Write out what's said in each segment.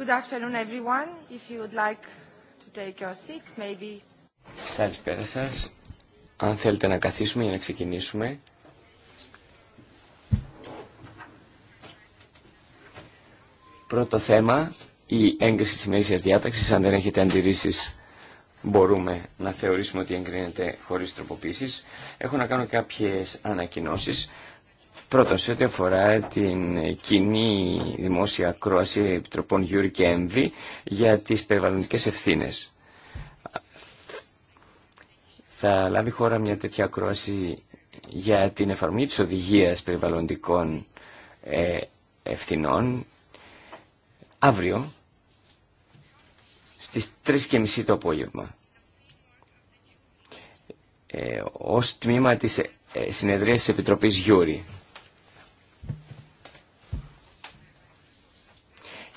Good afternoon everyone. If you would like to take your seat, maybe... Καλησπέρα σα. Αν θέλετε να καθίσουμε για να ξεκινήσουμε. Πρώτο θέμα, η έγκριση τη ημερήσια διάταξη. Αν δεν έχετε αντιρρήσει, μπορούμε να θεωρήσουμε ότι εγκρίνεται χωρί τροποποίηση. Έχω να κάνω κάποιε ανακοινώσει. Πρώτον, σε ό,τι αφορά την κοινή δημόσια ακρόαση επιτροπών Γιούρι και Έμβη για τις περιβαλλοντικές ευθύνες. Θα λάβει χώρα μια τέτοια ακρόαση για την εφαρμογή της οδηγίας περιβαλλοντικών ε, ευθυνών αύριο στις 3.30 το απόγευμα. Ε, ως τμήμα της ε, συνεδρίας της Επιτροπής Γιούρι.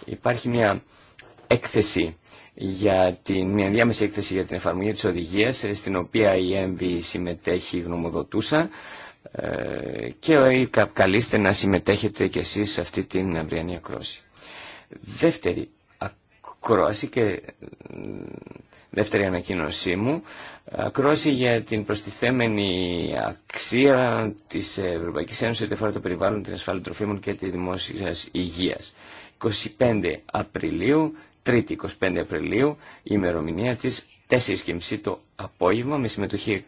Υπάρχει μια έκθεση για την, μια διάμεση έκθεση για την εφαρμογή της οδηγίας ε, στην οποία η ΕΜΒΗ συμμετέχει γνωμοδοτούσα ε, και καλείστε να συμμετέχετε κι εσείς σε αυτή την αυριανή ακρόση. Δεύτερη ακρόση και δεύτερη ανακοίνωσή μου, ακρόση για την προστιθέμενη αξία της Ευρωπαϊκής Ένωσης ότι το περιβάλλον, την ασφάλεια τροφίμων και της δημόσιας υγείας. 25 Απριλίου, Τρίτη 25 Απριλίου, η ημερομηνία της 4.30 το απόγευμα με συμμετοχή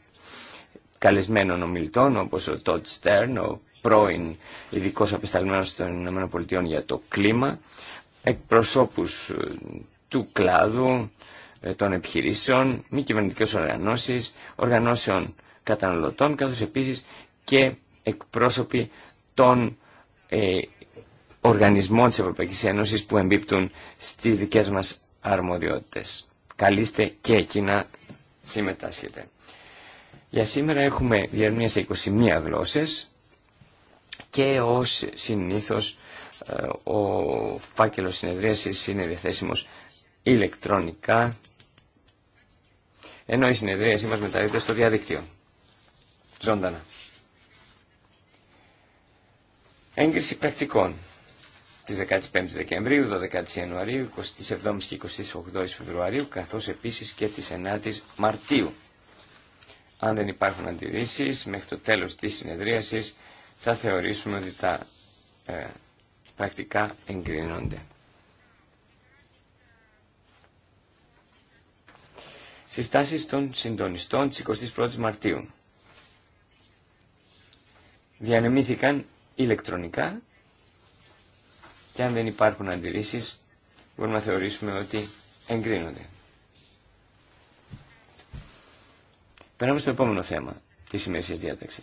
καλεσμένων ομιλητών όπως ο Τότ Στέρν, ο πρώην ειδικός απεσταλμένος των ΗΠΑ για το κλίμα, εκπροσώπους ε, του κλάδου, ε, των επιχειρήσεων, μη κυβερνητικές οργανώσεις, οργανώσεων καταναλωτών, καθώς επίσης και εκπρόσωποι των ε, οργανισμών της Ευρωπαϊκής Ένωσης που εμπίπτουν στις δικές μας αρμοδιότητες. Καλείστε και εκεί να συμμετάσχετε. Για σήμερα έχουμε διαρμία σε 21 γλώσσες και ως συνήθως ε, ο φάκελος συνεδρίασης είναι διαθέσιμος ηλεκτρονικά ενώ η συνεδρίασή μας μεταδίδεται στο διαδίκτυο. Ζωντανά. Έγκριση πρακτικών της 15ης Δεκεμβρίου, 12η Ιανουαρίου, 27η και 28 Φεβρουαρίου, καθώς επίσης και της 9 η Μαρτίου. Αν δεν υπάρχουν αντιρρήσει μέχρι το τέλος της συνεδρίασης θα θεωρήσουμε ότι τα ε, πρακτικά εγκρίνονται. Συστάσεις των συντονιστών της 21ης Μαρτίου. Διανεμήθηκαν ηλεκτρονικά και αν δεν υπάρχουν αντιρρήσεις μπορούμε να θεωρήσουμε ότι εγκρίνονται. Περνάμε στο επόμενο θέμα της σημερινής διάταξη.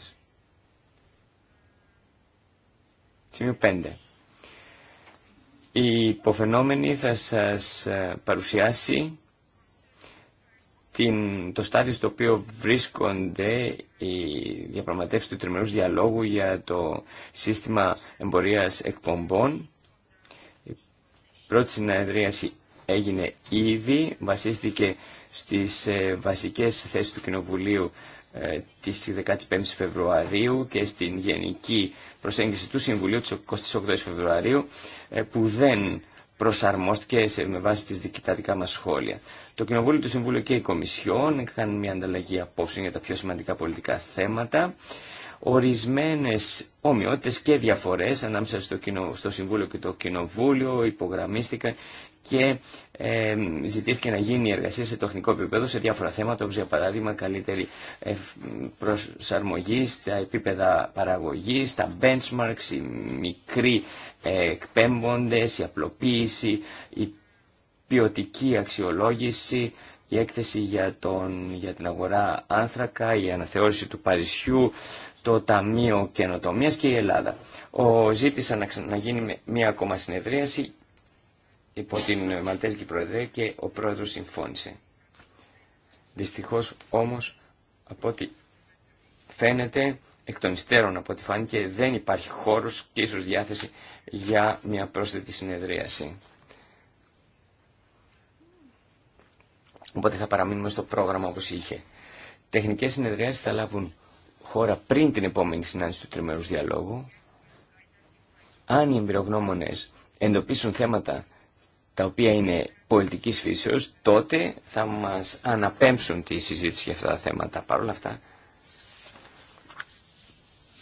Σημείο 5. Η υποφαινόμενη θα σας ε, παρουσιάσει την, το στάδιο στο οποίο βρίσκονται οι διαπραγματεύσεις του τριμερούς διαλόγου για το σύστημα εμπορίας εκπομπών πρώτη συνεδρίαση έγινε ήδη, βασίστηκε στις ε, βασικές θέσεις του Κοινοβουλίου ε, της 15 Φεβρουαρίου και στην γενική προσέγγιση του Συμβουλίου της 28 Φεβρουαρίου ε, που δεν προσαρμόστηκε με βάση τις δικητατικά μας σχόλια. Το Κοινοβούλιο του συμβουλίου και η Κομισιόν έκαναν μια ανταλλαγή απόψεων για τα πιο σημαντικά πολιτικά θέματα. Ορισμένες ομοιότητες και διαφορές ανάμεσα στο, κοινο, στο Συμβούλιο και το Κοινοβούλιο υπογραμμίστηκαν και ζητήθηκε να γίνει η εργασία σε τεχνικό επίπεδο σε διάφορα θέματα, όπως για παράδειγμα καλύτερη ε, προσαρμογή στα επίπεδα παραγωγής, τα benchmarks, οι μικροί ε, εκπέμποντες, η απλοποίηση, η ποιοτική αξιολόγηση, η έκθεση για, τον, για την αγορά άνθρακα, η αναθεώρηση του Παρισιού, το Ταμείο Καινοτομία και η Ελλάδα. Ο ζήτησα να, γίνει μία ακόμα συνεδρίαση υπό την Μαλτέζικη Προεδρία και ο πρόεδρος συμφώνησε. Δυστυχώς όμως από ό,τι φαίνεται εκ των υστέρων από ό,τι φάνηκε δεν υπάρχει χώρος και ίσως διάθεση για μια πρόσθετη συνεδρίαση. Οπότε θα παραμείνουμε στο πρόγραμμα όπως είχε. Τεχνικές συνεδριάσεις θα λάβουν χώρα πριν την επόμενη συνάντηση του τριμερούς διαλόγου. Αν οι εμπειρογνώμονες εντοπίσουν θέματα τα οποία είναι πολιτικής φύσεως, τότε θα μας αναπέμψουν τη συζήτηση για αυτά τα θέματα. Παρ' όλα αυτά,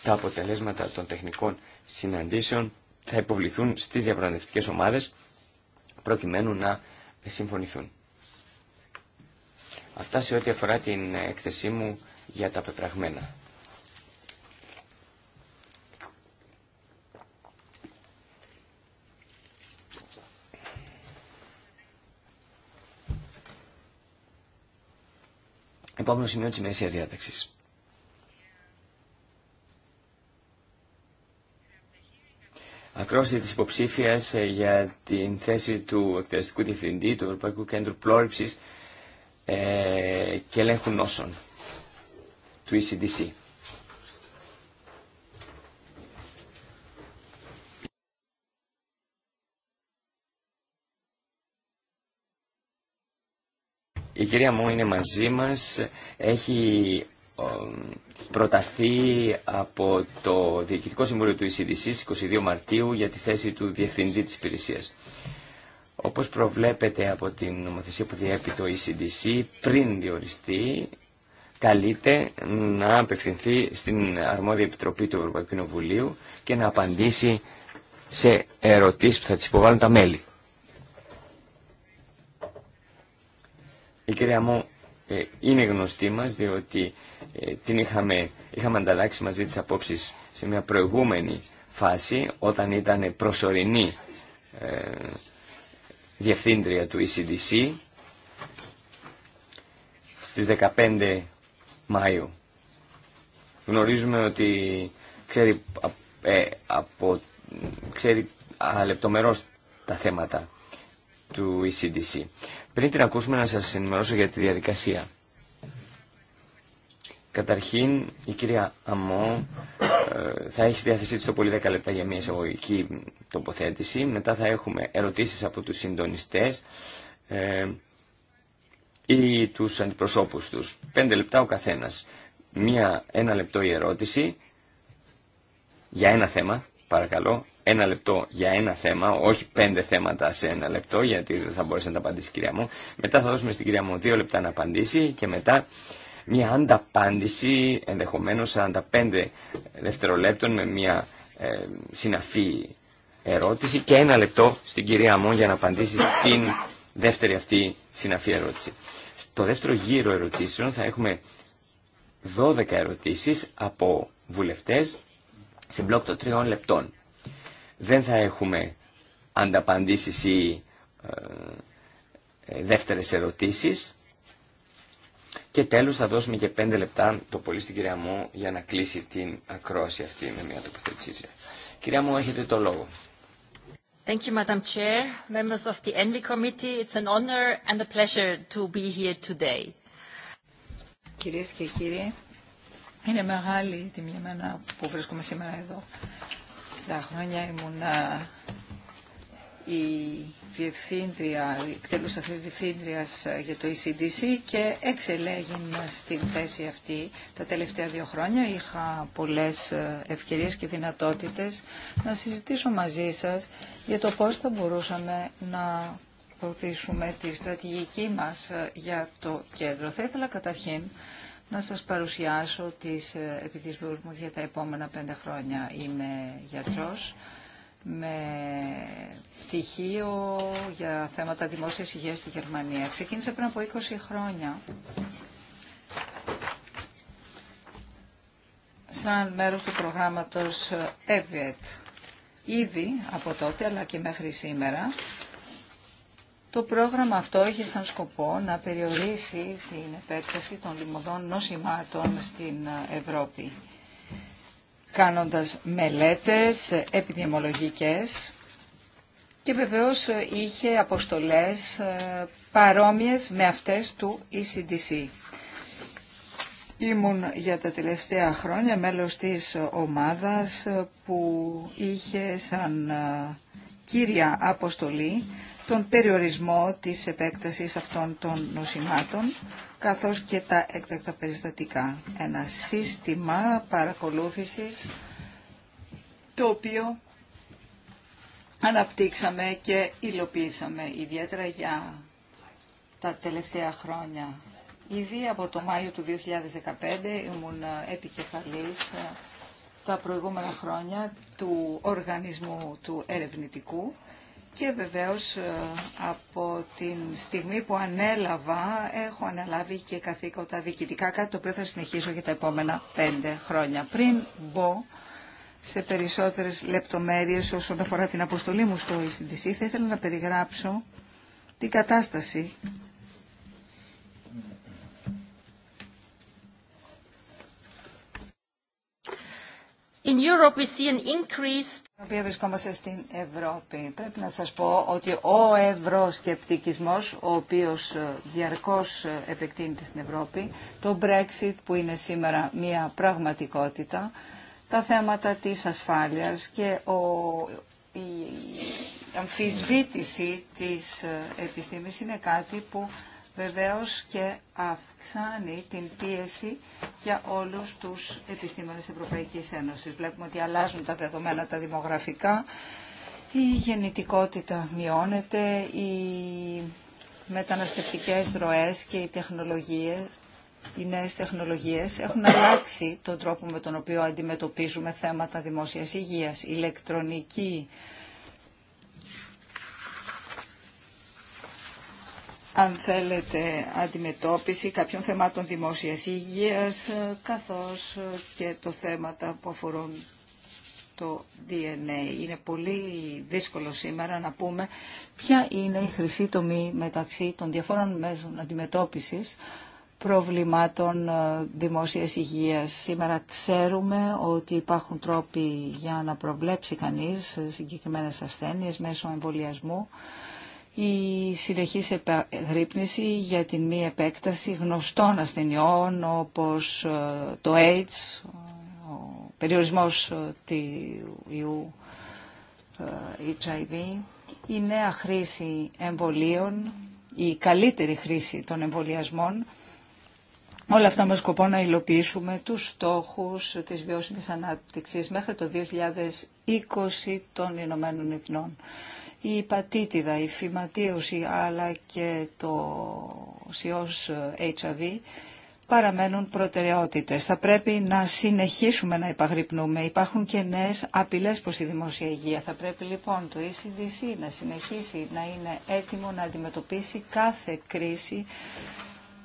τα αποτελέσματα των τεχνικών συναντήσεων θα υποβληθούν στις διαπραγματευτικές ομάδες προκειμένου να συμφωνηθούν. Αυτά σε ό,τι αφορά την έκθεσή μου για τα πεπραγμένα. Επόμενο σημείο της ημερησίας διάταξης. Ακρόαση της υποψήφιας ε, για την θέση του εκτελεστικού διευθυντή του Ευρωπαϊκού Κέντρου Πλόρυψη, ε, και Ελέγχου Νόσων του ECDC. Η κυρία μου είναι μαζί μας, έχει προταθεί από το Διοικητικό Συμβούλιο του ECDC 22 Μαρτίου για τη θέση του Διευθυντή της Υπηρεσίας. Όπως προβλέπεται από την νομοθεσία που διέπει το ECDC, πριν διοριστεί, καλείται να απευθυνθεί στην αρμόδια επιτροπή του Ευρωπαϊκού Κοινοβουλίου και να απαντήσει σε ερωτήσεις που θα τις υποβάλουν τα μέλη. Η κυρία μου ε, είναι γνωστή μας διότι ε, την είχαμε, είχαμε ανταλλάξει μαζί τις απόψεις σε μια προηγούμενη φάση όταν ήταν προσωρινή ε, διευθύντρια του ECDC στις 15 Μαΐου. Γνωρίζουμε ότι ξέρει, ε, από, ξέρει τα θέματα του ECDC. Πριν την ακούσουμε να σας ενημερώσω για τη διαδικασία. Καταρχήν η κυρία Αμό ε, θα έχει στη διάθεσή της το πολύ 10 λεπτά για μια εισαγωγική τοποθέτηση. Μετά θα έχουμε ερωτήσεις από τους συντονιστές ε, ή τους αντιπροσώπους τους. 5 λεπτά ο καθένας. Μια, ένα λεπτό η ερώτηση για ένα θέμα, παρακαλώ, ένα λεπτό για ένα θέμα, όχι πέντε θέματα σε ένα λεπτό, γιατί δεν θα μπορέσει να τα απαντήσει η κυρία μου. Μετά θα δώσουμε στην κυρία μου δύο λεπτά να απαντήσει και μετά μια ανταπάντηση, ενδεχομένως 45 δευτερολέπτων με μια ε, συναφή ερώτηση και ένα λεπτό στην κυρία μου για να απαντήσει στην δεύτερη αυτή συναφή ερώτηση. Στο δεύτερο γύρο ερωτήσεων θα έχουμε 12 ερωτήσεις από βουλευτές σε μπλοκ των τριών λεπτών δεν θα έχουμε ανταπαντήσεις ή ε, ε, δεύτερες ερωτήσεις. Και τέλος θα δώσουμε και πέντε λεπτά το πολύ στην κυρία μου για να κλείσει την ακρόαση αυτή με μια τοποθετησία. Κυρία μου, έχετε το λόγο. Thank you, Madam Chair, members of the Committee. It's an honor and a pleasure to be here today. Κυρίες και κύριοι, είναι μεγάλη τιμή εμένα που βρίσκομαι σήμερα εδώ. Τα χρόνια ήμουν η διευθύντρια, εκτελούσα αυτή διευθύντριας ε, για το ECDC και εξελέγην στην θέση αυτή τα τελευταία δύο χρόνια. Είχα πολλές ε, ευκαιρίες και δυνατότητες να συζητήσω μαζί σας για το πώς θα μπορούσαμε να προωθήσουμε τη στρατηγική μας ε, για το κέντρο. Θα ήθελα καταρχήν να σας παρουσιάσω τις ε, επιτυχίες μου για τα επόμενα πέντε χρόνια. Είμαι γιατρός με πτυχίο για θέματα δημόσιας υγείας στη Γερμανία. Ξεκίνησα πριν από 20 χρόνια σαν μέρος του προγράμματος ΕΒΕΤ. Ήδη από τότε αλλά και μέχρι σήμερα το πρόγραμμα αυτό είχε σαν σκοπό να περιορίσει την επέκταση των λιμωδών νοσημάτων στην Ευρώπη, κάνοντας μελέτες επιδημολογικές και βεβαίως είχε αποστολές ε, παρόμοιες με αυτές του ECDC. Ήμουν για τα τελευταία χρόνια μέλος της ομάδας που είχε σαν ε, κύρια αποστολή τον περιορισμό της επέκτασης αυτών των νοσημάτων, καθώς και τα έκτακτα περιστατικά. Ένα σύστημα παρακολούθησης το οποίο αναπτύξαμε και υλοποίησαμε, ιδιαίτερα για τα τελευταία χρόνια. Ήδη από το Μάιο του 2015 ήμουν επικεφαλής ε, τα προηγούμενα χρόνια του οργανισμού του ερευνητικού και βεβαίως ε, από την στιγμή που ανέλαβα έχω αναλάβει και καθήκοντα διοικητικά, κάτι το οποίο θα συνεχίσω για τα επόμενα πέντε χρόνια. Πριν μπω σε περισσότερες λεπτομέρειες όσον αφορά την αποστολή μου στο ECDC, θα ήθελα να περιγράψω την κατάσταση In Europe we see an increased στην οποία βρισκόμαστε στην Ευρώπη. Πρέπει να σας πω ότι ο ευρωσκεπτικισμός, ο οποίος ε, διαρκώς ε, επεκτείνεται στην Ευρώπη, το Brexit που είναι σήμερα μια πραγματικότητα, τα θέματα της ασφάλειας και ο, η αμφισβήτηση της ε, επιστήμης είναι κάτι που βεβαίως και αυξάνει την πίεση για όλους τους επιστήμονες Ευρωπαϊκής Ένωσης. Βλέπουμε ότι αλλάζουν τα δεδομένα τα δημογραφικά, η γεννητικότητα μειώνεται, οι μεταναστευτικές ροές και οι τεχνολογίες, οι νέες τεχνολογίες έχουν αλλάξει τον τρόπο με τον οποίο αντιμετωπίζουμε θέματα δημόσιας υγείας, ηλεκτρονική αν θέλετε, αντιμετώπιση κάποιων θεμάτων δημόσιας υγείας, ε, καθώς ε, και το θέματα που αφορούν το DNA. Είναι πολύ δύσκολο σήμερα να πούμε ποια είναι η χρυσή τομή μεταξύ των διαφόρων μέσων αντιμετώπισης προβλημάτων ε, δημόσιας υγείας. Σήμερα ξέρουμε ότι υπάρχουν τρόποι για να προβλέψει κανείς συγκεκριμένες ασθένειες μέσω εμβολιασμού η συνεχής επαγρύπνηση για την μη επέκταση γνωστών ασθενειών όπως ε, το AIDS, ο περιορισμός ε, του ιού ε, HIV, η νέα χρήση εμβολίων, η καλύτερη χρήση των εμβολιασμών, Όλα αυτά με σκοπό να υλοποιήσουμε τους στόχους της βιώσιμης ανάπτυξης μέχρι το 2020 των Ηνωμένων Εθνών η υπατήτηδα, η φυματίωση αλλά και το σιός HIV παραμένουν προτεραιότητες. Θα πρέπει να συνεχίσουμε να υπαγρυπνούμε. Υπάρχουν και νέε απειλές προς τη δημόσια υγεία. Θα πρέπει λοιπόν το ECDC να συνεχίσει να είναι έτοιμο να αντιμετωπίσει κάθε κρίση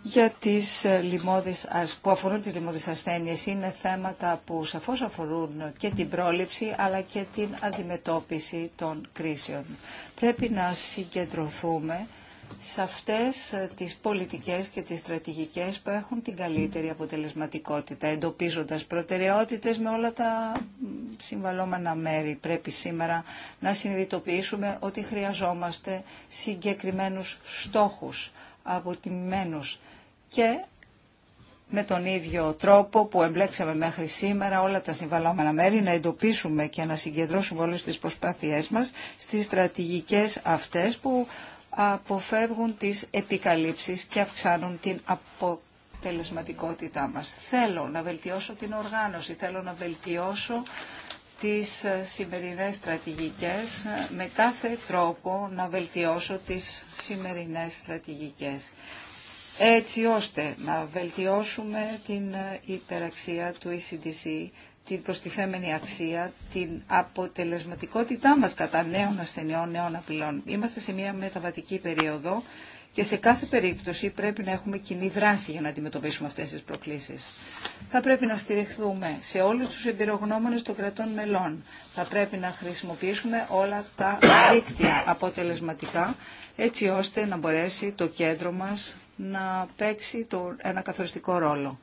για τις ε, λοιμώδεις, που αφορούν τις λοιμώδεις ασθένειες. Είναι θέματα που σαφώς αφορούν και την πρόληψη αλλά και την αντιμετώπιση των κρίσεων. Πρέπει να συγκεντρωθούμε σε αυτές ε, τις πολιτικές και τις στρατηγικές που έχουν την καλύτερη αποτελεσματικότητα, εντοπίζοντας προτεραιότητες με όλα τα συμβαλώμενα μέρη. Πρέπει σήμερα να συνειδητοποιήσουμε ότι χρειαζόμαστε συγκεκριμένους στόχους, αποτιμημένους και με τον ίδιο τρόπο που εμπλέξαμε μέχρι σήμερα όλα τα συμβαλόμενα μέρη, να εντοπίσουμε και να συγκεντρώσουμε όλες τις προσπάθειές μας στις στρατηγικές αυτές που αποφεύγουν τις επικαλύψεις και αυξάνουν την αποτελεσματικότητά μας. Θέλω να βελτιώσω την οργάνωση, θέλω να βελτιώσω τις σημερινές στρατηγικές, με κάθε τρόπο να βελτιώσω τις σημερινές στρατηγικές έτσι ώστε να βελτιώσουμε την ε, υπεραξία του ECDC, την προστιθέμενη αξία, την αποτελεσματικότητά μας κατά νέων ασθενειών, νέων απειλών. Είμαστε σε μια μεταβατική περίοδο και σε κάθε περίπτωση πρέπει να έχουμε κοινή δράση για να αντιμετωπίσουμε αυτές τις προκλήσεις. Θα πρέπει να στηριχθούμε σε όλους τους εμπειρογνώμονες των κρατών μελών. Θα πρέπει να χρησιμοποιήσουμε όλα τα δίκτυα αποτελεσματικά έτσι ώστε να μπορέσει το κέντρο μας να παίξει το, ένα καθοριστικό ρόλο.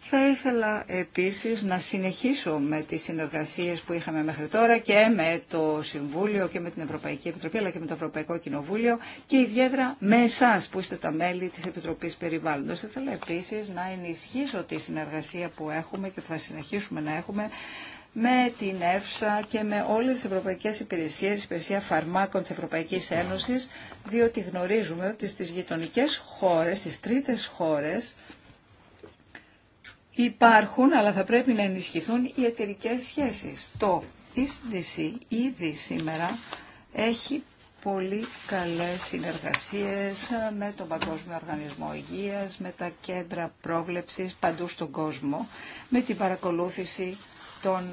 Θα ήθελα επίσης να συνεχίσω με τις συνεργασίες που είχαμε μέχρι τώρα και με το Συμβούλιο και με την Ευρωπαϊκή Επιτροπή αλλά και με το Ευρωπαϊκό Κοινοβούλιο και ιδιαίτερα με εσά που είστε τα μέλη της Επιτροπής Περιβάλλοντος. Θα ήθελα επίσης να ενισχύσω τη συνεργασία που έχουμε και θα συνεχίσουμε να έχουμε με την ΕΦΣΑ και με όλες τις ευρωπαϊκές υπηρεσίες, υπηρεσία φαρμάκων της Ευρωπαϊκής Ένωσης, διότι γνωρίζουμε ότι στις γειτονικές χώρες, στις τρίτες χώρες, υπάρχουν, αλλά θα πρέπει να ενισχυθούν οι εταιρικέ σχέσεις. Το ΙΣΔΙΣΗ ήδη σήμερα έχει πολύ καλές συνεργασίες με τον Παγκόσμιο Οργανισμό Υγείας, με τα κέντρα πρόβλεψης παντού στον κόσμο, με την παρακολούθηση των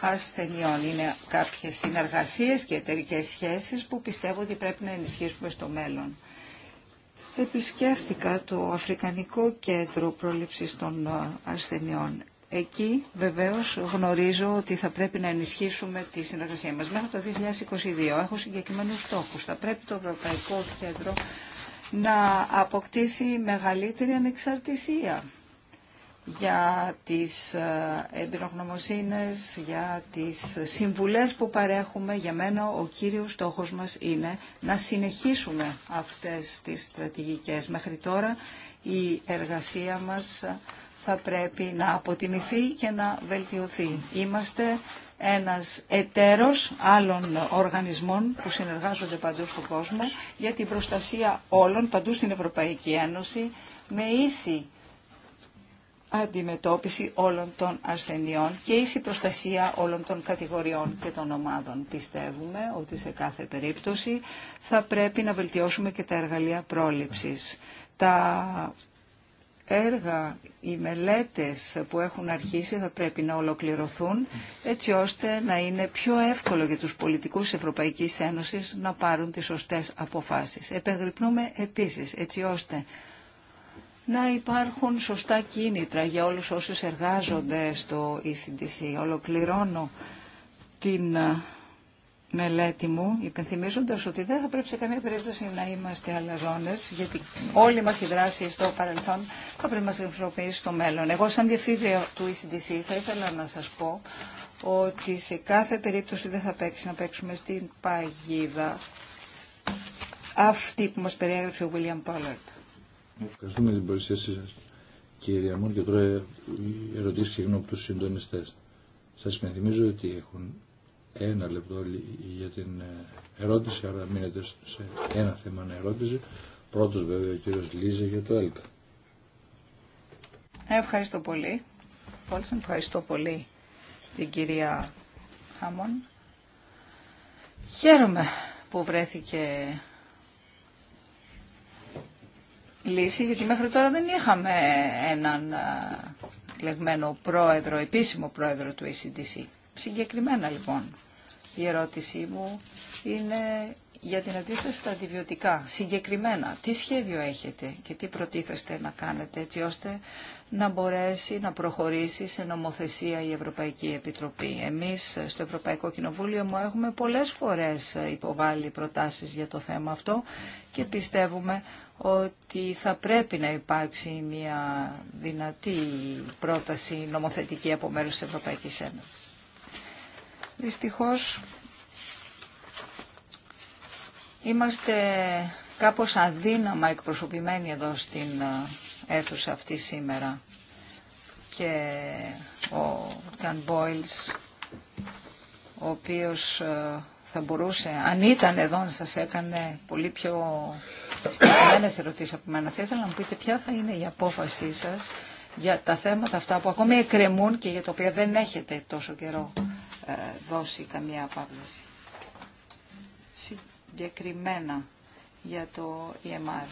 ασθενειών. Είναι κάποιες συνεργασίες και εταιρικέ σχέσεις που πιστεύω ότι πρέπει να ενισχύσουμε στο μέλλον. Επισκέφτηκα το Αφρικανικό Κέντρο Πρόληψης των ε, Ασθενειών. Εκεί βεβαίως γνωρίζω ότι θα πρέπει να ενισχύσουμε τη συνεργασία μας. Μέχρι το 2022 έχω συγκεκριμένους στόχους. Θα πρέπει το Ευρωπαϊκό Κέντρο να αποκτήσει μεγαλύτερη ανεξαρτησία για τις ε, εμπειρογνωμοσύνες, για τις συμβουλές που παρέχουμε. Για μένα ο κύριος στόχος μας είναι να συνεχίσουμε αυτές τις στρατηγικές. Μέχρι τώρα η εργασία μας θα πρέπει να αποτιμηθεί και να βελτιωθεί. Είμαστε ένας εταίρος άλλων οργανισμών που συνεργάζονται παντού στον κόσμο για την προστασία όλων παντού στην Ευρωπαϊκή Ένωση με ίση αντιμετώπιση όλων των ασθενειών και ίση προστασία όλων των κατηγοριών και των ομάδων. Πιστεύουμε ότι σε κάθε περίπτωση θα πρέπει να βελτιώσουμε και τα εργαλεία πρόληψης. Τα έργα, οι μελέτες που έχουν αρχίσει θα πρέπει να ολοκληρωθούν έτσι ώστε να είναι πιο εύκολο για τους πολιτικούς της Ευρωπαϊκής Ένωσης να πάρουν τις σωστές αποφάσεις. Επεγρυπνούμε επίσης έτσι ώστε να υπάρχουν σωστά κίνητρα για όλους όσους εργάζονται στο ECDC. Ολοκληρώνω την ε, μελέτη μου, υπενθυμίζοντα ότι δεν θα πρέπει σε καμία περίπτωση να είμαστε αλλαζόνες, γιατί όλοι μας η δράση στο παρελθόν θα πρέπει να μας χρησιμοποιήσει στο μέλλον. Εγώ, σαν διευθύντρια του ECDC, θα ήθελα να σας πω ότι σε κάθε περίπτωση δεν θα παίξει να παίξουμε στην παγίδα αυτή που μας περιέγραψε ο William Pollard. Ευχαριστούμε την παρουσία σα. Κύριε Αμών, και τώρα ερωτήσει και από του συντονιστέ. Σα υπενθυμίζω ότι έχουν ένα λεπτό για την ε, ερώτηση, άρα μείνετε σε ένα θέμα να ερώτηση. Πρώτος βέβαια ο κύριος Λίζε για το ΕΛΚΑ. Ευχαριστώ πολύ. Πολύ ευχαριστώ πολύ την κυρία Χάμον. Χαίρομαι που βρέθηκε λύση, γιατί μέχρι τώρα δεν είχαμε έναν ε, λεγμένο πρόεδρο, επίσημο πρόεδρο του ACDC. Συγκεκριμένα λοιπόν, η ερώτησή μου είναι για την αντίσταση στα αντιβιωτικά. Συγκεκριμένα, τι σχέδιο έχετε και τι προτίθεστε να κάνετε έτσι ώστε να μπορέσει να προχωρήσει σε νομοθεσία η Ευρωπαϊκή Επιτροπή. Εμείς ε, στο Ευρωπαϊκό Κοινοβούλιο μου έχουμε πολλές φορές ε, υποβάλει προτάσεις για το θέμα αυτό και πιστεύουμε ότι θα πρέπει να υπάρξει μια δυνατή πρόταση νομοθετική από μέρους της Ευρωπαϊκής Ένωσης. Δυστυχώς είμαστε κάπως αδύναμα εκπροσωπημένοι εδώ στην ε, αίθουσα αυτή σήμερα και ο Καν Μπόιλς ο οποίος ε, θα μπορούσε, αν ήταν εδώ, να σας έκανε πολύ πιο συγκεκριμένες ερωτήσεις από μένα. Θα ήθελα να μου πείτε ποια θα είναι η απόφασή σας για τα θέματα αυτά που ακόμη εκκρεμούν και για τα οποία δεν έχετε τόσο καιρό ε, δώσει καμία απάντηση. Συγκεκριμένα για το EMR.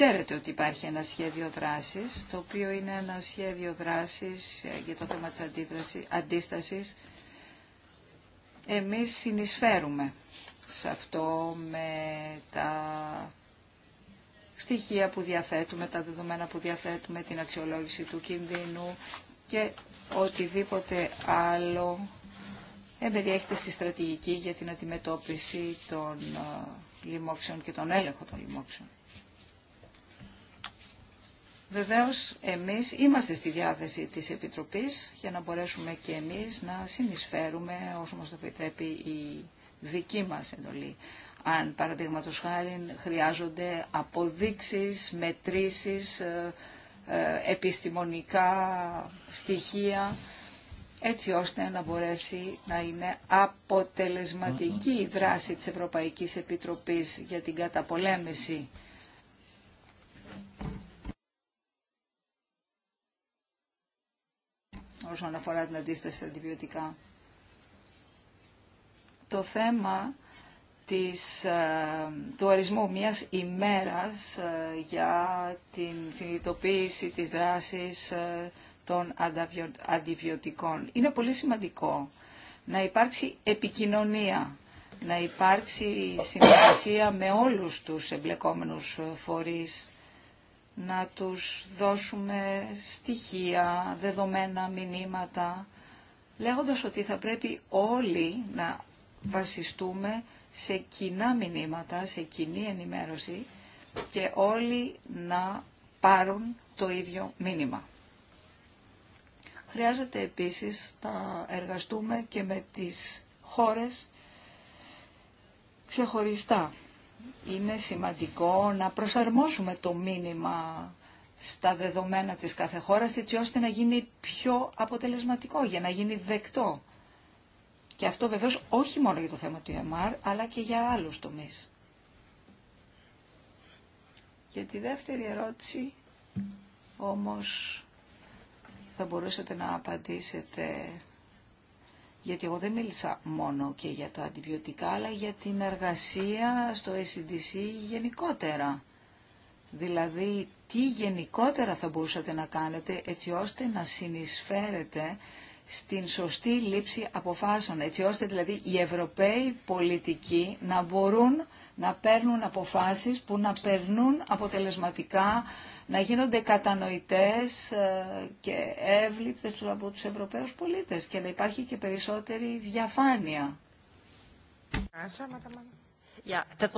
Ξέρετε ότι υπάρχει ένα σχέδιο δράσης, το οποίο είναι ένα σχέδιο δράσης ε, για το θέμα της αντίστασης. Εμείς συνεισφέρουμε σε αυτό με τα στοιχεία που διαθέτουμε, τα δεδομένα που διαθέτουμε, την αξιολόγηση του κινδύνου και οτιδήποτε άλλο εμπεριέχεται στη στρατηγική για την αντιμετώπιση των ε, λοιμόξεων και τον έλεγχο των λοιμόξεων. Βεβαίως εμείς είμαστε στη διάθεση της Επιτροπής για να μπορέσουμε και εμείς να συνεισφέρουμε όσο μας το επιτρέπει η δική μας εντολή. Αν παραδείγματο χάρη χρειάζονται αποδείξεις, μετρήσεις, ε, ε, επιστημονικά στοιχεία έτσι ώστε να μπορέσει να είναι αποτελεσματική η δράση της Ευρωπαϊκής Επιτροπής για την καταπολέμηση όσον αφορά την αντίσταση στα αντιβιωτικά. Το θέμα της, ε, του αρισμού μιας ημέρας ε, για την συνειδητοποίηση της δράσης ε, των αντιβιωτικών. Είναι πολύ σημαντικό να υπάρξει επικοινωνία, να υπάρξει συνεργασία με όλους τους εμπλεκόμενους φορείς να τους δώσουμε στοιχεία, δεδομένα, μηνύματα, λέγοντας ότι θα πρέπει όλοι να βασιστούμε σε κοινά μηνύματα, σε κοινή ενημέρωση και όλοι να πάρουν το ίδιο μήνυμα. Χρειάζεται επίσης να εργαστούμε και με τις χώρες ξεχωριστά είναι σημαντικό να προσαρμόσουμε το μήνυμα στα δεδομένα της κάθε χώρας έτσι ώστε να γίνει πιο αποτελεσματικό, για να γίνει δεκτό. Και αυτό βεβαίως όχι μόνο για το θέμα του ΕΜΑΡ e αλλά και για άλλους τομείς. Για τη δεύτερη ερώτηση, όμως, θα μπορούσατε να απαντήσετε γιατί εγώ δεν μίλησα μόνο και για τα αντιβιωτικά, αλλά για την εργασία στο SDC γενικότερα. Δηλαδή, τι γενικότερα θα μπορούσατε να κάνετε έτσι ώστε να συνεισφέρετε στην σωστή λήψη αποφάσεων, έτσι ώστε δηλαδή οι Ευρωπαίοι πολιτικοί να μπορούν να παίρνουν αποφάσεις που να περνούν αποτελεσματικά, να γίνονται κατανοητές ε, και εύληπτες από τους Ευρωπαίους πολίτες και να υπάρχει και περισσότερη διαφάνεια. Uh,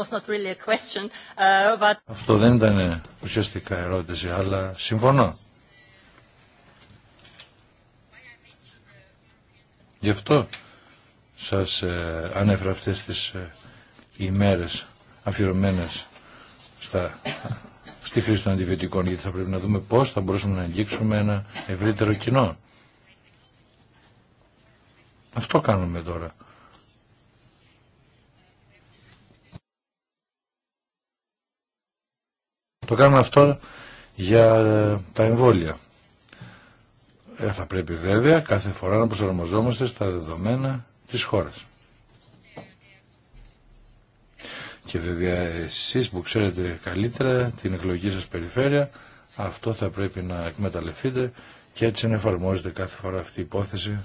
αυτό δεν ήταν ουσιαστικά ερώτηση, αλλά συμφωνώ. Γι' αυτό σας ε, ανέφερα αυτές τις ε, ημέρες αφιερωμένες στα, στη χρήση των αντιβιωτικών, γιατί θα πρέπει να δούμε πώς θα μπορούσαμε να αγγίξουμε ένα ευρύτερο κοινό. Αυτό κάνουμε τώρα. Το κάνουμε αυτό για ε, τα εμβόλια. Ε, θα πρέπει βέβαια κάθε φορά να προσαρμοζόμαστε στα δεδομένα της χώρας. Και βέβαια εσείς που ξέρετε καλύτερα την εκλογική σας περιφέρεια, αυτό θα πρέπει να εκμεταλλευτείτε και έτσι να εφαρμόζεται κάθε φορά αυτή η υπόθεση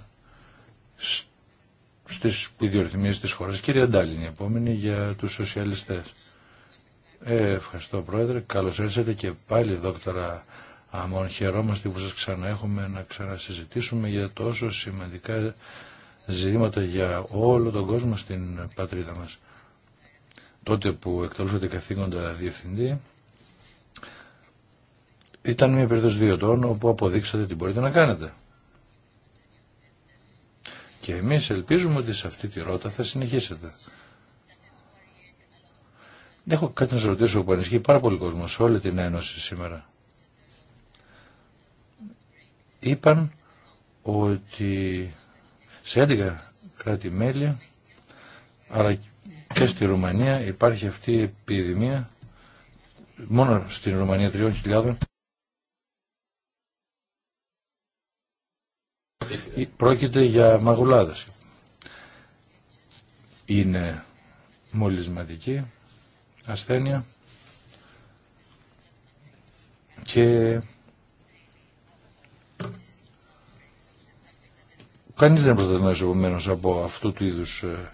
στις ιδιορυθμίες της χώρας. Κύριε Αντάλιν, η επόμενη για τους σοσιαλιστές. Ε, ευχαριστώ Πρόεδρε, καλώς ήρθατε και πάλι δόκτωρα Αμών. Χαιρόμαστε που σας ξαναέχουμε να ξανασυζητήσουμε για τόσο σημαντικά ζητήματα για όλο τον κόσμο στην πατρίδα μας τότε που εκτελούσατε καθήκοντα διευθυντή, ήταν μια περίπτωση δύο τόνων όπου αποδείξατε τι μπορείτε να κάνετε. Και εμείς ελπίζουμε ότι σε αυτή τη ρότα θα συνεχίσετε. Έχω κάτι να σας ρωτήσω που ανισχύει πάρα πολύ κόσμο σε όλη την Ένωση σήμερα. Είπαν ότι σε 11 κράτη-μέλη, αλλά και στη Ρουμανία υπάρχει αυτή η επιδημία μόνο στην Ρουμανία 3.000. Πρόκειται για μαγουλάδες. Είναι μολυσματική ασθένεια και κανείς δεν προστατεύεται επομένω από αυτού του είδους ε,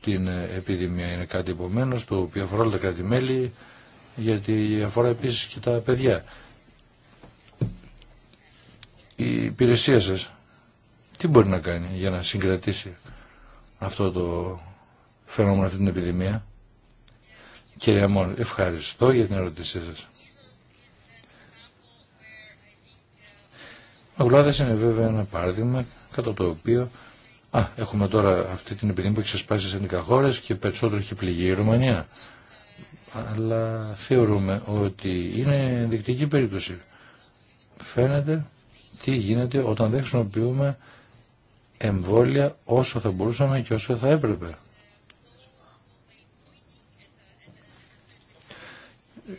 την επιδημία. Είναι κάτι επομένω το οποίο αφορά όλα τα κράτη-μέλη, γιατί αφορά επίσης και τα παιδιά. Η υπηρεσία σα, τι μπορεί να κάνει για να συγκρατήσει αυτό το φαινόμενο, αυτή την επιδημία. Κύριε Αμών, ευχαριστώ για την ερώτησή σας. Ο είναι βέβαια ένα παράδειγμα κατά το οποίο Α, έχουμε τώρα αυτή την επιδημία που έχει ξεσπάσει σε 11 χώρες και περισσότερο έχει πληγεί η Ρουμανία. Αλλά θεωρούμε ότι είναι ενδεικτική περίπτωση. Φαίνεται τι γίνεται όταν δεν χρησιμοποιούμε εμβόλια όσο θα μπορούσαμε και όσο θα έπρεπε.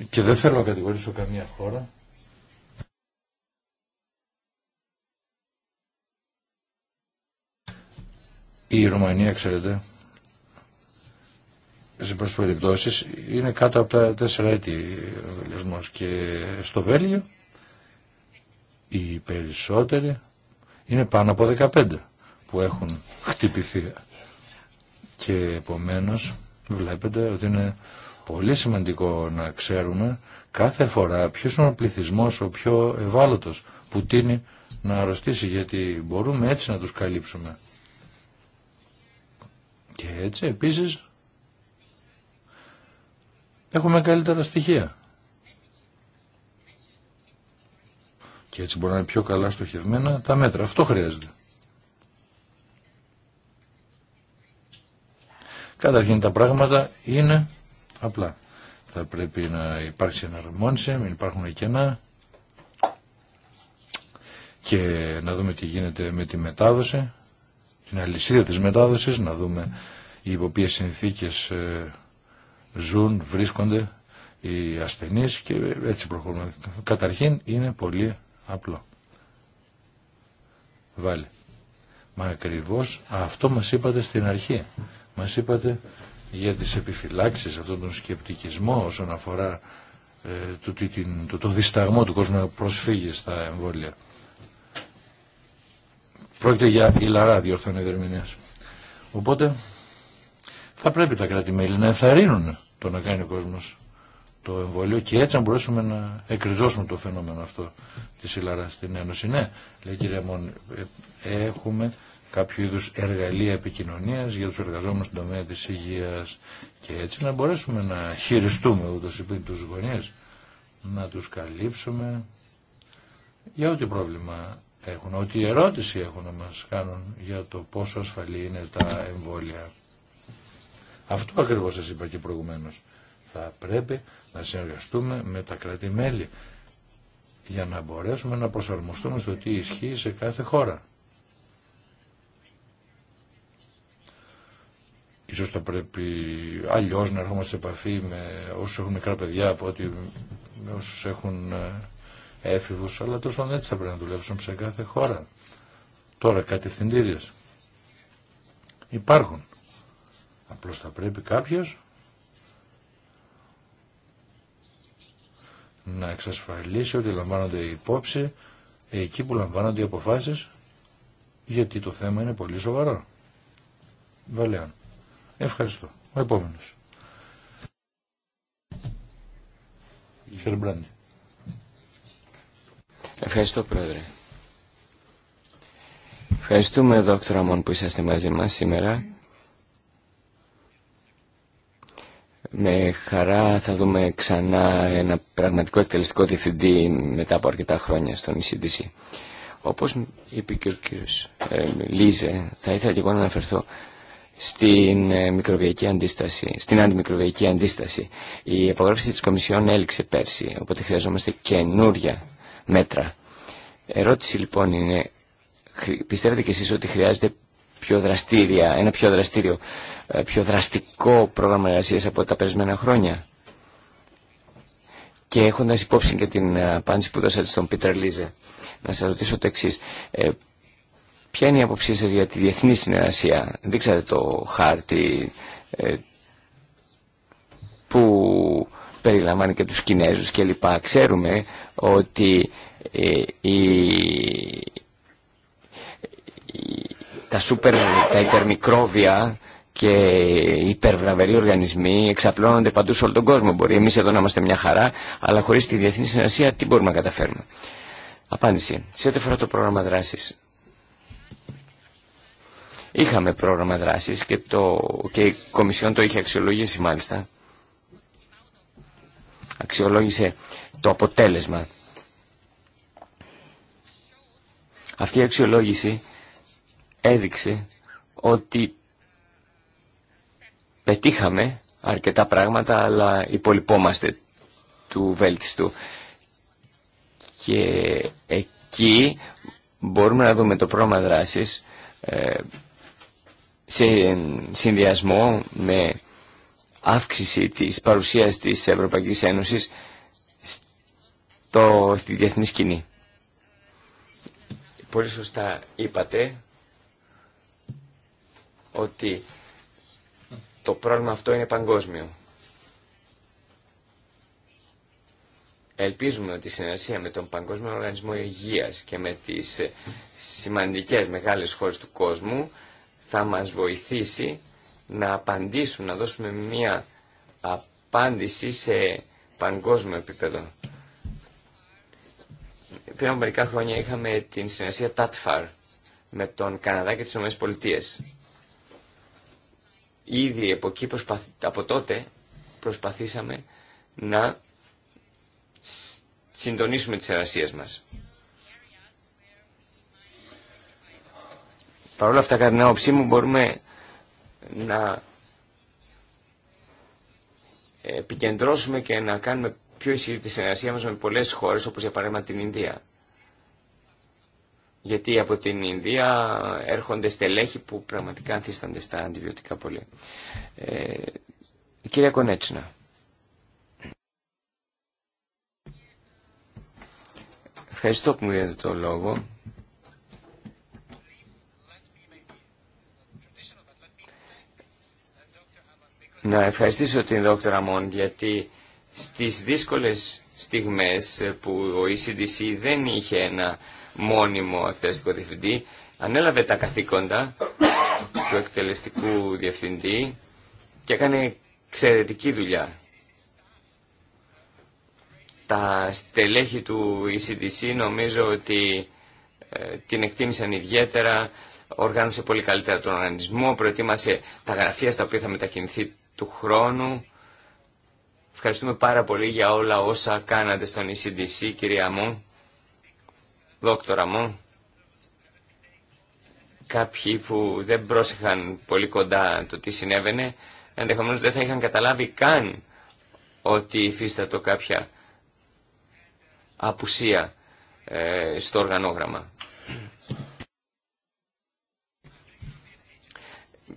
Και δεν θέλω να κατηγορήσω καμία χώρα, Η Ρουμανία, ξέρετε, σε πρώτες είναι κάτω από τα τέσσερα έτη ο και στο Βέλγιο οι περισσότεροι είναι πάνω από 15 που έχουν χτυπηθεί και επομένως βλέπετε ότι είναι πολύ σημαντικό να ξέρουμε κάθε φορά ποιος είναι ο πληθυσμός ο πιο ευάλωτος που τίνει να αρρωστήσει γιατί μπορούμε έτσι να τους καλύψουμε. Και έτσι επίσης έχουμε καλύτερα στοιχεία. Και έτσι μπορεί να είναι πιο καλά στοχευμένα τα μέτρα. Αυτό χρειάζεται. Καταρχήν τα πράγματα είναι απλά. Θα πρέπει να υπάρξει εναρμόνιση, μην υπάρχουν κενά και να δούμε τι γίνεται με τη μετάδοση την αλυσίδα της μετάδοσης, να δούμε υπό ποιες συνθήκες ε, ζουν, βρίσκονται οι ασθενείς και έτσι προχωρούμε. Καταρχήν είναι πολύ απλό. Βάλει. Μα ακριβώ αυτό μας είπατε στην αρχή. Μας είπατε για τις επιφυλάξεις, αυτόν τον σκεπτικισμό όσον αφορά ε, το, το δισταγμό του κόσμου να προσφύγει στα εμβόλια. Πρόκειται για ηλαρά διορθώνει δερμηνία. Οπότε θα πρέπει τα κράτη-μέλη να ενθαρρύνουν το να κάνει ο κόσμο το εμβολίο και έτσι να μπορέσουμε να εκριζώσουμε το φαινόμενο αυτό τη ηλαρά στην Ένωση. Ναι, λέει κύριε Μόν, ε, έχουμε κάποιο είδου εργαλεία επικοινωνία για του εργαζόμενου στον τομέα τη υγεία και έτσι να μπορέσουμε να χειριστούμε ούτω ή του γονεί, να του καλύψουμε για ό,τι πρόβλημα έχουν, ό,τι ερώτηση έχουν να μας κάνουν για το πόσο ασφαλή είναι τα εμβόλια. Αυτό ακριβώς σας είπα και προηγουμένως. Θα πρέπει να συνεργαστούμε με τα κράτη-μέλη για να μπορέσουμε να προσαρμοστούμε στο τι ισχύει σε κάθε χώρα. Ίσως θα πρέπει αλλιώς να έρχομαστε σε επαφή με όσους έχουν μικρά παιδιά από ότι με όσους έχουν ε, έφηβους, αλλά τόσο πάντων έτσι θα πρέπει να δουλέψουν σε κάθε χώρα. Τώρα κατευθυντήριες υπάρχουν. Απλώς θα πρέπει κάποιος να εξασφαλίσει ότι λαμβάνονται υπόψη εκεί που λαμβάνονται οι αποφάσεις γιατί το θέμα είναι πολύ σοβαρό. Βαλέαν. Ευχαριστώ. Ο επόμενος. Ευχαριστώ. Ευχαριστώ, Πρόεδρε. Ευχαριστούμε, Δόκτωρα Μον, που είσαστε μαζί μας σήμερα. Με χαρά θα δούμε ξανά ένα πραγματικό εκτελεστικό διευθυντή μετά από αρκετά χρόνια στον ECDC. Όπως είπε και ο κύριος ε, Λίζε, θα ήθελα και εγώ να αναφερθώ στην, ε, μικροβιακή αντίσταση, στην αντιμικροβιακή αντίσταση. Η απογράφηση της Κομισιόν έληξε πέρσι, οπότε χρειαζόμαστε καινούρια μέτρα. Ερώτηση λοιπόν είναι, πιστεύετε κι εσείς ότι χρειάζεται πιο δραστήρια, ένα πιο δραστήριο, ε, πιο δραστικό πρόγραμμα εργασίας από τα περισμένα χρόνια. Και έχοντας υπόψη και την ε, απάντηση που δώσατε στον Πίτερ Λίζε, να σας ρωτήσω το εξής. Ε, ποια είναι η άποψή σας για τη διεθνή συνεργασία. Δείξατε το χάρτη που περιλαμβάνει και τους Κινέζους και κλπ. Ξέρουμε ότι ε, τα, σούπερ, τα υπερμικρόβια και οι υπερβραβεροί οργανισμοί εξαπλώνονται παντού σε όλο τον κόσμο. Μπορεί εμείς εδώ να είμαστε μια χαρά, αλλά χωρίς τη διεθνή Συνασία τι μπορούμε να καταφέρουμε. Απάντηση. Σε ό,τι αφορά το πρόγραμμα δράση Είχαμε πρόγραμμα δράσης και, και η Κομισιόν το είχε αξιολογήσει μάλιστα αξιολόγησε το αποτέλεσμα. Αυτή η αξιολόγηση έδειξε ότι πετύχαμε αρκετά πράγματα αλλά υπολοιπόμαστε του βέλτιστου. Και εκεί μπορούμε να δούμε το πρόγραμμα δράσης ε, σε συνδυασμό με αύξηση της παρουσίας της Ευρωπαϊκής Ένωσης στη διεθνή σκηνή. Πολύ σωστά είπατε ότι το πρόβλημα αυτό είναι παγκόσμιο. Ελπίζουμε ότι η συνεργασία με τον Παγκόσμιο Οργανισμό Υγείας και με τις σημαντικές μεγάλες χώρες του κόσμου θα μας βοηθήσει να απαντήσουν, να δώσουμε μία απάντηση σε παγκόσμιο επίπεδο. Πριν από μερικά χρόνια είχαμε την συνεργασία TATFAR με τον Καναδά και τις ΗΠΑ. Ήδη από, εκεί από τότε προσπαθήσαμε να συντονίσουμε τις εργασίες μας. Παρ' όλα αυτά, κατά την άποψή μου, μπορούμε να ε, επικεντρώσουμε και να κάνουμε πιο ισχυρή τη συνεργασία μας με πολλές χώρες, όπως για παράδειγμα την Ινδία. Γιατί από την Ινδία έρχονται στελέχη που πραγματικά ανθίστανται στα αντιβιωτικά πολύ. Ε, κυρία Κονέτσινα. Ευχαριστώ που μου δίνετε το λόγο. Να ευχαριστήσω την δόκτωρα Μον γιατί στις δύσκολες στιγμές που ο ECDC δεν είχε ένα μόνιμο εκτελεστικό διευθυντή ανέλαβε τα καθήκοντα του εκτελεστικού διευθυντή και έκανε εξαιρετική δουλειά. Τα στελέχη του ECDC νομίζω ότι ε, την εκτίμησαν ιδιαίτερα, οργάνωσε πολύ καλύτερα τον οργανισμό, προετοίμασε τα γραφεία στα οποία θα μετακινηθεί του χρόνου. Ευχαριστούμε πάρα πολύ για όλα όσα κάνατε στον ECDC, κυρία μου, δόκτωρα μου. Κάποιοι που δεν πρόσεχαν πολύ κοντά το τι συνέβαινε, Ενδεχομένω δεν θα είχαν καταλάβει καν ότι υφίστατο κάποια απουσία ε, στο οργανόγραμμα.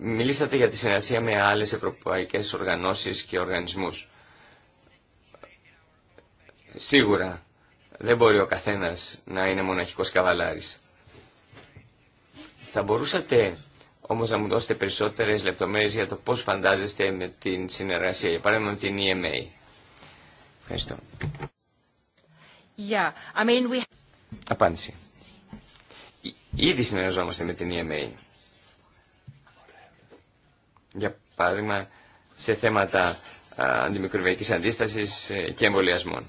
Μιλήσατε για τη συνεργασία με άλλες ευρωπαϊκές οργανώσεις και οργανισμούς. Σίγουρα δεν μπορεί ο καθένας να είναι μοναχικός καβαλάρης. Θα μπορούσατε όμως να μου δώσετε περισσότερες λεπτομέρειες για το πώς φαντάζεστε με την συνεργασία, για παράδειγμα με την EMA. Ευχαριστώ. Yeah, I mean we... Απάντηση. Ήδη συνεργαζόμαστε με την EMA. Για παράδειγμα, σε θέματα αντιμικροβιακής αντίστασης ε, και εμβολιασμών.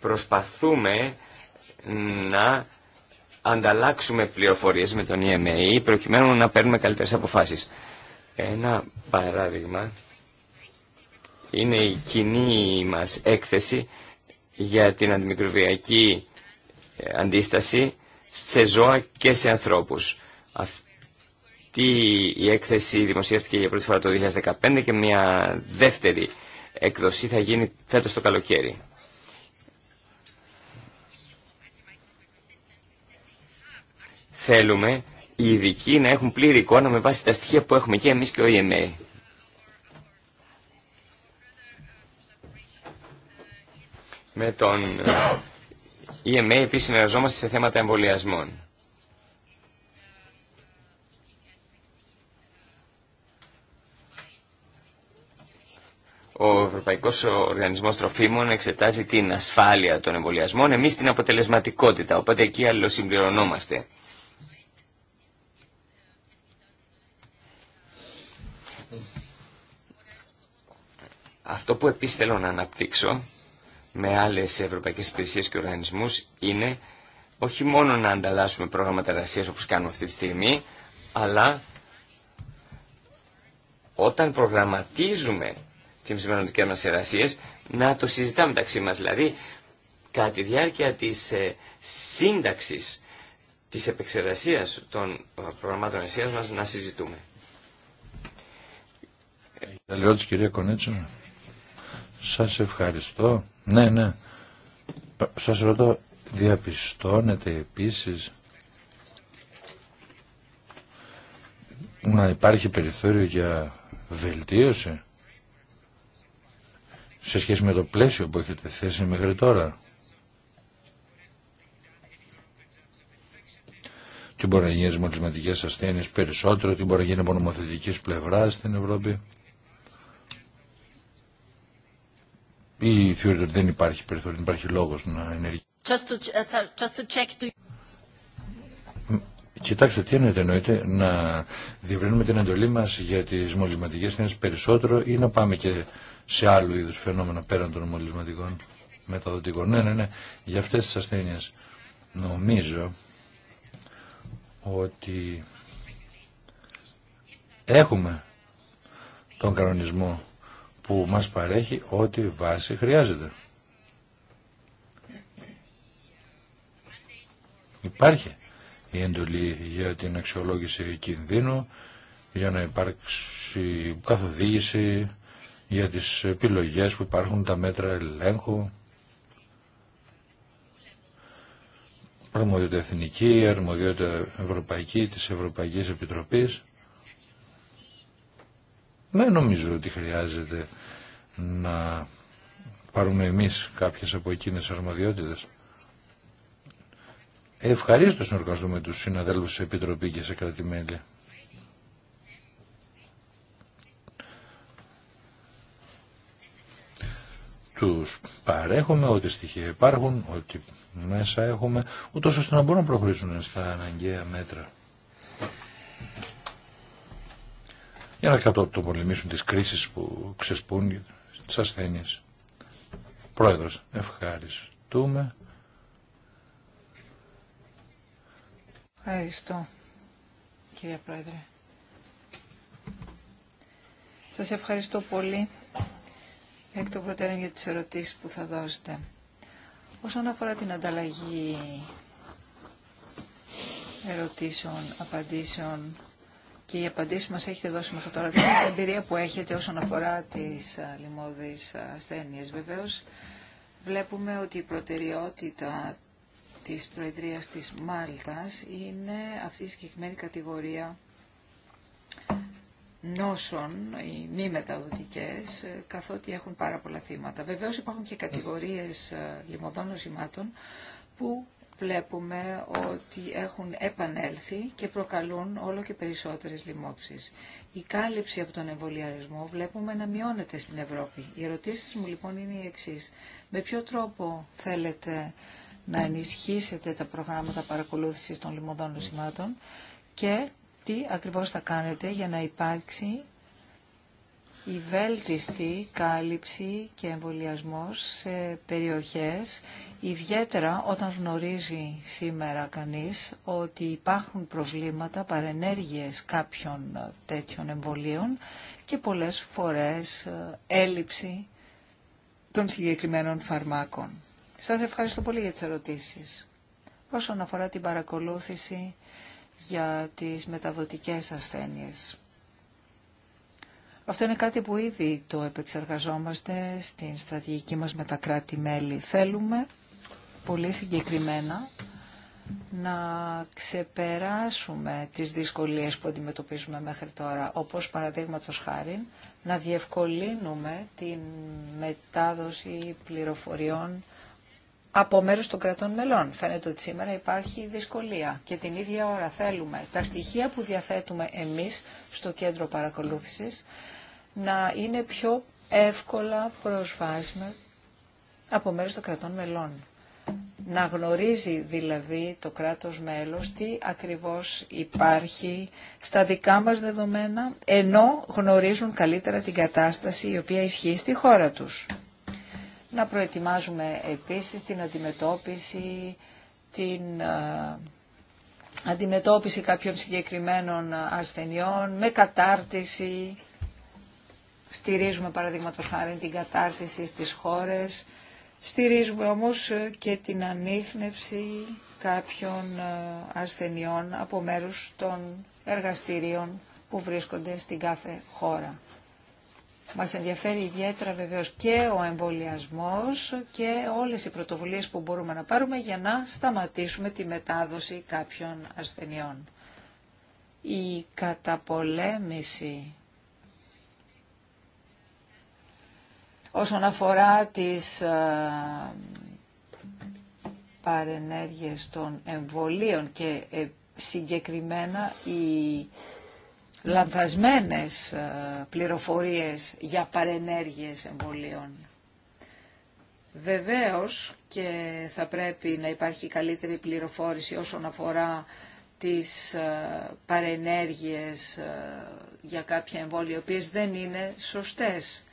Προσπαθούμε να ανταλλάξουμε πληροφορίες με τον EMA προκειμένου να παίρνουμε καλύτερες αποφάσεις. Ένα παράδειγμα είναι η κοινή μας έκθεση για την αντιμικροβιακή ε, αντίσταση σε ζώα και σε ανθρώπους. Αυτή η έκθεση δημοσιεύτηκε για πρώτη φορά το 2015 και μια δεύτερη εκδοσή θα γίνει φέτος το καλοκαίρι. Θέλουμε οι ειδικοί να έχουν πλήρη εικόνα με βάση τα στοιχεία που έχουμε και εμείς και ο EMA. Με τον EMA ε, επίσης συνεργαζόμαστε σε θέματα εμβολιασμών. Ο Ευρωπαϊκός Οργανισμός Τροφίμων εξετάζει την ασφάλεια των εμβολιασμών, εμείς την αποτελεσματικότητα, οπότε εκεί αλληλοσυμπληρωνόμαστε. Αυτό που επίσης θέλω να αναπτύξω με άλλες ευρωπαϊκές υπηρεσίες και οργανισμούς είναι όχι μόνο να ανταλλάσσουμε πρόγραμματα εργασία όπως κάνουμε αυτή τη στιγμή, αλλά όταν προγραμματίζουμε τις μελλοντικές μα εργασίες, να το συζητάμε μεταξύ μας. Δηλαδή, κατά τη διάρκεια της ε, σύνταξης της επεξεργασίας των ε, προγραμμάτων εργασίας μας, να συζητούμε. Σας ευχαριστώ. Ναι, ναι. Σας ρωτώ, διαπιστώνετε επίσης να υπάρχει περιθώριο για βελτίωση σε σχέση με το πλαίσιο που έχετε θέσει μέχρι τώρα. Τι μπορεί να γίνει στις μολυσματικές ασθένειες περισσότερο, τι μπορεί να γίνει από νομοθετικής πλευρά στην Ευρώπη. ή θεωρείτε ότι δεν υπάρχει περιθώριο, δεν υπάρχει λόγος να ενεργεί. Κοιτάξτε τι εννοείται, εννοείται να διευρύνουμε την εντολή μας για τις μολυσματικές θένες περισσότερο ή να πάμε και σε άλλου είδους φαινόμενα πέραν των μολυσματικών μεταδοτικών. Ναι, ναι, ναι, για αυτές τις ασθένειες νομίζω ότι έχουμε τον κανονισμό που μας παρέχει ό,τι βάση χρειάζεται. Υπάρχει η εντολή για την αξιολόγηση κινδύνου, για να υπάρξει καθοδήγηση για τις επιλογές που υπάρχουν, τα μέτρα ελέγχου, αρμοδιότητα εθνική, αρμοδιότητα ευρωπαϊκή, της Ευρωπαϊκής Επιτροπής. Δεν ναι, νομίζω ότι χρειάζεται να πάρουμε εμείς κάποιες από εκείνες αρμοδιότητες. Ευχαρίστω να εργαστούμε τους συναδέλφους σε Επιτροπή και σε κρατημέλη. Τους παρέχουμε ό,τι στοιχεία υπάρχουν, ό,τι μέσα έχουμε, ούτως ώστε να μπορούν να προχωρήσουν στα αναγκαία μέτρα για να πολεμήσουν τις κρίσεις που ξεσπούν τις ασθένειες. Πρόεδρος, ευχαριστούμε. Ευχαριστώ, κυρία Πρόεδρε. Σας ευχαριστώ πολύ εκ των προτέρων για τις ερωτήσεις που θα δώσετε. Όσον αφορά την ανταλλαγή ερωτήσεων, απαντήσεων και οι απαντήσει μα έχετε δώσει μέχρι τώρα την εμπειρία που έχετε όσον αφορά τι λοιμώδει ασθένειε. Βεβαίω, βλέπουμε ότι η προτεραιότητα της Προεδρίας της Μάλτας είναι αυτή η συγκεκριμένη κατηγορία νόσων, οι μη μεταδοτικές, ε, καθότι έχουν πάρα πολλά θύματα. Βεβαίως υπάρχουν και κατηγορίες ε, λιμωδών νοσημάτων που βλέπουμε ότι έχουν επανέλθει και προκαλούν όλο και περισσότερες λοιμώξεις. Η κάλυψη από τον εμβολιαρισμό βλέπουμε να μειώνεται στην Ευρώπη. Οι ερωτήσεις μου λοιπόν είναι οι εξής. Με ποιο τρόπο θέλετε να ενισχύσετε τα προγράμματα παρακολούθησης των λοιμωδών νοσημάτων και τι ακριβώς θα κάνετε για να υπάρξει η βέλτιστη κάλυψη και εμβολιασμό σε περιοχές, ιδιαίτερα όταν γνωρίζει σήμερα κανείς ότι υπάρχουν προβλήματα, παρενέργειες κάποιων τέτοιων εμβολίων και πολλές φορές ε, έλλειψη των συγκεκριμένων φαρμάκων. Σας ευχαριστώ πολύ για τις ερωτήσεις. Όσον αφορά την παρακολούθηση για τις μεταδοτικές ασθένειες. Αυτό είναι κάτι που ήδη το επεξεργαζόμαστε στην στρατηγική μας με τα κράτη-μέλη. Θέλουμε πολύ συγκεκριμένα να ξεπεράσουμε τις δυσκολίες που αντιμετωπίζουμε μέχρι τώρα, όπως παραδείγματος χάρη, να διευκολύνουμε την μετάδοση πληροφοριών από μέρος των κρατών μελών. Φαίνεται ότι σήμερα υπάρχει δυσκολία και την ίδια ώρα θέλουμε τα στοιχεία που διαθέτουμε εμείς στο κέντρο παρακολούθησης να είναι πιο εύκολα προσβάσιμα από μέρους των κρατών μελών. Να γνωρίζει δηλαδή το κράτος μέλος τι ακριβώς υπάρχει στα δικά μας δεδομένα, ενώ γνωρίζουν καλύτερα την κατάσταση η οποία ισχύει στη χώρα τους να προετοιμάζουμε επίσης την αντιμετώπιση, την ε, αντιμετώπιση κάποιων συγκεκριμένων ασθενειών με κατάρτιση. Στηρίζουμε παραδείγματος χάρη την κατάρτιση στις χώρες. Στηρίζουμε όμως και την ανείχνευση κάποιων ε, ασθενειών από μέρους των εργαστηρίων που βρίσκονται στην κάθε χώρα. Μας ενδιαφέρει ιδιαίτερα βεβαίως και ο εμβολιασμός και όλες οι πρωτοβουλίες που μπορούμε να πάρουμε για να σταματήσουμε τη μετάδοση κάποιων ασθενειών. Η καταπολέμηση όσον αφορά τις ε, παρενέργειες των εμβολίων και ε, συγκεκριμένα η λανθασμένες ε, πληροφορίες για παρενέργειες εμβολίων. Βεβαίως και θα πρέπει να υπάρχει καλύτερη πληροφόρηση όσον αφορά τις ε, παρενέργειες ε, για κάποια εμβόλια, οι οποίες δεν είναι σωστές.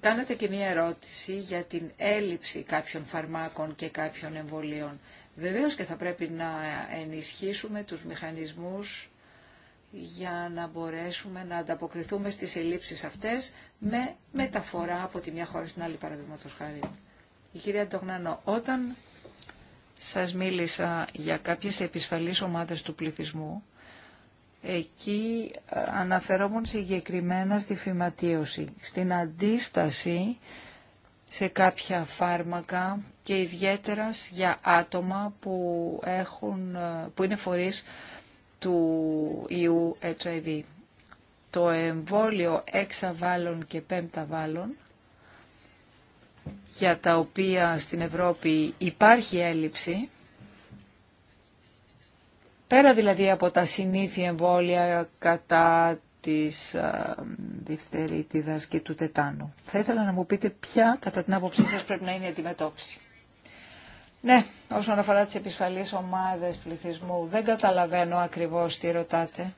Κάνατε και μία ερώτηση για την έλλειψη κάποιων φαρμάκων και κάποιων εμβολίων. Βεβαίως και θα πρέπει να ενισχύσουμε τους μηχανισμούς για να μπορέσουμε να ανταποκριθούμε στις ελλείψεις αυτές με μεταφορά από τη μια χώρα στην άλλη παραδείγματος χάρη. Η κυρία Ντογνάνο, όταν σας μίλησα για κάποιες επισφαλείς ομάδες του πληθυσμού, εκεί ε, αναφερόμουν συγκεκριμένα στη φυματίωση, στην αντίσταση σε κάποια φάρμακα και ιδιαίτερα για άτομα που, έχουν, ε, που είναι φορείς του ιού HIV. Το εμβόλιο βάλων και βάλων για τα οποία στην Ευρώπη υπάρχει έλλειψη, πέρα δηλαδή από τα συνήθεια εμβόλια κατά της ε, διφθερίτιδας και του τετάνου. Θα ήθελα να μου πείτε ποια, κατά την άποψή σας, πρέπει να είναι η αντιμετώπιση. Ναι, όσον αφορά τις επισφαλείς ομάδες πληθυσμού, δεν καταλαβαίνω ακριβώς τι ρωτάτε.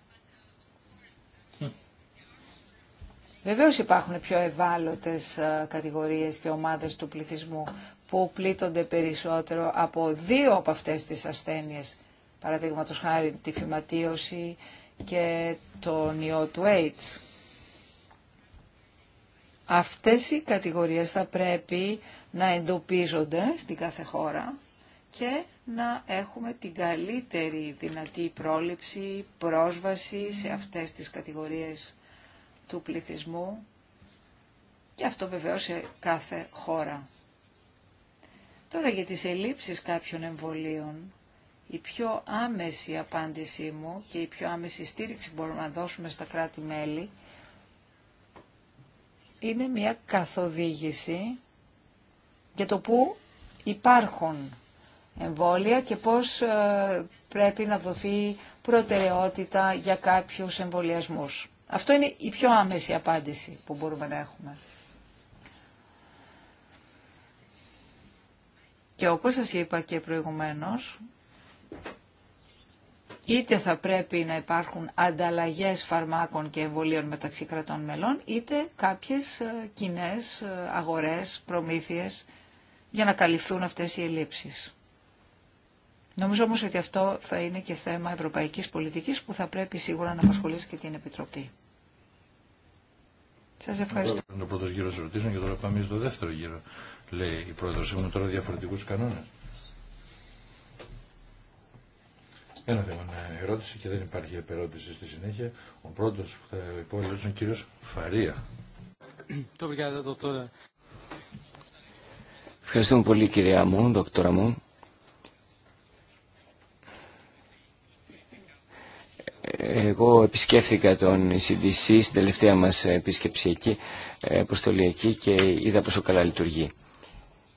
Βεβαίως υπάρχουν πιο ευάλωτες κατηγορίες και ομάδες του πληθυσμού που πλήττονται περισσότερο από δύο από αυτές τις ασθένειες. Παραδείγματος χάρη τη φυματίωση και τον ιό του AIDS. Αυτές οι κατηγορίες θα πρέπει να εντοπίζονται στην κάθε χώρα και να έχουμε την καλύτερη δυνατή πρόληψη, πρόσβαση σε αυτές τις κατηγορίες του πληθυσμού και αυτό βεβαίως σε κάθε χώρα. Τώρα για τις ελλείψεις κάποιων εμβολίων, η πιο άμεση απάντησή μου και η πιο άμεση στήριξη που μπορούμε να δώσουμε στα κράτη-μέλη είναι μια καθοδήγηση για το πού υπάρχουν εμβόλια και πώς ε, πρέπει να δοθεί προτεραιότητα για κάποιους εμβολιασμούς. Αυτό είναι η πιο άμεση απάντηση που μπορούμε να έχουμε. Και όπως σας είπα και προηγουμένως, Είτε θα πρέπει να υπάρχουν ανταλλαγές φαρμάκων και εμβολίων μεταξύ κρατών μελών, είτε κάποιες ε, κοινέ ε, αγορές, προμήθειες για να καλυφθούν αυτές οι ελλείψεις. Νομίζω όμως ότι αυτό θα είναι και θέμα ευρωπαϊκής πολιτικής που θα πρέπει σίγουρα να απασχολήσει και την Επιτροπή. Σας ευχαριστώ. Το είναι ο και τώρα πάμε στο δεύτερο γύρο. Λέει η πρόεδρος, έχουμε τώρα διαφορετικούς κανόνες. Ένα θέμα, ναι, ερώτηση και δεν υπάρχει επερώτηση στη συνέχεια. Ο πρώτο που θα υπόλοιπε ο κύριο Φαρία. Ευχαριστούμε πολύ κυρία μου, δόκτωρα μου. Εγώ επισκέφθηκα τον CDC στην τελευταία μας επίσκεψη εκεί, ε, αποστολή εκεί και είδα πόσο καλά λειτουργεί.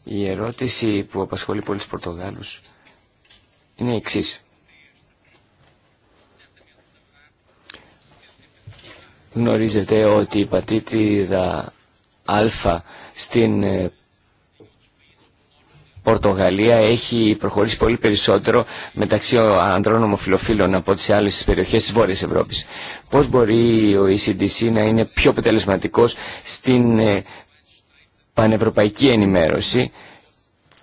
Η ερώτηση που απασχολεί πολλούς Πορτογάλους είναι η εξής. Γνωρίζετε ότι η πατήτηδα Α στην ε, Πορτογαλία έχει προχωρήσει πολύ περισσότερο μεταξύ ανδρών ομοφιλοφίλων από τις άλλες περιοχές της Βόρειας Ευρώπης. Πώς μπορεί ο ECDC ε να είναι πιο αποτελεσματικό στην ε, πανευρωπαϊκή ενημέρωση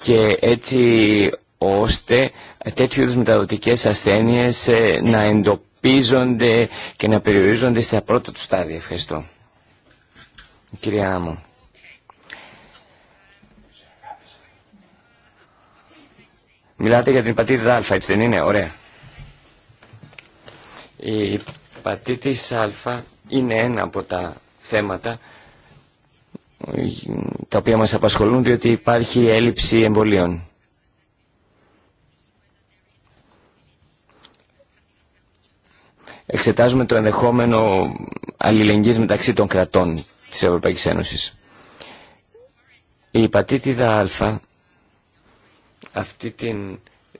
και έτσι ώστε τέτοιου είδους μεταδοτικές ασθένειες να εντοπίσουν και να περιορίζονται στα πρώτα του στάδια. Ευχαριστώ. Κυρία μου. Μιλάτε για την πατήτη Α, έτσι δεν είναι, ωραία. Η πατήτη Α είναι ένα από τα θέματα τα οποία μας απασχολούν διότι υπάρχει έλλειψη εμβολίων. εξετάζουμε το ενδεχόμενο αλληλεγγύης μεταξύ των κρατών της Ευρωπαϊκής Ένωσης. Η πατήτηδα Α αυτή τη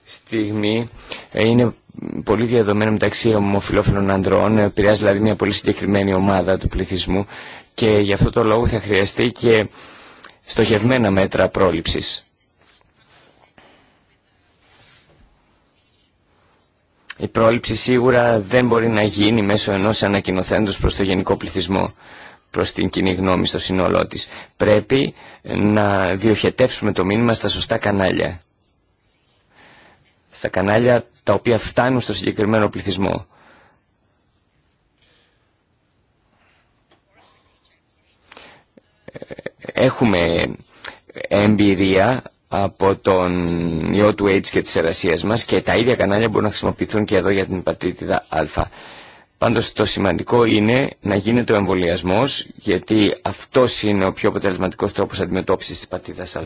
στιγμή ε, είναι πολύ διαδομένη μεταξύ ομοφιλόφιλων ανδρών, ε, επηρεάζει δηλαδή μια πολύ συγκεκριμένη ομάδα του πληθυσμού και γι' αυτό το λόγο θα χρειαστεί και στοχευμένα μέτρα πρόληψης. Η πρόληψη σίγουρα δεν μπορεί να γίνει μέσω ενός ανακοινοθέντος προς το γενικό πληθυσμό, προς την κοινή γνώμη στο σύνολό της. Πρέπει να διοχετεύσουμε το μήνυμα στα σωστά κανάλια. Στα κανάλια τα οποία φτάνουν στο συγκεκριμένο πληθυσμό. Ε, έχουμε εμπειρία από τον ιό του AIDS και τη εργασία μας και τα ίδια κανάλια μπορούν να χρησιμοποιηθούν και εδώ για την πατρίτιδα Α. Πάντως το σημαντικό είναι να γίνεται ο εμβολιασμός γιατί αυτό είναι ο πιο αποτελεσματικός τρόπος αντιμετώπισης της πατρίδας Α.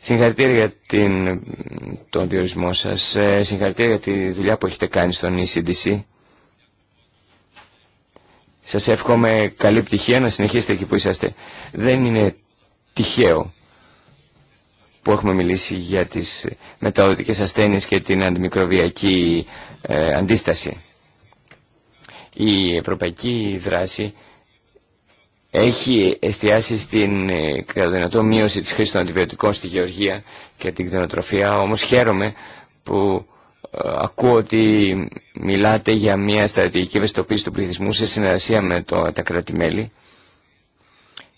Συγχαρητήρια για τον διορισμό σας. Ε, συγχαρητήρια για τη δουλειά που έχετε κάνει στον ECDC. Σας εύχομαι καλή πτυχία να συνεχίσετε εκεί που είσαστε. Δεν είναι τυχαίο που έχουμε μιλήσει για τις μεταδοτικές ασθένειες και την αντιμικροβιακή ε, αντίσταση. Η ευρωπαϊκή δράση έχει εστιάσει στην ε, μείωση της χρήσης των αντιβιωτικών στη γεωργία και την κτηνοτροφία, όμως χαίρομαι που ε, ακούω ότι μιλάτε για μια στρατηγική ευαισθητοποίηση του πληθυσμού σε συνεργασία με το, τα κράτη-μέλη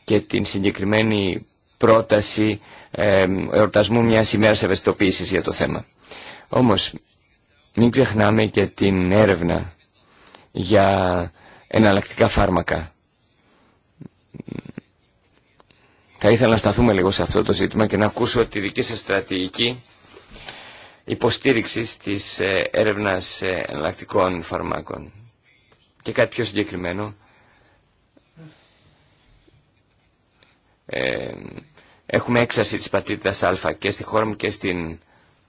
και την συγκεκριμένη πρόταση ε, εορτασμού μιας ημέρας ευαισθητοποίηση για το θέμα. Όμως μην ξεχνάμε και την έρευνα για εναλλακτικά φάρμακα. Θα ήθελα να σταθούμε λίγο σε αυτό το ζήτημα και να ακούσω τη δική σας στρατηγική υποστήριξης της ε, έρευνας ε, εναλλακτικών φαρμάκων. Και κάτι πιο συγκεκριμένο. Ε, έχουμε έξαρση της πατήτητας Α και στη χώρα μου και στην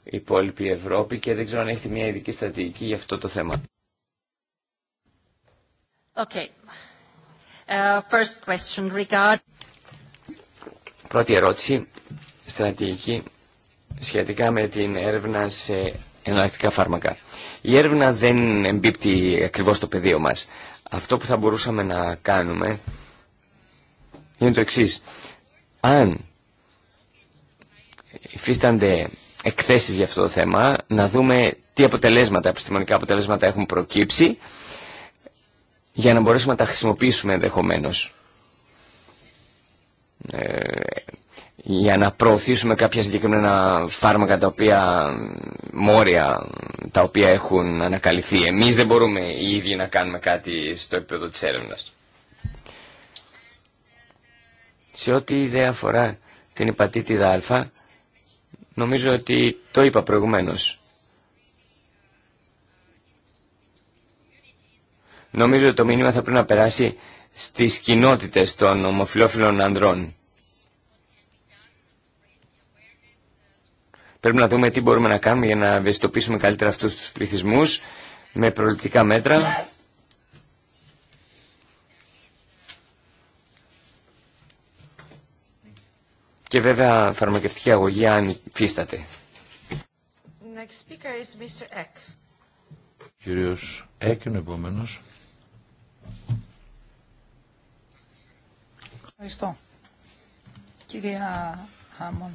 υπόλοιπη Ευρώπη και δεν ξέρω αν έχετε μια ειδική στρατηγική για αυτό το θέμα. Okay. Uh, first question regard... Πρώτη ερώτηση, στρατηγική σχετικά με την έρευνα σε εναλλακτικά φάρμακα. Η έρευνα δεν εμπίπτει ακριβώς στο πεδίο μας. Αυτό που θα μπορούσαμε να κάνουμε είναι το εξής. Αν υφίστανται εκθέσεις για αυτό το θέμα, να δούμε τι αποτελέσματα, επιστημονικά αποτελέσματα έχουν προκύψει για να μπορέσουμε να τα χρησιμοποιήσουμε ενδεχομένω. Ε, για να προωθήσουμε κάποια συγκεκριμένα φάρμακα τα οποία μόρια τα οποία έχουν ανακαλυφθεί. Εμείς δεν μπορούμε οι ίδιοι να κάνουμε κάτι στο επίπεδο της έρευνας. Σε ό,τι ιδέα αφορά την υπατήτη α, νομίζω ότι το είπα προηγουμένως. Νομίζω ότι το μήνυμα θα πρέπει να περάσει στις κοινότητες των ομοφιλόφιλων ανδρών Πρέπει να δούμε τι μπορούμε να κάνουμε για να ευαισθητοποιήσουμε καλύτερα αυτούς τους πληθυσμούς με προληπτικά μέτρα. Και βέβαια φαρμακευτική αγωγή αν υφίσταται. Eck. Κύριος Εκ είναι επόμενος. Ευχαριστώ. Κυρία Χάμον,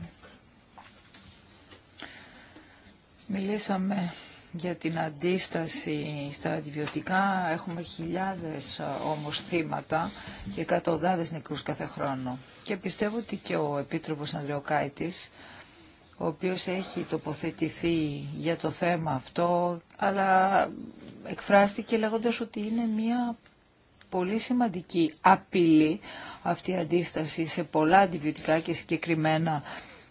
Μιλήσαμε για την αντίσταση στα αντιβιωτικά. Έχουμε χιλιάδες ε, όμως θύματα και εκατοντάδες νεκρούς κάθε χρόνο. Και πιστεύω ότι και ο Επίτροπος Ανδρεοκάητης, ο οποίος έχει τοποθετηθεί για το θέμα αυτό, αλλά εκφράστηκε λέγοντας ότι είναι μια πολύ σημαντική απειλή αυτή η αντίσταση σε πολλά αντιβιωτικά και συγκεκριμένα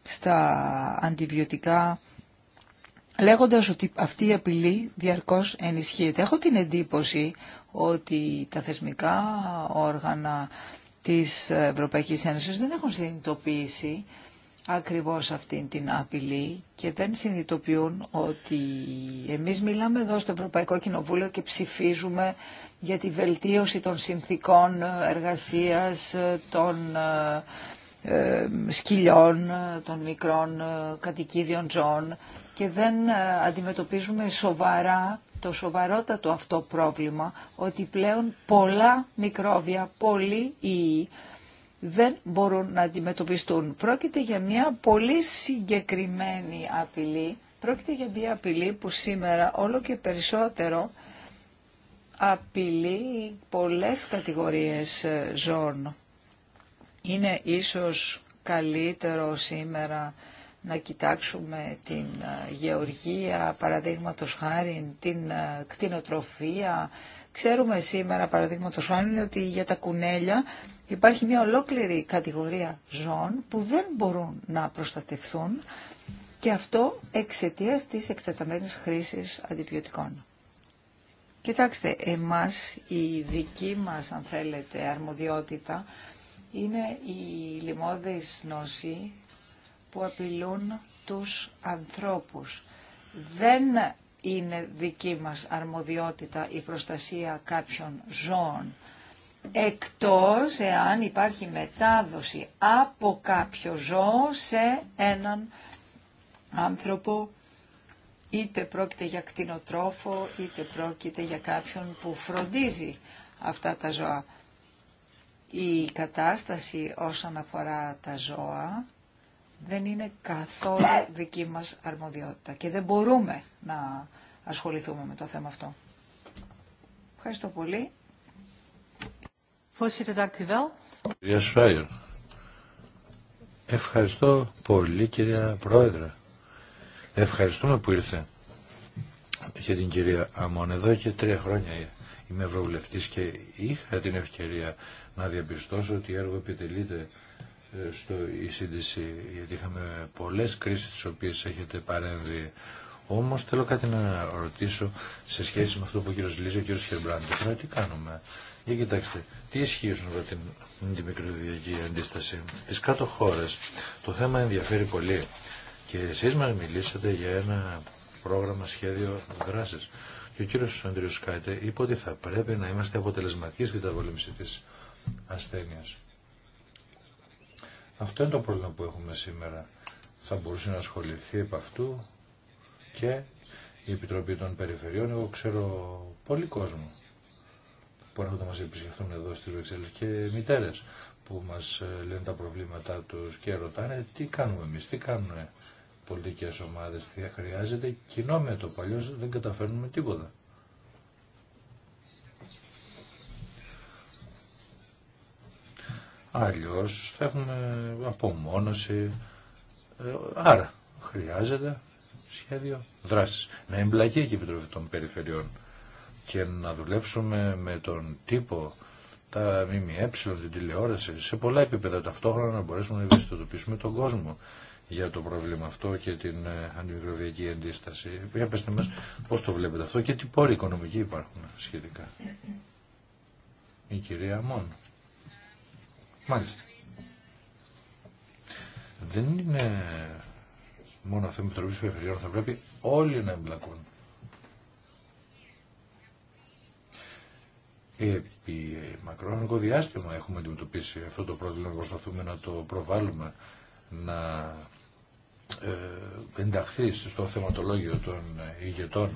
στα αντιβιωτικά λέγοντας ότι αυτή η απειλή διαρκώς ενισχύεται. Έχω την εντύπωση ότι τα θεσμικά όργανα της Ευρωπαϊκής Ένωσης δεν έχουν συνειδητοποιήσει ακριβώς αυτή την απειλή και δεν συνειδητοποιούν ότι εμείς μιλάμε εδώ στο Ευρωπαϊκό Κοινοβούλιο και ψηφίζουμε για τη βελτίωση των συνθήκων εργασίας, των ε, ε, σκυλιών, των μικρών ε, κατοικίδιων ζώων και δεν ε, αντιμετωπίζουμε σοβαρά το σοβαρότατο αυτό πρόβλημα ότι πλέον πολλά μικρόβια, πολλοί ιοί δεν μπορούν να αντιμετωπιστούν. Πρόκειται για μια πολύ συγκεκριμένη απειλή. Πρόκειται για μια απειλή που σήμερα όλο και περισσότερο απειλεί πολλές κατηγορίες ε, ζώων. Είναι ίσως καλύτερο σήμερα να κοιτάξουμε την ε, γεωργία, παραδείγματος χάρη, την ε, κτηνοτροφία. Ξέρουμε σήμερα, παραδείγματος χάρη, ότι για τα κουνέλια υπάρχει μια ολόκληρη κατηγορία ζώων που δεν μπορούν να προστατευθούν και αυτό εξαιτίας της εκτεταμένης χρήσης αντιπιωτικών. Κοιτάξτε, εμάς η δική μας, αν θέλετε, αρμοδιότητα είναι η λοιμώδης νόση που απειλούν τους ανθρώπους. Δεν είναι δική μας αρμοδιότητα η προστασία κάποιων ζώων. Εκτός εάν υπάρχει μετάδοση από κάποιο ζώο σε έναν άνθρωπο, είτε πρόκειται για κτηνοτρόφο, είτε πρόκειται για κάποιον που φροντίζει αυτά τα ζώα. Η κατάσταση όσον αφορά τα ζώα δεν είναι καθόλου δική μας αρμοδιότητα και δεν μπορούμε να ασχοληθούμε με το θέμα αυτό. Ευχαριστώ πολύ. ευχαριστώ πολύ κυρία Πρόεδρε. Ευχαριστούμε που ήρθε για την κυρία Αμών. Εδώ και τρία χρόνια είμαι ευρωβουλευτής και είχα την ευκαιρία να διαπιστώσω ότι έργο επιτελείται στο ECDC, γιατί είχαμε πολλές κρίσεις τις οποίες έχετε παρέμβει. Όμως θέλω κάτι να ρωτήσω σε σχέση με αυτό που ο κύριος Λίζα και ο κύριος Χερμπράντη. Τώρα τι κάνουμε. Για κοιτάξτε, τι ισχύουν με την, την μικροδιακή αντίσταση. Στις κάτω χώρες το θέμα ενδιαφέρει πολύ και εσείς μας μιλήσατε για ένα πρόγραμμα σχέδιο δράσης. Και ο κύριος Ανδριος είπε ότι θα πρέπει να είμαστε αποτελεσματικοί στην καταπολέμηση της ασθένειας. Αυτό είναι το πρόβλημα που έχουμε σήμερα. Θα μπορούσε να ασχοληθεί επ' αυτού και η Επιτροπή των Περιφερειών. Εγώ ξέρω πολύ κόσμο που έρχονται να μας επισκεφτούν εδώ στη Βεξέλη και μητέρες που μας ε, λένε τα προβλήματά τους και ρωτάνε τι κάνουμε εμείς, τι κάνουν πολιτικές ομάδες, τι χρειάζεται κοινό με το παλιό δεν καταφέρνουμε τίποτα. Αλλιώς θα έχουμε απομόνωση. Ε, άρα χρειάζεται σχέδιο δράσης. Να εμπλακεί και η Επιτροπή των Περιφερειών και να δουλέψουμε με τον τύπο, τα ΜΜΕ, την τηλεόραση, σε πολλά επίπεδα ταυτόχρονα να μπορέσουμε να ευαισθητοποιήσουμε τον κόσμο για το πρόβλημα αυτό και την ε, αντιμικροβιακή αντίσταση. Για πέστε μας πώς το βλέπετε αυτό και τι πόροι οικονομικοί υπάρχουν σχετικά. Η κυρία Μόνο. Μάλιστα. Δεν είναι μόνο θέμα Επιτροπής Περιφερειών, θα πρέπει όλοι να εμπλακούν. Επί μακροχρονικό διάστημα έχουμε αντιμετωπίσει αυτό το πρόβλημα, προσπαθούμε να το προβάλλουμε, να ε, ενταχθεί στο θεματολόγιο των ηγετών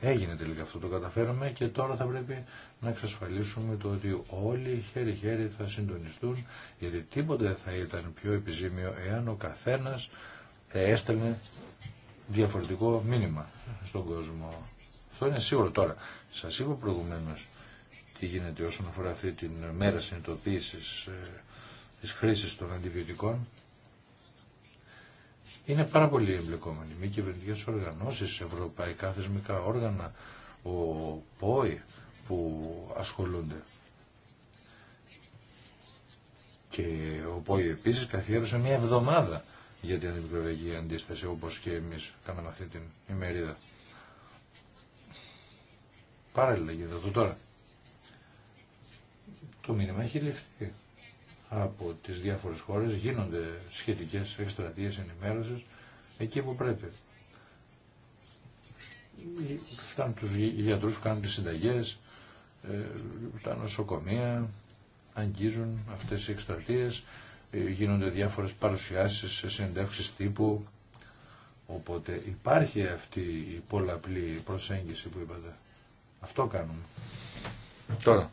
Έγινε τελικά αυτό, το καταφέραμε και τώρα θα πρέπει να εξασφαλίσουμε το ότι όλοι χέρι-χέρι θα συντονιστούν, γιατί τίποτε δεν θα ήταν πιο επιζήμιο εάν ο καθένας έστελνε διαφορετικό μήνυμα στον κόσμο. Αυτό είναι σίγουρο τώρα. Σας είπα προηγουμένως τι γίνεται όσον αφορά αυτή την μέρα συνειδητοποίησης τη ε, της των αντιβιωτικών είναι πάρα πολύ εμπλεκόμενοι. Μη κυβερνητικέ οργανώσει, ευρωπαϊκά θεσμικά όργανα, ο ΠΟΗ που ασχολούνται. Και ο ΠΟΗ επίση καθιέρωσε μια εβδομάδα για την αντιπροεδρική αντίσταση, όπω και εμεί κάναμε αυτή την ημερίδα. Παράλληλα γίνεται αυτό τώρα. Το μήνυμα έχει ληφθεί από τις διάφορες χώρες, γίνονται σχετικές εκστρατείες ενημέρωσης εκεί που πρέπει. Φτάνουν τους γιατρούς, κάνουν τις συνταγές, ε, τα νοσοκομεία, αγγίζουν αυτές οι εκστρατείες, ε, γίνονται διάφορες παρουσιάσεις, συνεντεύξεις τύπου, οπότε υπάρχει αυτή η πολλαπλή προσέγγιση που είπατε. Αυτό κάνουμε. Τώρα,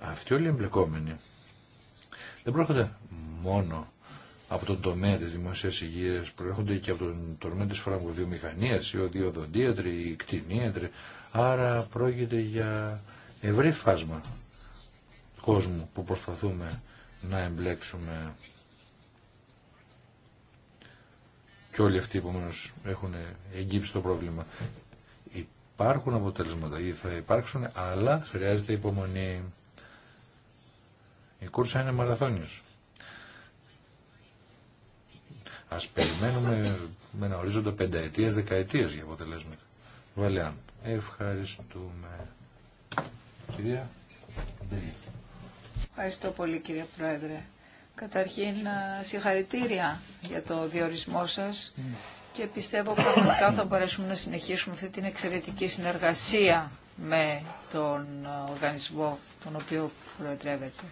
αυτοί όλοι οι εμπλεκόμενοι δεν προέρχονται μόνο από τον τομέα της δημοσίας υγείας, προέρχονται και από τον τομέα της φαραγωδιομηχανίας οι οδιοδοντίατροι, οι κτηνίατροι, άρα πρόκειται για ευρύ φάσμα κόσμου που προσπαθούμε να εμπλέξουμε και όλοι αυτοί επομένω έχουν εγγύψει το πρόβλημα. Υπάρχουν αποτελέσματα ή θα υπάρξουν, αλλά χρειάζεται υπομονή. Η κούρσα είναι μαραθώνιος. Ας περιμένουμε με ένα ορίζοντα πενταετίας, δεκαετίας για αποτελέσματα. Βαλεάν. Ευχαριστούμε. Κυρία Ευχαριστώ πολύ κύριε Πρόεδρε. Καταρχήν συγχαρητήρια για το διορισμό σας και πιστεύω πραγματικά θα μπορέσουμε να συνεχίσουμε αυτή την εξαιρετική συνεργασία με τον οργανισμό τον οποίο προεδρεύεται.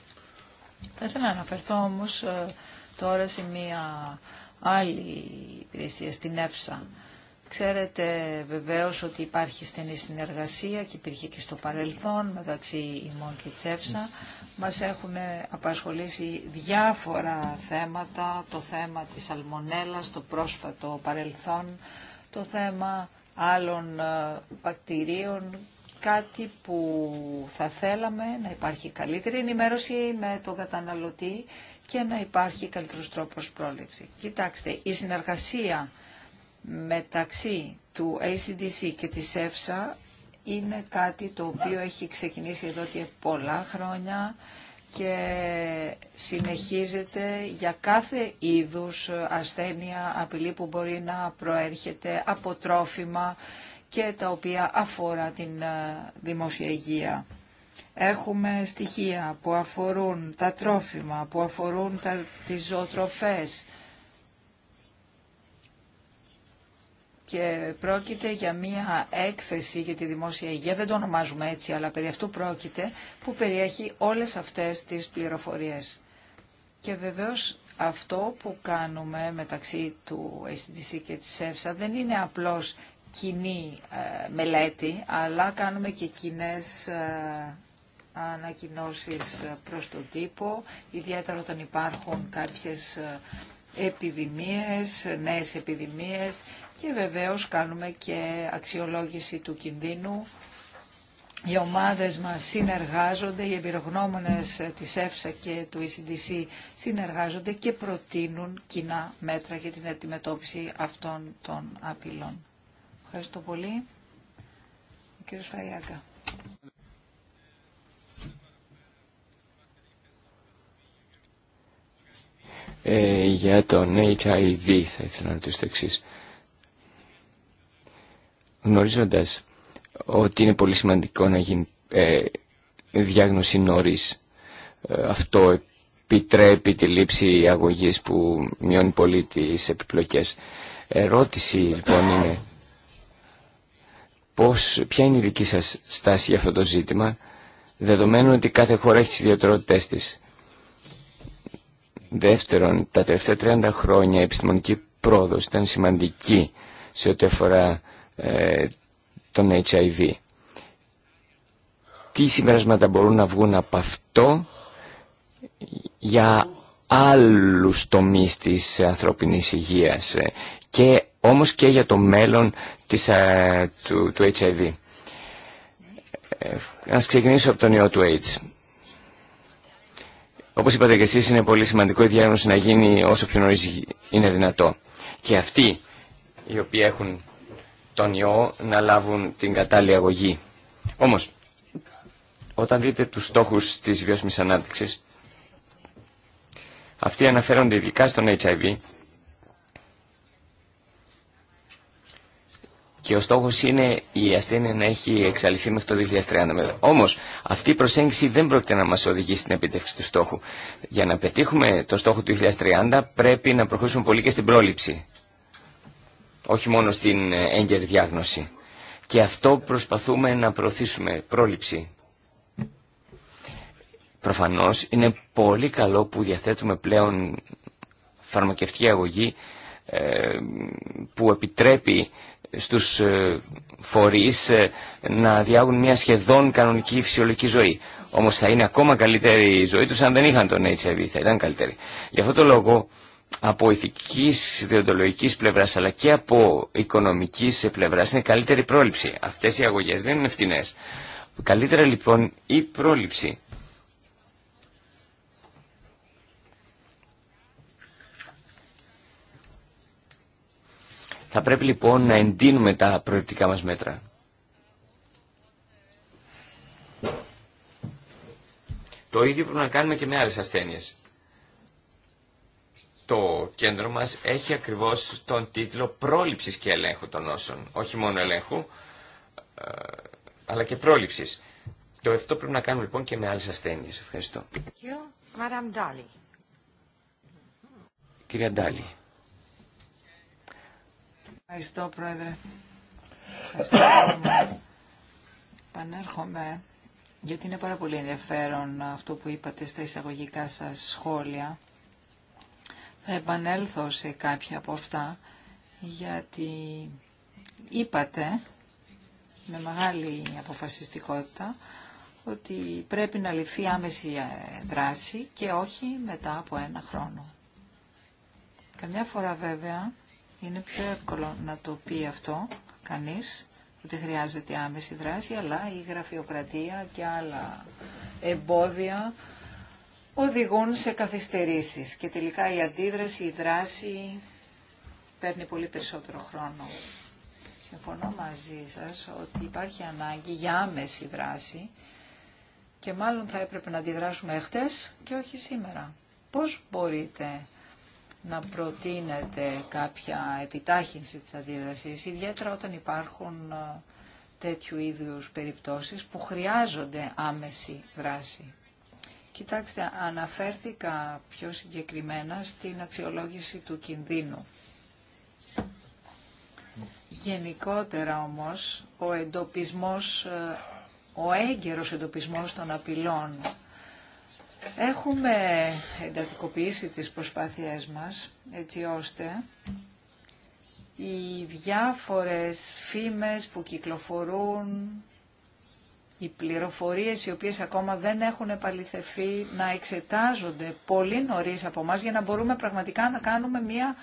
Θα ήθελα να αναφερθώ όμως ε, τώρα σε μία άλλη υπηρεσία, στην ΕΦΣΑ. Ξέρετε βεβαίως ότι υπάρχει στενή συνεργασία και υπήρχε και στο παρελθόν μεταξύ ημών και τσέφσα. Μας έχουν απασχολήσει διάφορα θέματα, το θέμα της αλμονέλας, το πρόσφατο παρελθόν, το θέμα άλλων ε, βακτηρίων κάτι που θα θέλαμε να υπάρχει καλύτερη ενημέρωση με τον καταναλωτή και να υπάρχει καλύτερος τρόπος πρόληψη. Κοιτάξτε, η συνεργασία μεταξύ του ACDC και της ΕΦΣΑ είναι κάτι το οποίο έχει ξεκινήσει εδώ και πολλά χρόνια και συνεχίζεται για κάθε είδους ασθένεια, απειλή που μπορεί να προέρχεται από τρόφιμα και τα οποία αφορά την ε, δημόσια υγεία. Έχουμε στοιχεία που αφορούν τα τρόφιμα, που αφορούν τα, τις ζωοτροφές και πρόκειται για μία έκθεση για τη δημόσια υγεία, δεν το ονομάζουμε έτσι, αλλά περί αυτού πρόκειται, που περιέχει όλες αυτές τις πληροφορίες. Και βεβαίως αυτό που κάνουμε μεταξύ του SDC και της ΕΦΣΑ δεν είναι απλώς κοινή ε, μελέτη, αλλά κάνουμε και κοινέ ε, ανακοινώσεις προς τον τύπο, ιδιαίτερα όταν υπάρχουν κάποιες ε, επιδημίες, νέες επιδημίες και βεβαίως κάνουμε και αξιολόγηση του κινδύνου. Οι ομάδες μας συνεργάζονται, οι εμπειρογνώμονες της ΕΦΣΑ και του ECDC συνεργάζονται και προτείνουν κοινά μέτρα για την αντιμετώπιση αυτών των απειλών. Ευχαριστώ πολύ. Ο κύριος Φαϊάκα. Ε, για τον HIV θα ήθελα να ρωτήσω το εξή. Γνωρίζοντας ότι είναι πολύ σημαντικό να γίνει ε, διάγνωση νωρίς, ε, αυτό επιτρέπει τη λήψη αγωγής που μειώνει πολύ τις επιπλοκές. Ερώτηση λοιπόν είναι πώς, ποια είναι η δική σας στάση για αυτό το ζήτημα, δεδομένου ότι κάθε χώρα έχει τις ιδιαιτερότητές της. Δεύτερον, τα τελευταία 30 χρόνια η επιστημονική πρόοδος ήταν σημαντική σε ό,τι αφορά ε, τον HIV. Τι συμπεράσματα μπορούν να βγουν από αυτό για άλλους τομείς της ανθρώπινης υγείας ε, και όμως και για το μέλλον της, ε, του, του HIV. Ε, Α ξεκινήσω από τον ιό του AIDS. Όπως είπατε και εσείς, είναι πολύ σημαντικό η διάγνωση να γίνει όσο πιο νωρίς είναι δυνατό. Και αυτοί οι οποίοι έχουν τον ιό να λάβουν την κατάλληλη αγωγή. Όμως, όταν δείτε τους στόχους της βιώσιμης ανάπτυξης, αυτοί αναφέρονται ειδικά στον HIV και ο στόχος είναι η ασθένεια να έχει εξαλειφθεί μέχρι το 2030. Όμως αυτή η προσέγγιση δεν πρόκειται να μας οδηγήσει στην επιτεύξη του στόχου. Για να πετύχουμε το στόχο του 2030 πρέπει να προχωρήσουμε πολύ και στην πρόληψη. Όχι μόνο στην ε, έγκαιρη διάγνωση. Και αυτό προσπαθούμε να προωθήσουμε πρόληψη. Προφανώς είναι πολύ καλό που διαθέτουμε πλέον φαρμακευτική αγωγή ε, που επιτρέπει στους ε, φορείς ε, να διάγουν μια σχεδόν κανονική φυσιολογική ζωή. Όμως θα είναι ακόμα καλύτερη η ζωή τους αν δεν είχαν τον HIV, θα ήταν καλύτερη. Γι' αυτό το λόγο από ηθικής, ιδεοντολογικής πλευράς αλλά και από οικονομικής πλευράς είναι καλύτερη πρόληψη. Αυτές οι αγωγές δεν είναι φτηνές. Καλύτερα λοιπόν η πρόληψη. Θα πρέπει λοιπόν να εντείνουμε τα προεκτικά μας μέτρα. Το ίδιο πρέπει να κάνουμε και με άλλες ασθένειες. Το κέντρο μας έχει ακριβώς τον τίτλο πρόληψης και ελέγχου των νόσων. Όχι μόνο ελέγχου, ε, αλλά και πρόληψης. Το αυτό πρέπει να κάνουμε λοιπόν και με άλλες ασθένειες. Ευχαριστώ. Κυρία Ντάλι. Ευχαριστώ, Πρόεδρε. Ευχαριστώ, πρόεδρε. Πανέρχομαι, γιατί είναι πάρα πολύ ενδιαφέρον αυτό που είπατε στα εισαγωγικά σας σχόλια. Θα επανέλθω σε κάποια από αυτά, γιατί είπατε με μεγάλη αποφασιστικότητα ότι πρέπει να ληφθεί άμεση ε, δράση και όχι μετά από ένα χρόνο. Καμιά φορά βέβαια είναι πιο εύκολο να το πει αυτό κανείς, ότι χρειάζεται άμεση δράση, αλλά η γραφειοκρατία και άλλα εμπόδια οδηγούν σε καθυστερήσεις και τελικά η αντίδραση, η δράση παίρνει πολύ περισσότερο χρόνο. Συμφωνώ μαζί σας ότι υπάρχει ανάγκη για άμεση δράση και μάλλον θα έπρεπε να αντιδράσουμε χτες και όχι σήμερα. Πώς μπορείτε να προτείνεται κάποια επιτάχυνση της αντίδρασης, ιδιαίτερα όταν υπάρχουν ε, τέτοιου είδους περιπτώσεις που χρειάζονται άμεση δράση. Κοιτάξτε, αναφέρθηκα πιο συγκεκριμένα στην αξιολόγηση του κινδύνου. Γενικότερα όμως, ο εντοπισμός, ε, ο έγκαιρος εντοπισμός των απειλών Έχουμε εντατικοποιήσει τις προσπάθειές μας έτσι ώστε οι διάφορες φήμες που κυκλοφορούν, οι πληροφορίες οι οποίες ακόμα δεν έχουν επαληθευθεί να εξετάζονται πολύ νωρίς από μας για να μπορούμε πραγματικά να κάνουμε μια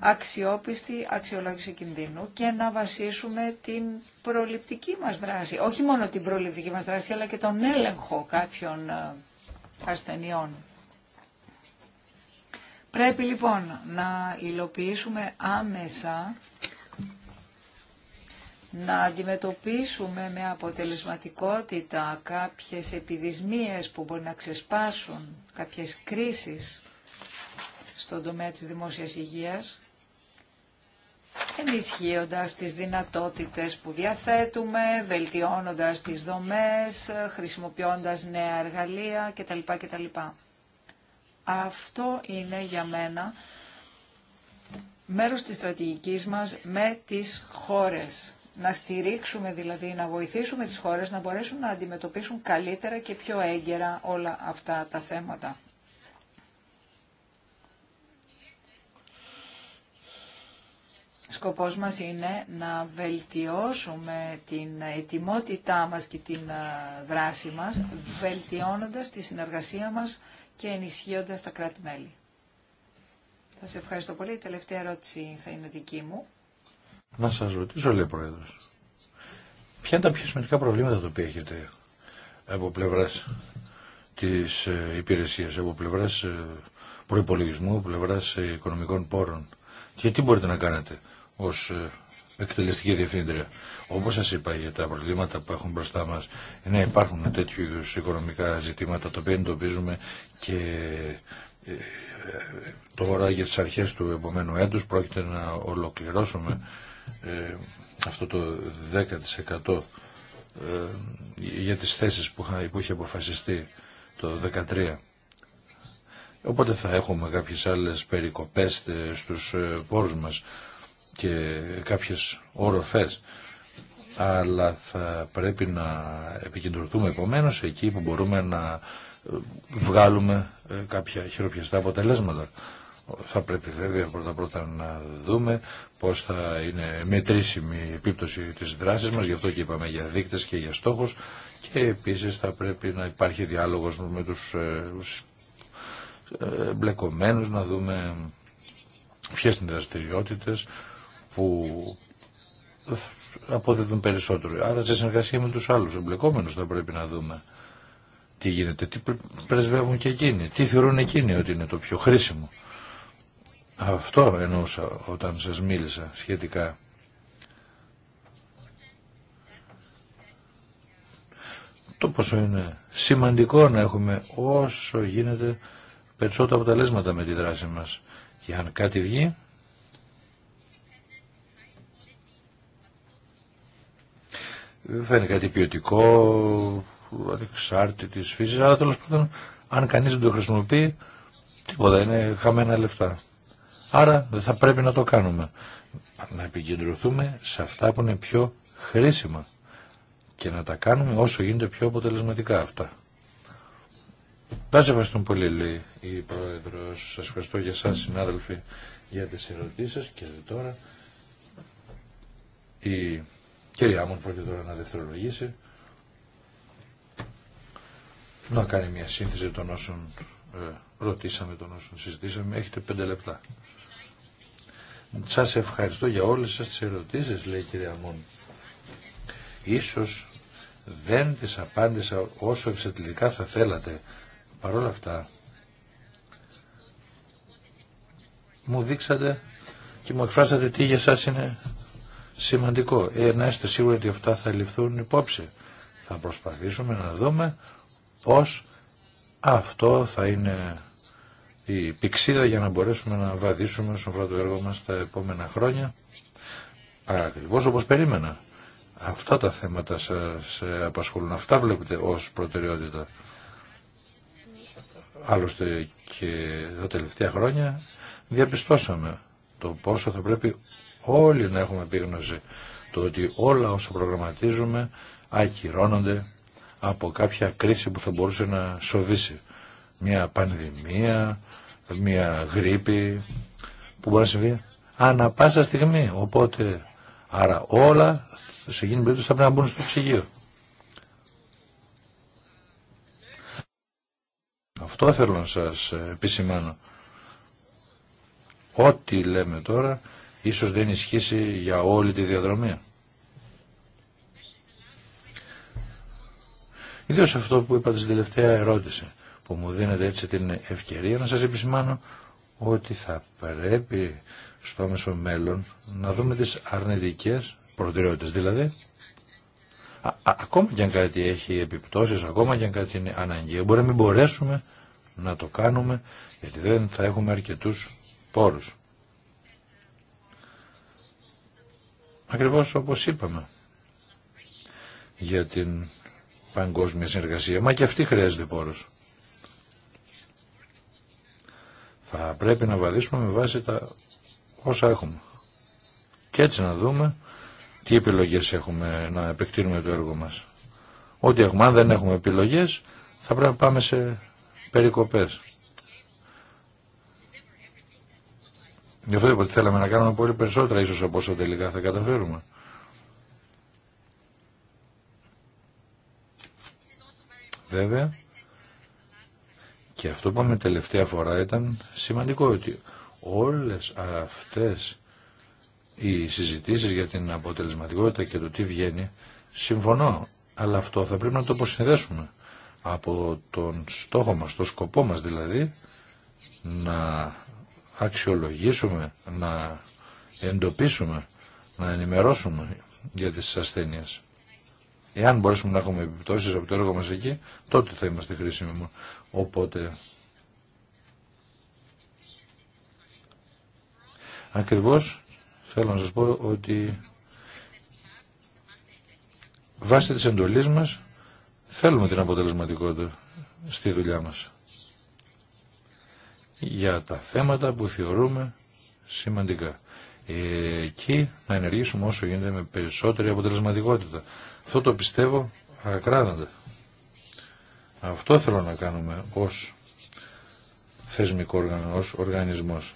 αξιόπιστη αξιολόγηση κινδύνου και να βασίσουμε την προληπτική μας δράση. Όχι μόνο την προληπτική μας δράση αλλά και τον έλεγχο κάποιων ε, ασθενειών. Πρέπει λοιπόν να υλοποιήσουμε άμεσα, να αντιμετωπίσουμε με αποτελεσματικότητα κάποιες επιδισμίες που μπορεί να ξεσπάσουν, κάποιες κρίσεις στον τομέα της δημόσιας υγείας ενισχύοντας τις δυνατότητες που διαθέτουμε, βελτιώνοντας τις δομές, χρησιμοποιώντας νέα εργαλεία κτλ. κτλ. Αυτό είναι για μένα μέρος της στρατηγικής μας με τις χώρες. Να στηρίξουμε δηλαδή, να βοηθήσουμε τις χώρες να μπορέσουν να αντιμετωπίσουν καλύτερα και πιο έγκαιρα όλα αυτά τα θέματα. Σκοπός μας είναι να βελτιώσουμε την ετοιμότητά μας και την δράση μας, βελτιώνοντας τη συνεργασία μας και ενισχύοντας τα κράτη-μέλη. Θα σε ευχαριστώ πολύ. Η τελευταία ερώτηση θα είναι δική μου. Να σας ρωτήσω, λέει ο Πρόεδρος, ποια είναι τα πιο σημαντικά προβλήματα τα οποία έχετε από πλευράς της ε, υπηρεσίας, από πλευράς ε, προϋπολογισμού, από πλευράς ε, οικονομικών πόρων και τι μπορείτε να κάνετε ως ε, εκτελεστική διευθύντρια. Όπως σας είπα για τα προβλήματα που έχουν μπροστά μας, ναι υπάρχουν τέτοιου είδου οικονομικά ζητήματα τα οποία εντοπίζουμε και ε, τώρα για τις αρχές του επομένου έτους πρόκειται να ολοκληρώσουμε ε, αυτό το 10% για τις θέσεις που είχε αποφασιστεί το 2013. Οπότε θα έχουμε κάποιες άλλες περικοπές στους πόρους μας και κάποιες οροφές αλλά θα πρέπει να επικεντρωθούμε επομένως εκεί που μπορούμε να ε, βγάλουμε ε, κάποια χειροπιαστά αποτελέσματα. Θα πρέπει βέβαια πρώτα πρώτα να δούμε πώς θα είναι μετρήσιμη η επίπτωση της δράσης μας, γι' αυτό και είπαμε για δείκτες και για στόχους και επίσης θα πρέπει να υπάρχει διάλογος με τους ε, μπλεκομένους, να δούμε ποιες είναι οι δραστηριότητες, που αποδίδουν περισσότερο. Άρα σε συνεργασία με τους άλλους εμπλεκόμενους θα πρέπει να δούμε τι γίνεται, τι πρεσβεύουν και εκείνοι, τι θεωρούν εκείνοι ότι είναι το πιο χρήσιμο. Αυτό εννοούσα όταν σας μίλησα σχετικά. Το πόσο είναι σημαντικό να έχουμε όσο γίνεται περισσότερα αποτελέσματα με τη δράση μας. Και αν κάτι βγει, θα είναι κάτι ποιοτικό, ανεξάρτητη φύση, αλλά τέλο πάντων, αν κανεί δεν το χρησιμοποιεί, τίποτα είναι χαμένα λεφτά. Άρα δεν θα πρέπει να το κάνουμε. Να επικεντρωθούμε σε αυτά που είναι πιο χρήσιμα και να τα κάνουμε όσο γίνεται πιο αποτελεσματικά αυτά. Πάσε, σε ευχαριστούμε πολύ, λέει η Πρόεδρος. Σας ευχαριστώ για εσά, συνάδελφοι, για τι ερωτήσει σα και τώρα Κυρία μου, πρόκειται τώρα να δευτερολογήσει. Να κάνει μια σύνθεση των όσων ε, ρωτήσαμε, των όσων συζητήσαμε. Έχετε πέντε λεπτά. Σας ευχαριστώ για όλες σας τις ερωτήσεις, λέει η κυρία Μόν. Ίσως δεν τις απάντησα όσο εξαντλητικά θα θέλατε. Παρ' όλα αυτά, μου δείξατε και μου εκφράσατε τι για σας είναι σημαντικό. Ε, να είστε σίγουροι ότι αυτά θα ληφθούν υπόψη. Θα προσπαθήσουμε να δούμε πώς αυτό θα είναι η πηξίδα για να μπορέσουμε να βαδίσουμε στον πρώτο έργο μας τα επόμενα χρόνια. Ακριβώς όπως περίμενα. Αυτά τα θέματα σας απασχολούν. Αυτά βλέπετε ως προτεραιότητα. Άλλωστε και τα τελευταία χρόνια διαπιστώσαμε το πόσο θα πρέπει όλοι να έχουμε επίγνωση το ότι όλα όσα προγραμματίζουμε ακυρώνονται από κάποια κρίση που θα μπορούσε να σοβήσει. Μια πανδημία, μια γρήπη που μπορεί να συμβεί ανά πάσα στιγμή. Οπότε, άρα όλα σε εκείνη την περίπτωση θα πρέπει να μπουν στο ψυγείο. Αυτό θέλω να σας επισημάνω. Ό,τι λέμε τώρα ίσως δεν ισχύσει για όλη τη διαδρομή. Ιδίω αυτό που είπατε στην τελευταία ερώτηση, που μου δίνετε έτσι την ευκαιρία να σας επισημάνω ότι θα πρέπει στο άμεσο μέλλον να δούμε τις αρνητικές προτεραιότητες. Δηλαδή, α, α, ακόμα και αν κάτι έχει επιπτώσεις, ακόμα και αν κάτι είναι αναγκαίο, μπορεί να μην μπορέσουμε να το κάνουμε, γιατί δεν θα έχουμε αρκετούς πόρους. Ακριβώς όπως είπαμε για την παγκόσμια συνεργασία. Μα και αυτή χρειάζεται πόρος. Θα πρέπει να βαδίσουμε με βάση τα όσα έχουμε. Και έτσι να δούμε τι επιλογές έχουμε να επεκτείνουμε το έργο μας. Ό,τι έχουμε, αν δεν έχουμε επιλογές, θα πρέπει να πάμε σε περικοπές. Γι' αυτό είπα ότι θέλαμε να κάνουμε πολύ περισσότερα ίσως από όσα τελικά θα καταφέρουμε. Βέβαια, και αυτό που είπαμε τελευταία φορά ήταν σημαντικό ότι όλες αυτές οι συζητήσεις για την αποτελεσματικότητα και το τι βγαίνει, συμφωνώ, αλλά αυτό θα πρέπει να το αποσυνδέσουμε από τον στόχο μας, τον σκοπό μας δηλαδή, να αξιολογήσουμε, να εντοπίσουμε, να ενημερώσουμε για τις ασθένειες. Εάν μπορέσουμε να έχουμε επιπτώσεις από το έργο μας εκεί, τότε θα είμαστε χρήσιμοι μου. Οπότε, ακριβώς θέλω να σας πω ότι βάσει της εντολής μας θέλουμε την αποτελεσματικότητα στη δουλειά μας για τα θέματα που θεωρούμε σημαντικά. Εκεί να ενεργήσουμε όσο γίνεται με περισσότερη αποτελεσματικότητα. Αυτό το πιστεύω ακράδαντα. Αυτό θέλω να κάνουμε ως θεσμικό όργανο, ως οργανισμός.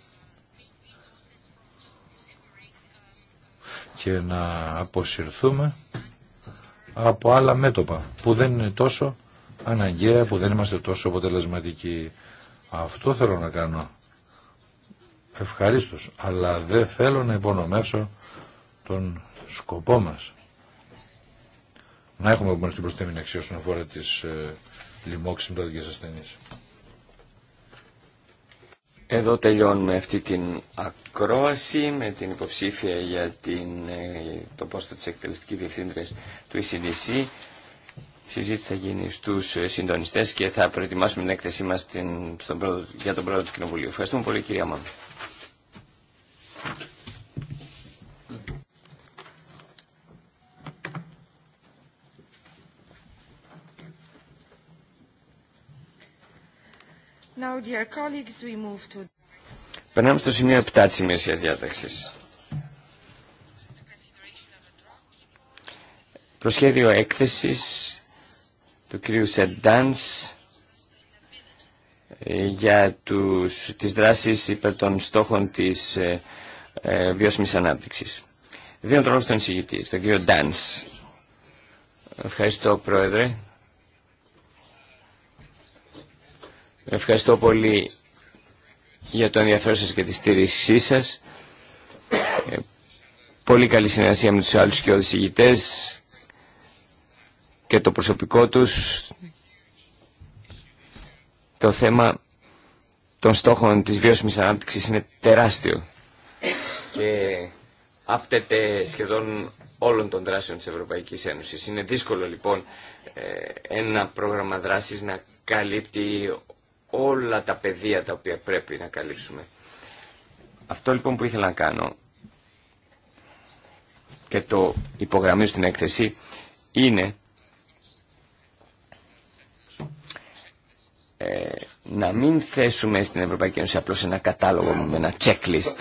Και να αποσυρθούμε από άλλα μέτωπα που δεν είναι τόσο αναγκαία, που δεν είμαστε τόσο αποτελεσματικοί. Αυτό θέλω να κάνω. ευχαριστώ, Αλλά δεν θέλω να υπονομεύσω τον σκοπό μας. Να έχουμε μόνο την προστέμινη αξία όσον αφορά τις ε, τα μεταδικές ασθενείς. Εδώ τελειώνουμε αυτή την ακρόαση με την υποψήφια για την, ε, το πόστο της εκτελεστικής διευθύντρες του ECDC συζήτηση θα γίνει στου ε, συντονιστέ και θα προετοιμάσουμε την έκθεσή μα για τον πρόεδρο του Κοινοβουλίου. Ευχαριστούμε πολύ κυρία Μάμπη. Now, dear colleagues, we move to... Περνάμε στο σημείο 7 της ημερησίας διάταξης. Προσχέδιο έκθεσης του κυρίου Σεντάνς ε, για τους, τις δράσεις υπέρ των στόχων της ε, ε, βιώσιμης ανάπτυξης. Δίνω το λόγο στον εισηγητή, τον κύριο Ντάνς. Ευχαριστώ, Πρόεδρε. Ευχαριστώ πολύ για το ενδιαφέρον σας και τη στήριξή σας. Ε, πολύ καλή συνεργασία με τους άλλους και οδησηγητές και το προσωπικό τους το θέμα των στόχων της βιώσιμης ανάπτυξης είναι τεράστιο και άπτεται σχεδόν όλων των δράσεων της Ευρωπαϊκής Ένωσης. Είναι δύσκολο λοιπόν ε, ένα πρόγραμμα δράσης να καλύπτει όλα τα πεδία τα οποία πρέπει να καλύψουμε. Αυτό λοιπόν που ήθελα να κάνω και το υπογραμμίζω στην έκθεση είναι Ε, να μην θέσουμε στην Ευρωπαϊκή Ένωση απλώς ένα κατάλογο με ένα checklist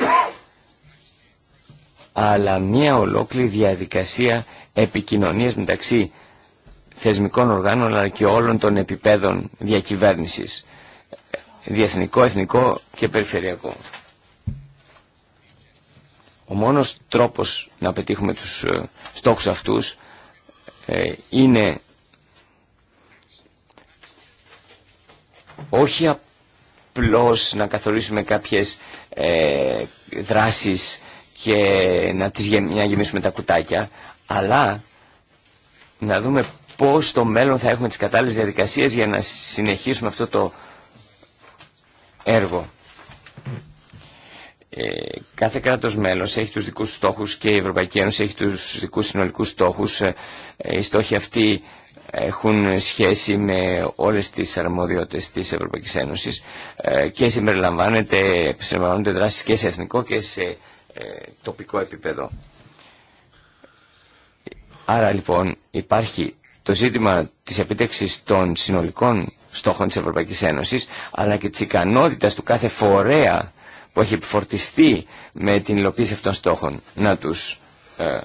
αλλά μια ολόκληρη διαδικασία επικοινωνίας μεταξύ θεσμικών οργάνων αλλά και όλων των επιπέδων διακυβέρνησης διεθνικό, εθνικό και περιφερειακό. Ο μόνος τρόπος να πετύχουμε τους ε, στόχους αυτούς ε, είναι όχι απλώς να καθορίσουμε κάποιες ε, δράσεις και να, τις, γεμίσουμε τα κουτάκια, αλλά να δούμε πώς στο μέλλον θα έχουμε τις κατάλληλες διαδικασίες για να συνεχίσουμε αυτό το έργο. Ε, κάθε κράτος μέλος έχει τους δικούς στόχους και η Ευρωπαϊκή Ένωση έχει τους δικούς συνολικούς στόχους. Ε, οι στόχοι αυτοί έχουν σχέση με όλες τις αρμοδιότητες της Ευρωπαϊκής Ένωσης ε, και συμπεριλαμβάνονται, συμπεριλαμβάνονται δράσεις και σε εθνικό και σε ε, τοπικό επίπεδο. Άρα λοιπόν υπάρχει το ζήτημα της επίτευξης των συνολικών στόχων της Ευρωπαϊκής Ένωσης αλλά και της ικανότητας του κάθε φορέα που έχει επιφορτιστεί με την υλοποίηση αυτών των στόχων να τους ε,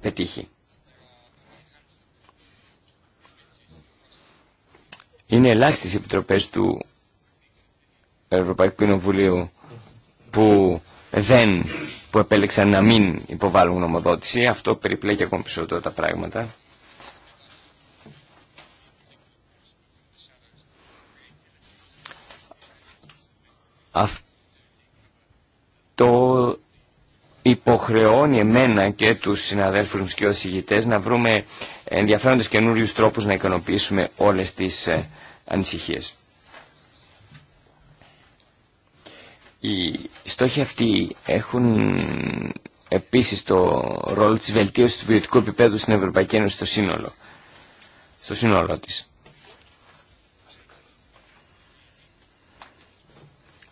πετύχει. Είναι ελάχιστε οι επιτροπές του Ευρωπαϊκού Κοινοβουλίου που δεν που επέλεξαν να μην υποβάλουν νομοδότηση. Αυτό περιπλέκει ακόμη περισσότερο τα πράγματα. Αυτό υποχρεώνει εμένα και τους συναδέλφους μου και ως να βρούμε ενδιαφέροντες καινούριου τρόπους να ικανοποιήσουμε όλες τις ε, ανησυχίες. Οι στόχοι αυτοί έχουν επίσης το ρόλο της βελτίωσης του βιωτικού επίπεδου στην Ευρωπαϊκή Ένωση στο σύνολο, στο σύνολό της.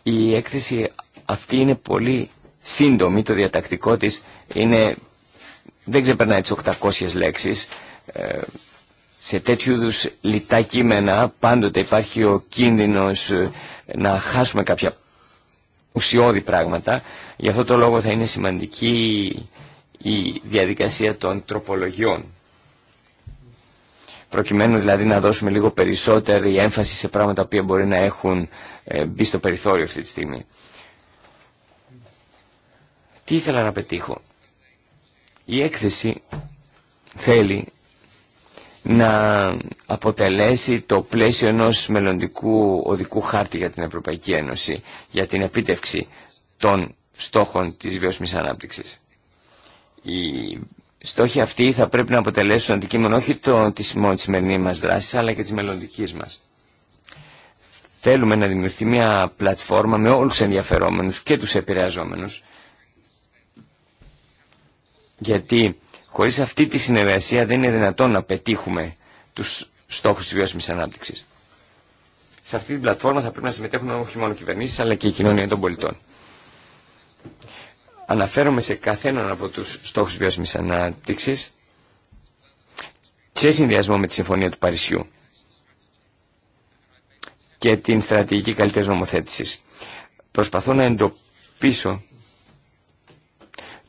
Η έκθεση αυτή είναι πολύ σύντομη, το διατακτικό της είναι, δεν ξεπερνάει τις 800 λέξεις, ε, σε τέτοιου είδου λιτά κείμενα πάντοτε υπάρχει ο κίνδυνος ε, να χάσουμε κάποια ουσιώδη πράγματα. Γι' αυτό το λόγο θα είναι σημαντική η διαδικασία των τροπολογιών. Προκειμένου δηλαδή να δώσουμε λίγο περισσότερη έμφαση σε πράγματα που μπορεί να έχουν ε, μπει στο περιθώριο αυτή τη στιγμή. Τι ήθελα να πετύχω. Η έκθεση θέλει να αποτελέσει το πλαίσιο ενός μελλοντικού οδικού χάρτη για την Ευρωπαϊκή Ένωση για την επίτευξη των στόχων της βιώσιμης ανάπτυξης. Οι στόχοι αυτοί θα πρέπει να αποτελέσουν αντικείμενο όχι της μόνο της σημερινής μας δράσης αλλά και της μελλοντικής μας. Θέλουμε να δημιουργηθεί μια πλατφόρμα με όλους τους ενδιαφερόμενους και τους επηρεαζόμενους γιατί Χωρίς αυτή τη συνεργασία δεν είναι δυνατόν να πετύχουμε τους στόχους της βιώσιμης ανάπτυξης. Σε αυτή την πλατφόρμα θα πρέπει να συμμετέχουν όχι μόνο κυβερνήσεις αλλά και η κοινωνία των πολιτών. Αναφέρομαι σε καθέναν από τους στόχους βιώσιμης ανάπτυξης σε συνδυασμό με τη Συμφωνία του Παρισιού και την στρατηγική καλύτερης νομοθέτησης. Προσπαθώ να εντοπίσω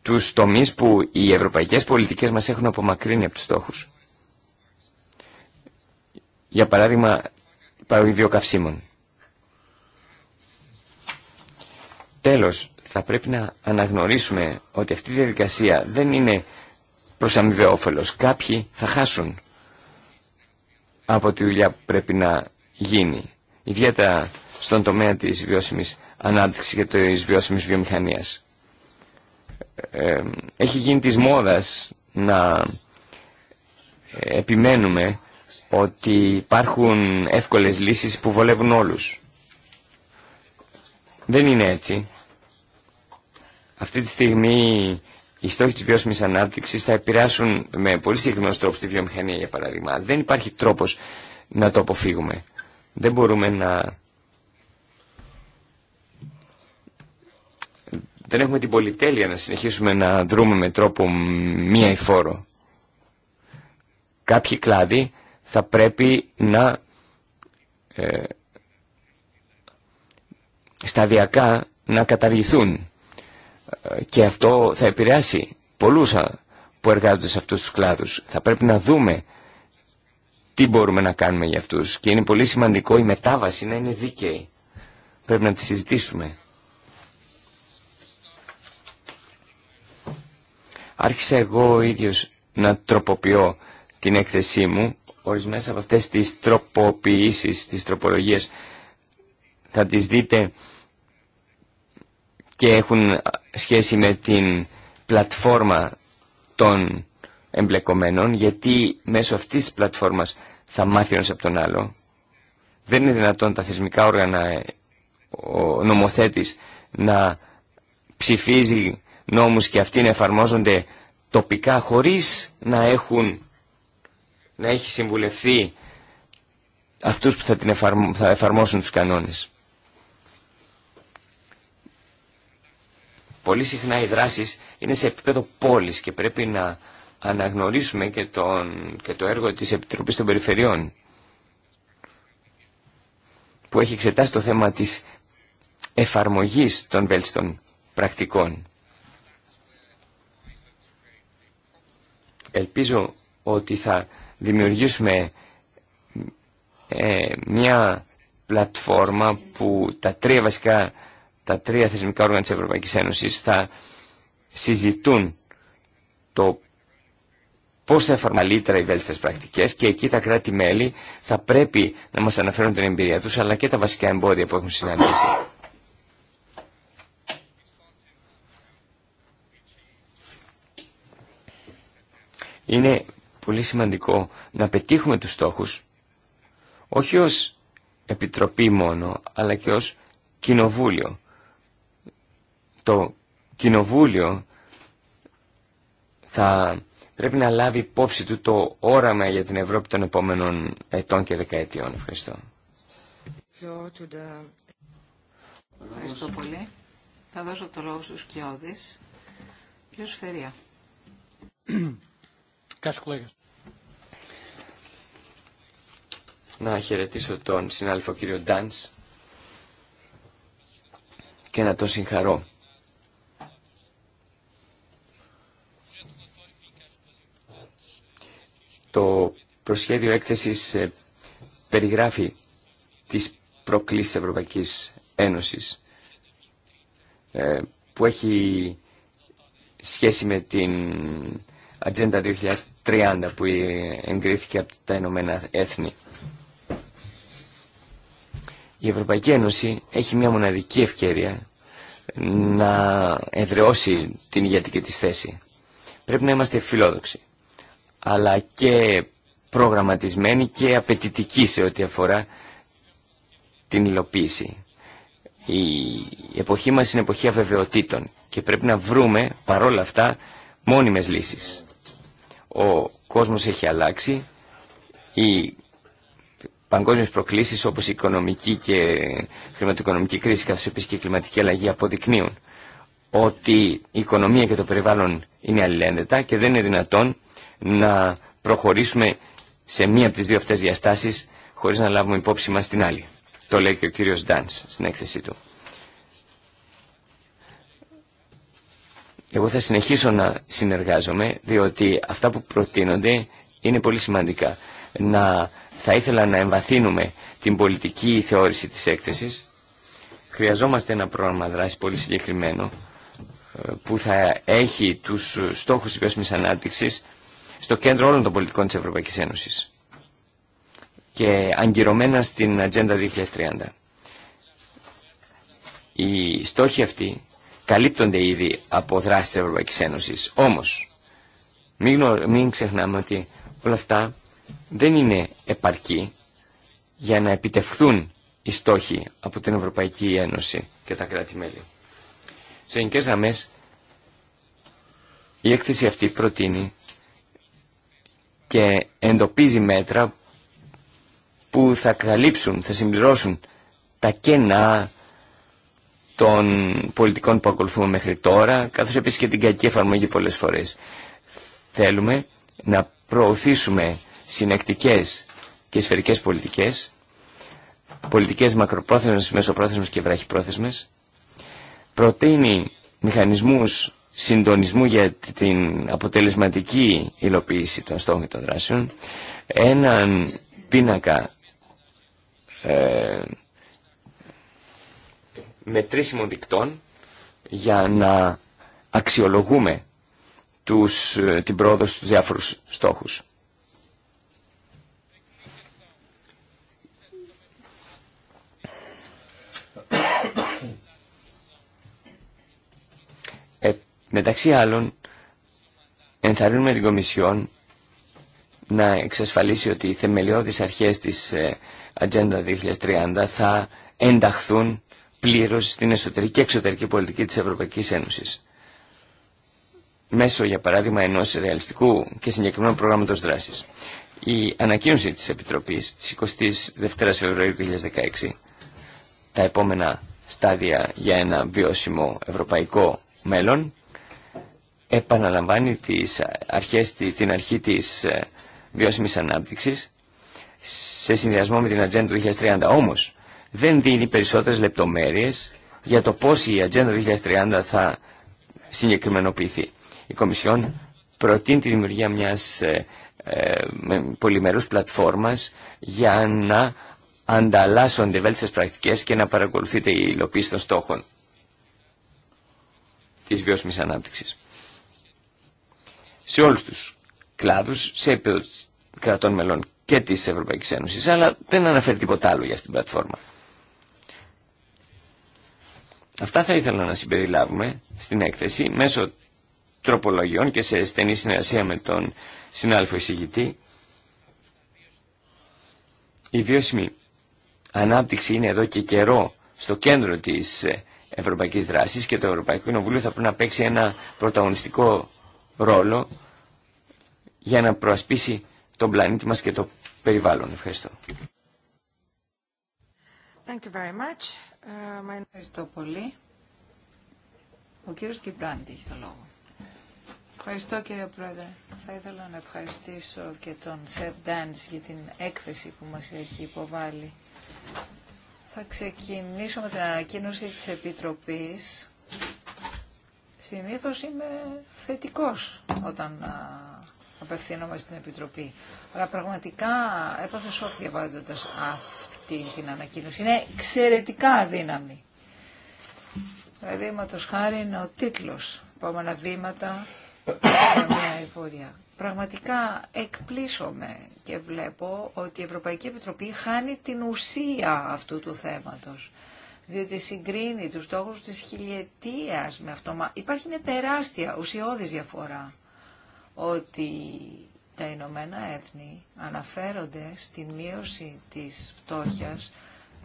του τομεί που οι ευρωπαϊκές πολιτικές μας έχουν απομακρύνει από τους στόχου. Για παράδειγμα, παραγωγή βιοκαυσίμων. Τέλος, θα πρέπει να αναγνωρίσουμε ότι αυτή η διαδικασία δεν είναι προ αμοιβαιόφελο. Κάποιοι θα χάσουν από τη δουλειά που πρέπει να γίνει. Ιδιαίτερα στον τομέα της βιώσιμης ανάπτυξη και της βιώσιμης βιομηχανίας έχει γίνει της μόδας να ε, επιμένουμε ότι υπάρχουν εύκολες λύσεις που βολεύουν όλους. Δεν είναι έτσι. Αυτή τη στιγμή οι στόχοι της βιώσιμης ανάπτυξης θα επηρεάσουν με πολύ συγκεκριμένους τρόπους τη βιομηχανία για παράδειγμα. Δεν υπάρχει τρόπος να το αποφύγουμε. Δεν μπορούμε να δεν έχουμε την πολυτέλεια να συνεχίσουμε να δρούμε με τρόπο μία υφόρο. Κάποιοι κλάδοι θα πρέπει να ε, σταδιακά να καταργηθούν και αυτό θα επηρεάσει πολλούς που εργάζονται σε αυτούς τους κλάδους. Θα πρέπει να δούμε τι μπορούμε να κάνουμε για αυτούς και είναι πολύ σημαντικό η μετάβαση να είναι δίκαιη. Πρέπει να τη συζητήσουμε. Άρχισα εγώ ο ίδιος να τροποποιώ την έκθεσή μου. Ορισμένες από αυτές τις τροποποιήσεις, τις τροπολογίες θα τις δείτε και έχουν σχέση με την πλατφόρμα των εμπλεκομένων γιατί μέσω αυτής της πλατφόρμας θα μάθει ένας από τον άλλο. Δεν είναι δυνατόν τα θεσμικά όργανα ο νομοθέτης να ψηφίζει νόμους και αυτοί να εφαρμόζονται τοπικά χωρίς να έχουν να έχει συμβουλευθεί αυτούς που θα, την εφαρμόσουν τους κανόνες. Πολύ συχνά οι δράσεις είναι σε επίπεδο πόλης και πρέπει να αναγνωρίσουμε και, τον, και το έργο της Επιτροπής των Περιφερειών που έχει εξετάσει το θέμα της εφαρμογής των βέλτιστων πρακτικών. Ελπίζω ότι θα δημιουργήσουμε ε, μια πλατφόρμα που τα τρία βασικά, τα τρία θεσμικά όργανα της Ευρωπαϊκής Ένωσης θα συζητούν το πώς θα εφαρμαλύτερα οι βέλτιστες πρακτικές και εκεί τα κράτη-μέλη θα πρέπει να μας αναφέρουν την εμπειρία τους αλλά και τα βασικά εμπόδια που έχουν συναντήσει. είναι πολύ σημαντικό να πετύχουμε τους στόχους όχι ως επιτροπή μόνο, αλλά και ως κοινοβούλιο. Το κοινοβούλιο θα πρέπει να λάβει υπόψη του το όραμα για την Ευρώπη των επόμενων ετών και δεκαετιών. Ευχαριστώ. Ευχαριστώ πολύ. Θα δώσω το λόγο στους Κιώδης. Ποιος Φερία. Να χαιρετήσω τον συνάδελφο κύριο Ντάνς και να τον συγχαρώ. Το προσχέδιο έκθεσης ε, περιγράφει τις προκλήσεις της Ευρωπαϊκής Ένωσης ε, που έχει σχέση με την Ατζέντα 2030 που εγκρίθηκε από τα Ηνωμένα Έθνη. Η Ευρωπαϊκή Ένωση έχει μια μοναδική ευκαιρία να εδραιώσει την ηγετική της θέση. Πρέπει να είμαστε φιλόδοξοι, αλλά και προγραμματισμένοι και απαιτητικοί σε ό,τι αφορά την υλοποίηση. Η εποχή μας είναι εποχή αβεβαιοτήτων και πρέπει να βρούμε παρόλα αυτά μόνιμες λύσεις. Ο κόσμος έχει αλλάξει, οι παγκόσμιες προκλήσεις όπως η οικονομική και χρηματοοικονομική κρίση καθώς επίσης και η κλιματική αλλαγή αποδεικνύουν ότι η οικονομία και το περιβάλλον είναι αλληλένδετα και δεν είναι δυνατόν να προχωρήσουμε σε μία από τις δύο αυτές διαστάσεις χωρίς να λάβουμε υπόψη μας την άλλη. Το λέει και ο κύριος Ντάνς στην έκθεσή του. Εγώ θα συνεχίσω να συνεργάζομαι, διότι αυτά που προτείνονται είναι πολύ σημαντικά. Να, θα ήθελα να εμβαθύνουμε την πολιτική θεώρηση της έκθεσης. Χρειαζόμαστε ένα πρόγραμμα δράση πολύ συγκεκριμένο, ε, που θα έχει τους στόχους της βιώσιμης ανάπτυξης στο κέντρο όλων των πολιτικών της Ευρωπαϊκής Ένωσης και αγκυρωμένα στην Ατζέντα 2030. Οι στόχοι αυτοί καλύπτονται ήδη από δράσει τη Ευρωπαϊκή Ένωση. Όμως, μην, ξεχνάμε ότι όλα αυτά δεν είναι επαρκή για να επιτευχθούν οι στόχοι από την Ευρωπαϊκή Ένωση και τα κράτη-μέλη. Σε γενικέ γραμμέ, η έκθεση αυτή προτείνει και εντοπίζει μέτρα που θα καλύψουν, θα συμπληρώσουν τα κενά των πολιτικών που ακολουθούμε μέχρι τώρα, καθώς επίσης και την κακή εφαρμογή πολλές φορές. Θέλουμε να προωθήσουμε συνεκτικές και σφαιρικές πολιτικές, πολιτικές μακροπρόθεσμες, μεσοπρόθεσμες και βραχυπρόθεσμες, προτείνει μηχανισμούς συντονισμού για την αποτελεσματική υλοποίηση των στόχων και των δράσεων, έναν πίνακα ε, μετρήσιμων δικτών για να αξιολογούμε τους, ε, την πρόοδο στους διάφορους στόχους. Ε, μεταξύ άλλων, ενθαρρύνουμε την Κομισιόν να εξασφαλίσει ότι οι θεμελιώδεις αρχές της Ατζέντα ε, 2030 θα ενταχθούν Πλήρωση στην εσωτερική και εξωτερική πολιτική της Ευρωπαϊκής Ένωσης. Μέσω, για παράδειγμα, ενός ρεαλιστικού και συγκεκριμένου προγράμματος δράσης. Η ανακοίνωση της Επιτροπής της 22 Φεβρουαρίου 2016 τα επόμενα στάδια για ένα βιώσιμο ευρωπαϊκό μέλλον επαναλαμβάνει τις αρχές, την αρχή της ε, βιώσιμης ανάπτυξης σε συνδυασμό με την Ατζέντα του 2030. Όμως, δεν δίνει περισσότερες λεπτομέρειες για το πώς η Ατζέντα 2030 θα συγκεκριμενοποιηθεί. Η Κομισιόν προτείνει τη δημιουργία μιας ε, ε, πολυμερούς πλατφόρμας για να ανταλλάσσονται βέλτιστες πρακτικές και να παρακολουθείται η υλοποίηση των στόχων της βιώσιμης ανάπτυξης. Σε όλους τους κλάδους, σε επίπεδο κρατών μελών και της Ευρωπαϊκής Ένωσης, αλλά δεν αναφέρει τίποτα άλλο για αυτήν την πλατφόρμα. Αυτά θα ήθελα να συμπεριλάβουμε στην έκθεση μέσω τροπολογιών και σε στενή συνεργασία με τον συνάλφο εισηγητή. Η βιώσιμη ανάπτυξη είναι εδώ και καιρό στο κέντρο της ευρωπαϊκής δράσης και το Ευρωπαϊκό Κοινοβούλιο θα πρέπει να παίξει ένα πρωταγωνιστικό ρόλο για να προασπίσει τον πλανήτη μας και το περιβάλλον. Ευχαριστώ. Ευχαριστώ πολύ. Ο κύριος Κιμπράντη έχει το λόγο. Ευχαριστώ κύριε Πρόεδρε. Θα ήθελα να ευχαριστήσω και τον Σεπ Ντάνς για την έκθεση που μας έχει υποβάλει. Θα ξεκινήσω με την ανακοίνωση της Επιτροπής. Συνήθως είμαι θετικός όταν απευθύνομαι στην Επιτροπή. Αλλά πραγματικά έπαθα σοκ διαβάζοντας αυτό αυτή την ανακοίνωση. Είναι εξαιρετικά αδύναμη. Παραδείγματο χάρη είναι ο τίτλος «Επόμενα βήματα για μια εφορία». Πραγματικά εκπλήσωμαι και βλέπω ότι η Ευρωπαϊκή Επιτροπή χάνει την ουσία αυτού του θέματος. Διότι συγκρίνει τους στόχους της χιλιετίας με αυτό. υπάρχει μια τεράστια ουσιώδης διαφορά ότι τα Ηνωμένα Έθνη αναφέρονται στη μείωση της φτώχειας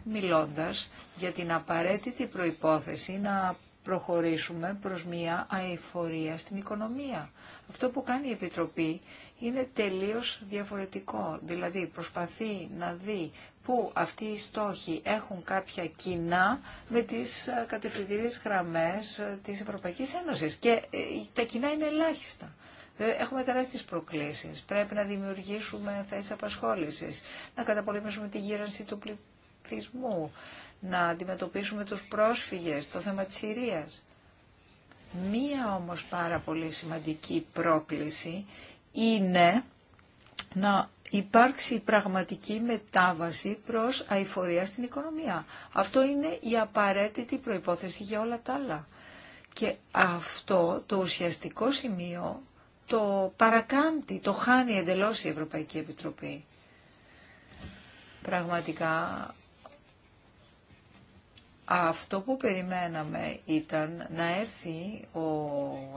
μιλώντας για την απαραίτητη προϋπόθεση να προχωρήσουμε προς μια αειφορία στην οικονομία. Αυτό που κάνει η Επιτροπή είναι τελείως διαφορετικό. Δηλαδή προσπαθεί να δει που αυτοί οι στόχοι έχουν κάποια κοινά με τις ε, κατευθυντήριες γραμμές ε, της Ευρωπαϊκής Ένωσης. Και ε, τα κοινά είναι ελάχιστα. Ε, έχουμε τεράστιε προκλήσεις. Πρέπει να δημιουργήσουμε θέσεις απασχόλησης, να καταπολεμήσουμε τη γύρανση του πληθυσμού, να αντιμετωπίσουμε τους πρόσφυγες, το θέμα της Συρία. Μία όμως πάρα πολύ σημαντική πρόκληση είναι να υπάρξει πραγματική μετάβαση προς αηφορία στην οικονομία. Αυτό είναι η απαραίτητη προϋπόθεση για όλα τα άλλα. Και αυτό το ουσιαστικό σημείο το παρακάμπτει, το χάνει εντελώς η Ευρωπαϊκή Επιτροπή. Πραγματικά αυτό που περιμέναμε ήταν να έρθει ο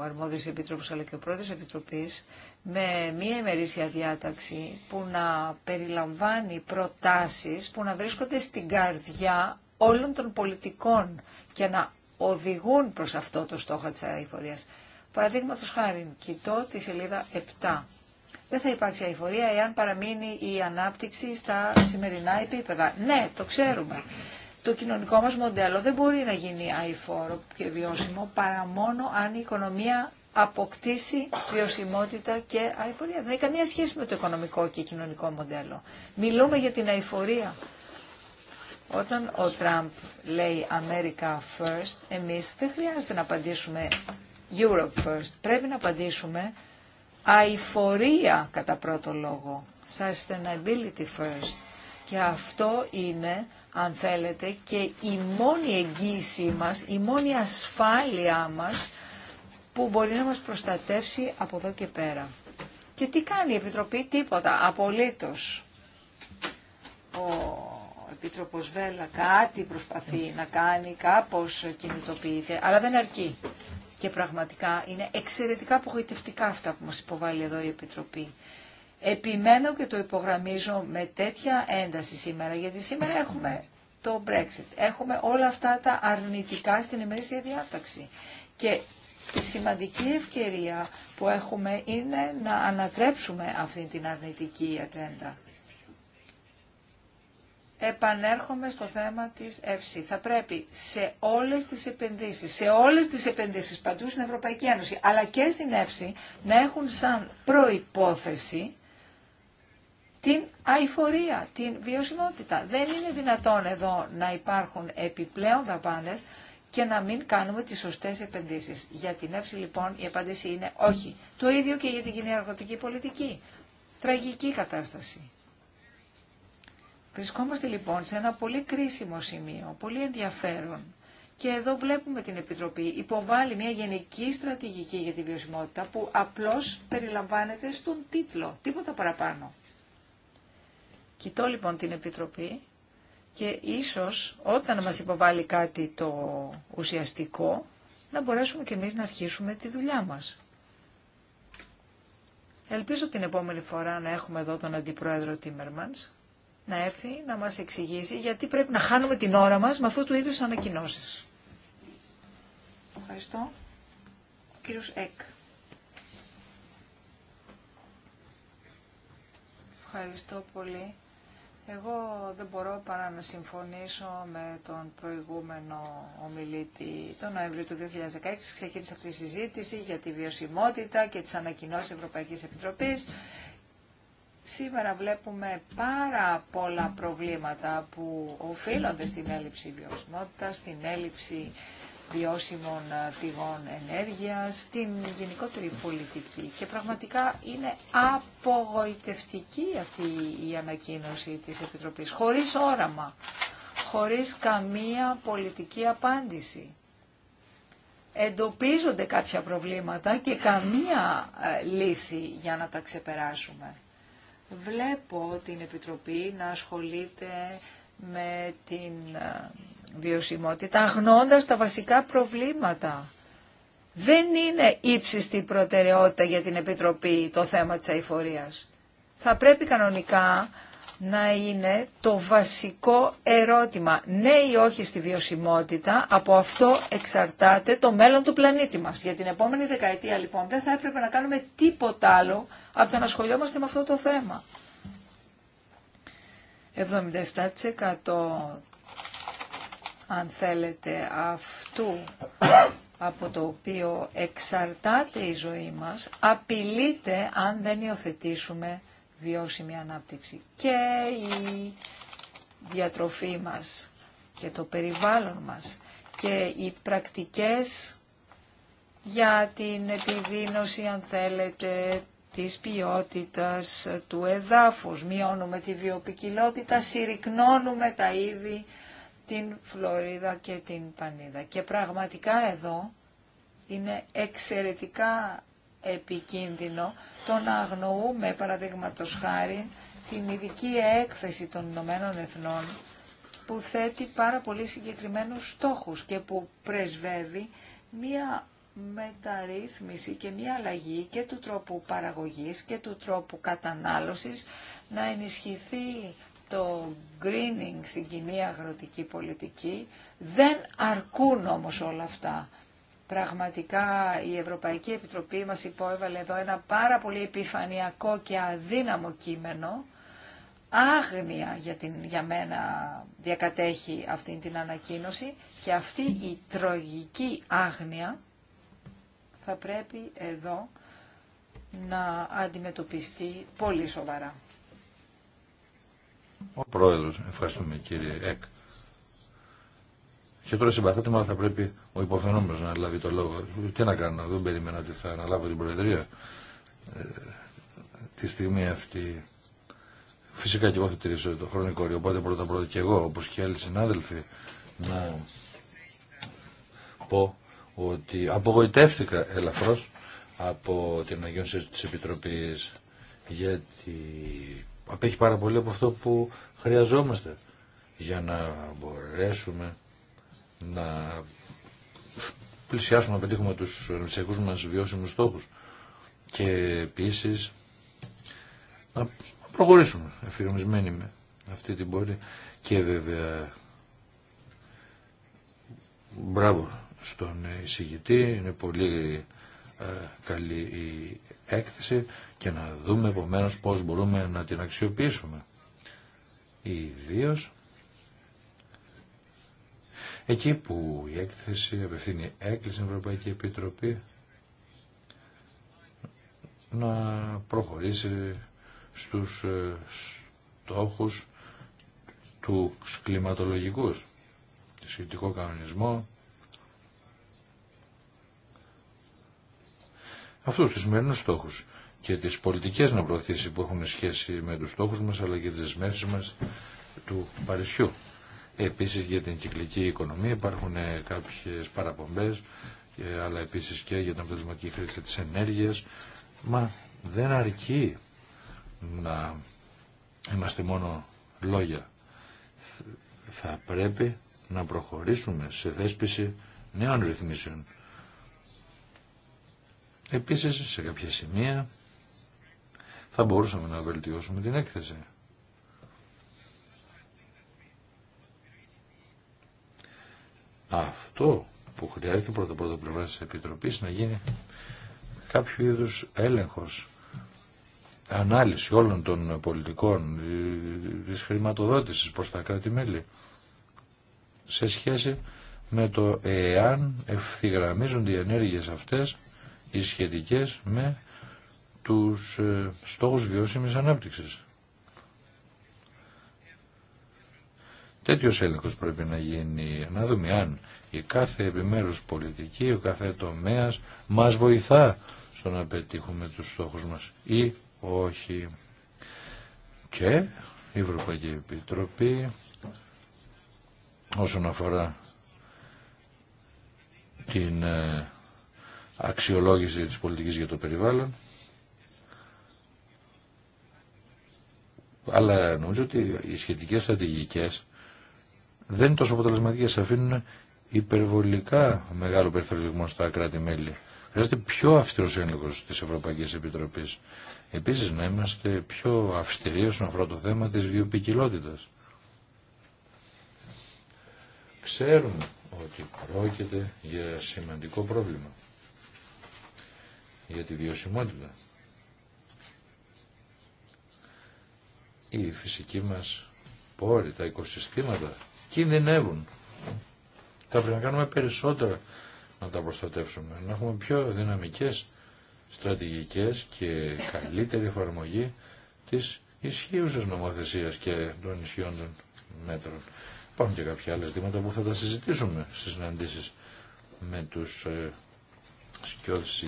αρμόδιος Επίτροπος αλλά και ο πρόεδρος Επιτροπής με μία ημερήσια διάταξη που να περιλαμβάνει προτάσεις που να βρίσκονται στην καρδιά όλων των πολιτικών και να οδηγούν προς αυτό το στόχο της αηφορίας. Παραδείγματο χάρη, κοιτώ τη σελίδα 7. Δεν θα υπάρξει αηφορία εάν παραμείνει η ανάπτυξη στα σημερινά επίπεδα. Ναι, το ξέρουμε. Το κοινωνικό μας μοντέλο δεν μπορεί να γίνει αηφόρο και βιώσιμο παρά μόνο αν η οικονομία αποκτήσει βιωσιμότητα και αηφορία. Δεν έχει καμία σχέση με το οικονομικό και κοινωνικό μοντέλο. Μιλούμε για την αηφορία. Όταν ο Τραμπ λέει America first, εμείς δεν χρειάζεται να απαντήσουμε Europe First. Πρέπει να απαντήσουμε αηφορία κατά πρώτο λόγο, sustainability first. Και αυτό είναι, αν θέλετε, και η μόνη εγγύησή μας, η μόνη ασφάλειά μας που μπορεί να μας προστατεύσει από εδώ και πέρα. Και τι κάνει η Επιτροπή, τίποτα, απολύτως. Ο Επίτροπος Βέλα κάτι προσπαθεί να κάνει, κάπως κινητοποιείται, αλλά δεν αρκεί. Και πραγματικά είναι εξαιρετικά απογοητευτικά αυτά που μας υποβάλλει εδώ η Επιτροπή. Επιμένω και το υπογραμμίζω με τέτοια ένταση σήμερα, γιατί σήμερα έχουμε το Brexit. Έχουμε όλα αυτά τα αρνητικά στην ημερήσια διάταξη. Και η σημαντική ευκαιρία που έχουμε είναι να ανατρέψουμε αυτή την αρνητική ατζέντα επανέρχομαι στο θέμα της ΕΦΣΥ. Θα πρέπει σε όλες τις επενδύσεις, σε όλες τις επενδύσεις παντού στην Ευρωπαϊκή Ένωση, αλλά και στην ΕΦΣΥ, να έχουν σαν προϋπόθεση την αηφορία, την βιωσιμότητα. Δεν είναι δυνατόν εδώ να υπάρχουν επιπλέον δαπάνες και να μην κάνουμε τις σωστές επενδύσεις. Για την ΕΦΣΥ λοιπόν η απάντηση είναι όχι. Το ίδιο και για την κοινή πολιτική. Τραγική κατάσταση. Βρισκόμαστε λοιπόν σε ένα πολύ κρίσιμο σημείο, πολύ ενδιαφέρον. Και εδώ βλέπουμε την Επιτροπή υποβάλλει μια γενική στρατηγική για τη βιωσιμότητα που απλώς περιλαμβάνεται στον τίτλο, τίποτα παραπάνω. Κοιτώ λοιπόν την Επιτροπή και ίσως όταν μας υποβάλλει κάτι το ουσιαστικό να μπορέσουμε και εμείς να αρχίσουμε τη δουλειά μας. Ελπίζω την επόμενη φορά να έχουμε εδώ τον Αντιπρόεδρο Τίμερμανς να έρθει να μας εξηγήσει γιατί πρέπει να χάνουμε την ώρα μας με αυτού του είδους ανακοινώσεις. Ευχαριστώ. Ο κύριος Εκ. Ευχαριστώ πολύ. Εγώ δεν μπορώ παρά να συμφωνήσω με τον προηγούμενο ομιλήτη. Τον Νοέμβριο του 2016 ξεκίνησε αυτή η συζήτηση για τη βιωσιμότητα και τις ανακοινώσεις Ευρωπαϊκής Επιτροπής Σήμερα βλέπουμε πάρα πολλά προβλήματα που οφείλονται στην έλλειψη βιωσιμότητα, στην έλλειψη βιώσιμων ε, πηγών ενέργειας, στην γενικότερη πολιτική. Και πραγματικά είναι απογοητευτική αυτή η ανακοίνωση της Επιτροπής, χωρίς όραμα, χωρίς καμία πολιτική απάντηση. Εντοπίζονται κάποια προβλήματα και καμία ε, λύση για να τα ξεπεράσουμε βλέπω την Επιτροπή να ασχολείται με την ε, βιωσιμότητα αγνώντας τα βασικά προβλήματα. Δεν είναι ύψιστη προτεραιότητα για την Επιτροπή το θέμα της αηφορίας. Θα πρέπει κανονικά να είναι το βασικό ερώτημα. Ναι ή όχι στη βιωσιμότητα, από αυτό εξαρτάται το μέλλον του πλανήτη μας. Για την επόμενη δεκαετία λοιπόν δεν θα έπρεπε να κάνουμε τίποτα άλλο από το να ασχολιόμαστε με αυτό το θέμα. 77% αν θέλετε αυτού από το οποίο εξαρτάται η ζωή μας απειλείται αν δεν υιοθετήσουμε βιώσιμη ανάπτυξη και η διατροφή μας και το περιβάλλον μας και οι πρακτικές για την επιδείνωση, αν θέλετε, της ποιότητας του εδάφους. Μειώνουμε τη βιοπικιλότητα, συρρυκνώνουμε τα είδη, την Φλωρίδα και την Πανίδα. Και πραγματικά εδώ είναι εξαιρετικά επικίνδυνο το να αγνοούμε, παραδείγματο χάρη, την ειδική έκθεση των Ηνωμένων Εθνών που θέτει πάρα πολύ συγκεκριμένους στόχους και που πρεσβεύει μία μεταρρύθμιση και μία αλλαγή και του τρόπου παραγωγής και του τρόπου κατανάλωσης να ενισχυθεί το greening στην κοινή αγροτική πολιτική. Δεν αρκούν όμως όλα αυτά. Πραγματικά η Ευρωπαϊκή Επιτροπή μας υπόεβαλε εδώ ένα πάρα πολύ επιφανειακό και αδύναμο κείμενο. Άγνοια για, την, για μένα διακατέχει αυτή την ανακοίνωση και αυτή η τρογική άγνοια θα πρέπει εδώ να αντιμετωπιστεί πολύ σοβαρά. Ο Πρόεδρος, ευχαριστούμε κύριε Εκ. Και τώρα συμπαθάτε μου, αλλά θα πρέπει ο υποφαινόμενο να λάβει το λόγο. Τι να κάνω, δεν περίμενα ότι θα αναλάβω την Προεδρία ε, τη στιγμή αυτή. Φυσικά και εγώ θα τηρήσω το χρονικό όριο, οπότε πρώτα πρώτα και εγώ, όπω και άλλοι συνάδελφοι, να πω ότι απογοητεύτηκα ελαφρώ από την Αγίωση τη Επιτροπή, γιατί απέχει πάρα πολύ από αυτό που χρειαζόμαστε για να μπορέσουμε να πλησιάσουμε να πετύχουμε τους ελληνικού μας βιώσιμους στόχους και επίση να προχωρήσουμε ευθυγραμμισμένοι με αυτή την πόλη και βέβαια μπράβο στον εισηγητή είναι πολύ ε, καλή η έκθεση και να δούμε επομένω πώς μπορούμε να την αξιοποιήσουμε ιδίω Εκεί που η έκθεση απευθύνει έκκληση στην Ευρωπαϊκή Επιτροπή να προχωρήσει στους ε, στόχους του κλιματολογικού, σχετικό κανονισμό. Αυτούς τους σημερινούς στόχους και τις πολιτικές να προωθήσει που έχουν σχέση με τους στόχους μας αλλά και τις μέσες μας του Παρισιού. Επίσης για την κυκλική οικονομία υπάρχουν ε, κάποιες παραπομπές, ε, αλλά επίσης και για την αποτελεσματική χρήση της ενέργειας. Μα δεν αρκεί να είμαστε μόνο λόγια. Θα πρέπει να προχωρήσουμε σε δέσπιση νέων ρυθμίσεων. Επίσης, σε κάποια σημεία θα μπορούσαμε να βελτιώσουμε την έκθεση. Αυτό που χρειάζεται πρώτα πρώτα πλευρά τη Επιτροπή να γίνει κάποιο είδου έλεγχο, ανάλυση όλων των πολιτικών τη χρηματοδότηση προ τα κράτη-μέλη σε σχέση με το εάν ευθυγραμμίζονται οι ενέργειες αυτές οι σχετικές με τους ε, στόχους βιώσιμης ανάπτυξης. Τέτοιο έλεγχος πρέπει να γίνει, να δούμε αν η κάθε επιμέρου πολιτική, ο κάθε τομέα μας βοηθά στο να πετύχουμε τους στόχους μας ή όχι. Και η Ευρωπαϊκή Επιτροπή όσον αφορά την ε, αξιολόγηση της πολιτικής για το περιβάλλον αλλά νομίζω ότι οι σχετικές στρατηγικές δεν είναι τόσο αποτελεσματικέ αφήνουν υπερβολικά μεγάλο περιθωρισμό στα κράτη-μέλη. Χρειάζεται πιο αυστηρό έλεγχος τη Ευρωπαϊκή Επιτροπή. Επίση να είμαστε πιο αυστηροί όσον αφορά το θέμα τη βιοποικιλότητας. Ξέρουμε ότι πρόκειται για σημαντικό πρόβλημα. Για τη βιωσιμότητα. Η φυσική μας πόρη, τα οικοσυστήματα κινδυνεύουν. Θα πρέπει να κάνουμε περισσότερα να τα προστατεύσουμε, να έχουμε πιο δυναμικές στρατηγικές και καλύτερη εφαρμογή της ισχύουσας νομοθεσίας και των ισχυών των μέτρων. Υπάρχουν και κάποια άλλα ζητήματα που θα τα συζητήσουμε στις συναντήσεις με τους ε, σκιώδεις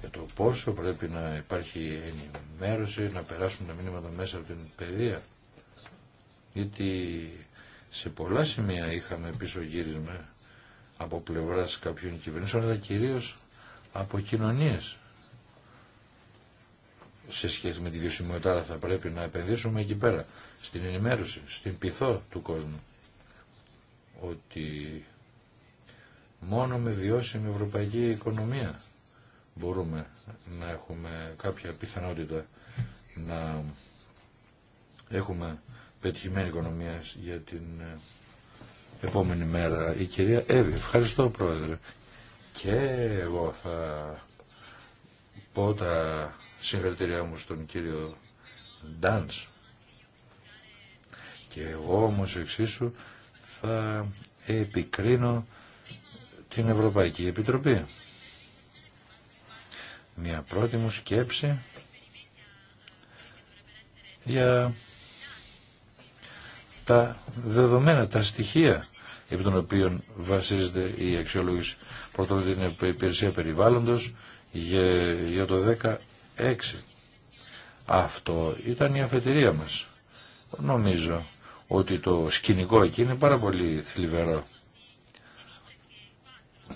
Για το πόσο πρέπει να υπάρχει ενημέρωση, να περάσουν τα μήνυματα μέσα από την παιδεία. Γιατί σε πολλά σημεία είχαμε πίσω γύρισμα από πλευράς κάποιων κυβερνήσεων, αλλά κυρίως από κοινωνίε σε σχέση με τη βιωσιμότητα, θα πρέπει να επενδύσουμε εκεί πέρα, στην ενημέρωση, στην πειθό του κόσμου, ότι μόνο με βιώσιμη ευρωπαϊκή οικονομία μπορούμε να έχουμε κάποια πιθανότητα να έχουμε πετυχημένη οικονομία για την ε, επόμενη μέρα. Η κυρία Εύη, ευχαριστώ πρόεδρε. Και εγώ θα πω τα συγχαρητήριά μου στον κύριο Ντάνς. Και εγώ όμως εξίσου θα επικρίνω την Ευρωπαϊκή Επιτροπή. Μια πρώτη μου σκέψη για τα δεδομένα, τα στοιχεία επί των οποίων βασίζεται η αξιολόγηση πρώτον την υπηρεσία περιβάλλοντος για, για το 16. Αυτό ήταν η αφετηρία μας. Νομίζω ότι το σκηνικό εκεί είναι πάρα πολύ θλιβερό.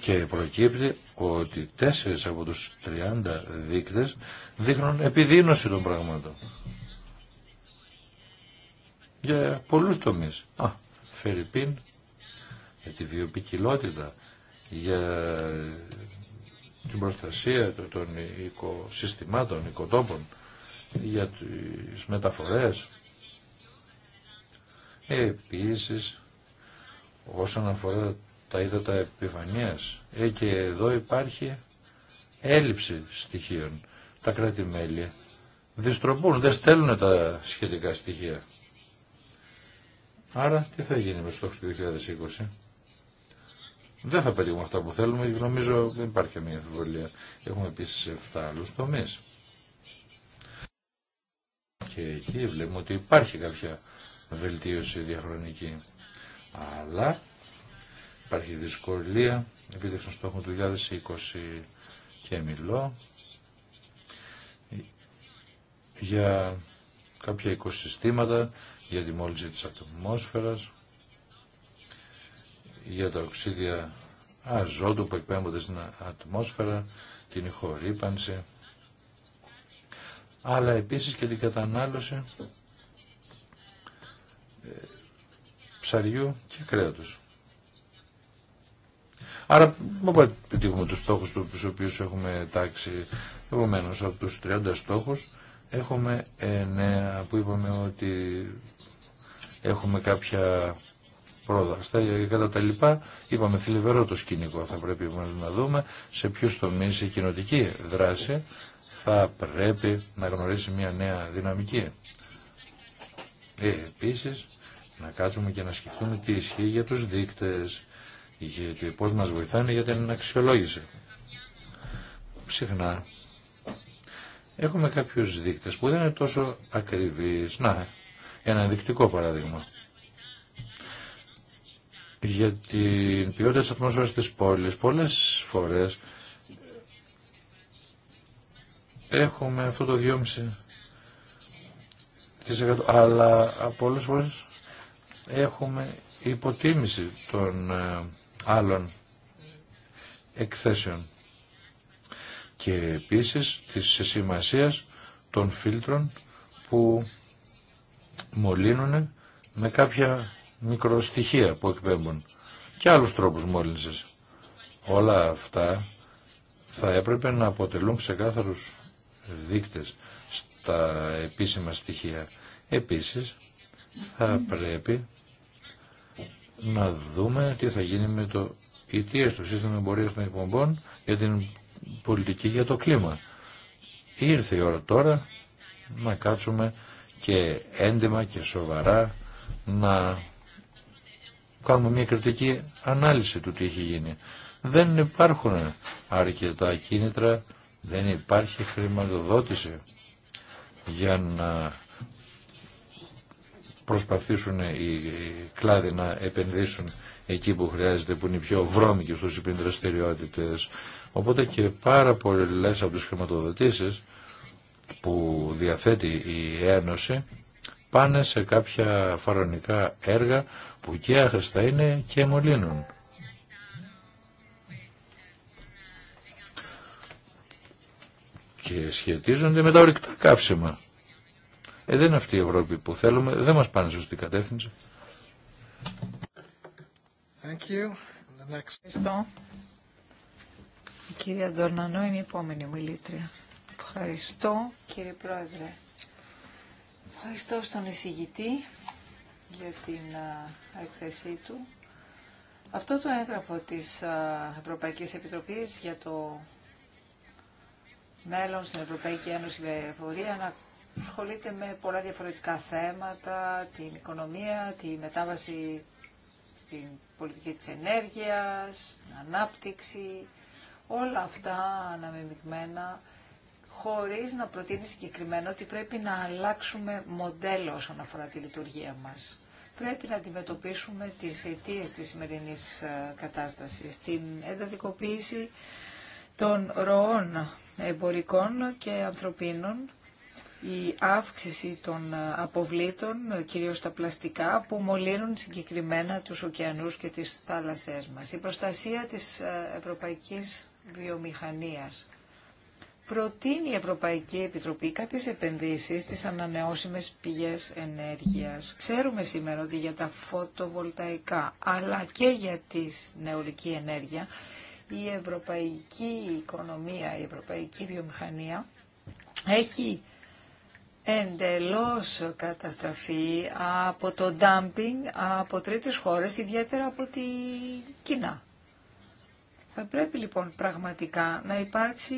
Και προκύπτει ότι τέσσερις από τους 30 δείκτες δείχνουν επιδείνωση των πραγμάτων για πολλούς τομείς. Α, Φερρυπίν, για τη βιοπικιλότητα, για την προστασία των οικοσυστημάτων, οικοτόπων, για τις μεταφορές. Επίσης, όσον αφορά τα ύδατα επιφανείας, ε, και εδώ υπάρχει έλλειψη στοιχείων. Τα κράτη-μέλη διστροπούν, δεν στέλνουν τα σχετικά στοιχεία. Άρα τι θα γίνει με στόχους του 2020. Δεν θα πετύχουμε αυτά που θέλουμε, νομίζω δεν υπάρχει μια αμφιβολία. Έχουμε επίσης 7 άλλους τομείς. Και εκεί βλέπουμε ότι υπάρχει κάποια βελτίωση διαχρονική. Αλλά υπάρχει δυσκολία επίτευξη των στόχων του 2020 και μιλώ για κάποια οικοσυστήματα για τη μόλυνση της ατμόσφαιρας, για τα οξύδια αζόντου που εκπέμπονται στην ατμόσφαιρα, την ηχορύπανση, αλλά επίσης και την κατανάλωση ε, ψαριού και κρέατος. Άρα μπορούμε να πετύχουμε τους στόχους τους οποίους έχουμε τάξει. Επομένως από τους 30 στόχους Έχουμε εννέα που είπαμε ότι έχουμε κάποια πρόδαστα στα κατά τα λοιπά. Είπαμε θλιβερό το σκηνικό θα πρέπει να δούμε σε ποιους τομείς η κοινοτική δράση θα πρέπει να γνωρίσει μια νέα δυναμική. Ε, επίσης, να κάτσουμε και να σκεφτούμε τι ισχύει για τους δείκτες, γιατί πώς μας βοηθάνε για την αξιολόγηση. Συχνά έχουμε κάποιους δείκτες που δεν είναι τόσο ακριβείς. Να, ένα δεικτικό παράδειγμα. Για την ποιότητα της ατμόσφαιρας της πόλης, πολλές φορές έχουμε αυτό το 2,5% αλλά πολλές φορές έχουμε υποτίμηση των ε, άλλων εκθέσεων και επίσης της σημασίας των φίλτρων που μολύνουν με κάποια μικροστοιχεία που εκπέμπουν και άλλους τρόπους μόλυνσης. Όλα αυτά θα έπρεπε να αποτελούν ξεκάθαρους δείκτες στα επίσημα στοιχεία. Επίσης θα πρέπει να δούμε τι θα γίνει με το ETS, του σύστημα εμπορίας των εκπομπών για πολιτική για το κλίμα. Ήρθε η ώρα τώρα να κάτσουμε και έντιμα και σοβαρά να κάνουμε μια κριτική ανάλυση του τι έχει γίνει. Δεν υπάρχουν αρκετά κίνητρα, δεν υπάρχει χρηματοδότηση για να προσπαθήσουν οι κλάδοι να επενδύσουν εκεί που χρειάζεται, που είναι οι πιο βρώμικοι στους υπηρετηριότητες. Οπότε και πάρα πολλές από τις χρηματοδοτήσεις που διαθέτει η Ένωση πάνε σε κάποια φαρονικά έργα που και άχρηστα είναι και μολύνουν. Και σχετίζονται με τα ορυκτά καύσιμα. Ε, δεν είναι αυτή η Ευρώπη που θέλουμε, δεν μας πάνε σωστή κατεύθυνση. Η κυρία Ντορνανό είναι η επόμενη μιλήτρια. Ευχαριστώ κύριε Πρόεδρε. Ευχαριστώ στον εισηγητή για την έκθεσή του. Αυτό το έγγραφο της Ευρωπαϊκής Επιτροπής για το μέλλον στην Ευρωπαϊκή Ένωση να ασχολείται με πολλά διαφορετικά θέματα, την οικονομία, τη μετάβαση στην πολιτική της ενέργειας, την ανάπτυξη, όλα αυτά αναμειγμένα χωρίς να προτείνει συγκεκριμένα ότι πρέπει να αλλάξουμε μοντέλο όσον αφορά τη λειτουργία μας. Πρέπει να αντιμετωπίσουμε τις αιτίε της σημερινής ε, κατάστασης, την ενταδικοποίηση των ροών εμπορικών και ανθρωπίνων, η αύξηση των ε, αποβλήτων, κυρίως τα πλαστικά, που μολύνουν συγκεκριμένα τους ωκεανούς και τις θάλασσές μας. Η προστασία της ε, ευρωπαϊκής βιομηχανίας. Προτείνει η Ευρωπαϊκή Επιτροπή κάποιες επενδύσεις στις ανανεώσιμες πηγές ενέργειας. Ξέρουμε σήμερα ότι για τα φωτοβολταϊκά αλλά και για τη νεολική ενέργεια η ευρωπαϊκή οικονομία, η ευρωπαϊκή βιομηχανία έχει εντελώς καταστραφεί από το dumping από τρίτες χώρες, ιδιαίτερα από τη Κίνα. Θα πρέπει λοιπόν πραγματικά να υπάρξει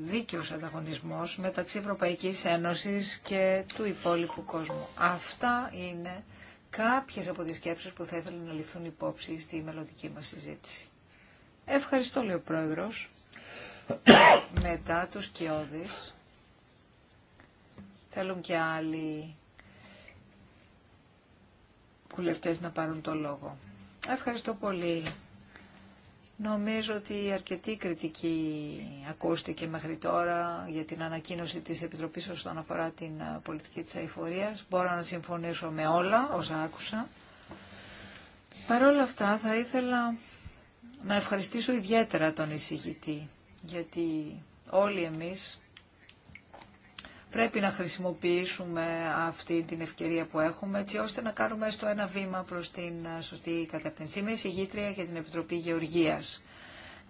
δίκαιος ανταγωνισμός μεταξύ Ευρωπαϊκής Ένωσης και του υπόλοιπου κόσμου. Αυτά είναι κάποιες από τις σκέψεις που θα ήθελα να ληφθούν υπόψη στη μελλοντική μας συζήτηση. Ευχαριστώ, λέει ο Πρόεδρος. Μετά τους Κιώδης θέλουν και άλλοι βουλευτές να πάρουν το λόγο. Ευχαριστώ πολύ, Νομίζω ότι αρκετή κριτική ακούστηκε μέχρι τώρα για την ανακοίνωση της Επιτροπής όσον αφορά την ε, πολιτική της αηφορίας. Μπορώ να συμφωνήσω με όλα όσα άκουσα. Παρ' όλα αυτά θα ήθελα να ευχαριστήσω ιδιαίτερα τον εισηγητή, γιατί όλοι εμείς Πρέπει να χρησιμοποιήσουμε αυτή την ευκαιρία που έχουμε έτσι ώστε να κάνουμε στο ένα βήμα προς την ε, σωστή κατεύθυνση. Είμαι εισηγήτρια για την Επιτροπή Γεωργίας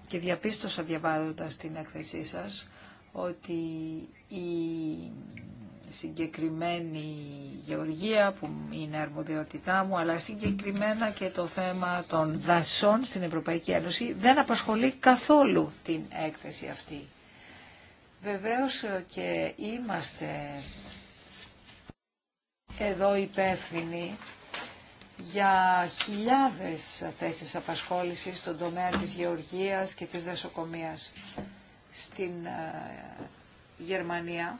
και διαπίστωσα διαβάζοντα την έκθεσή σας ότι η συγκεκριμένη γεωργία που είναι αρμοδιότητά μου, αλλά συγκεκριμένα και το θέμα των δασών στην Ευρωπαϊκή Ένωση δεν απασχολεί καθόλου την έκθεση αυτή. Βεβαίως και είμαστε εδώ υπεύθυνοι για χιλιάδες θέσεις απασχόλησης στον τομέα της γεωργίας και της δεσοκομείας στην ε, Γερμανία.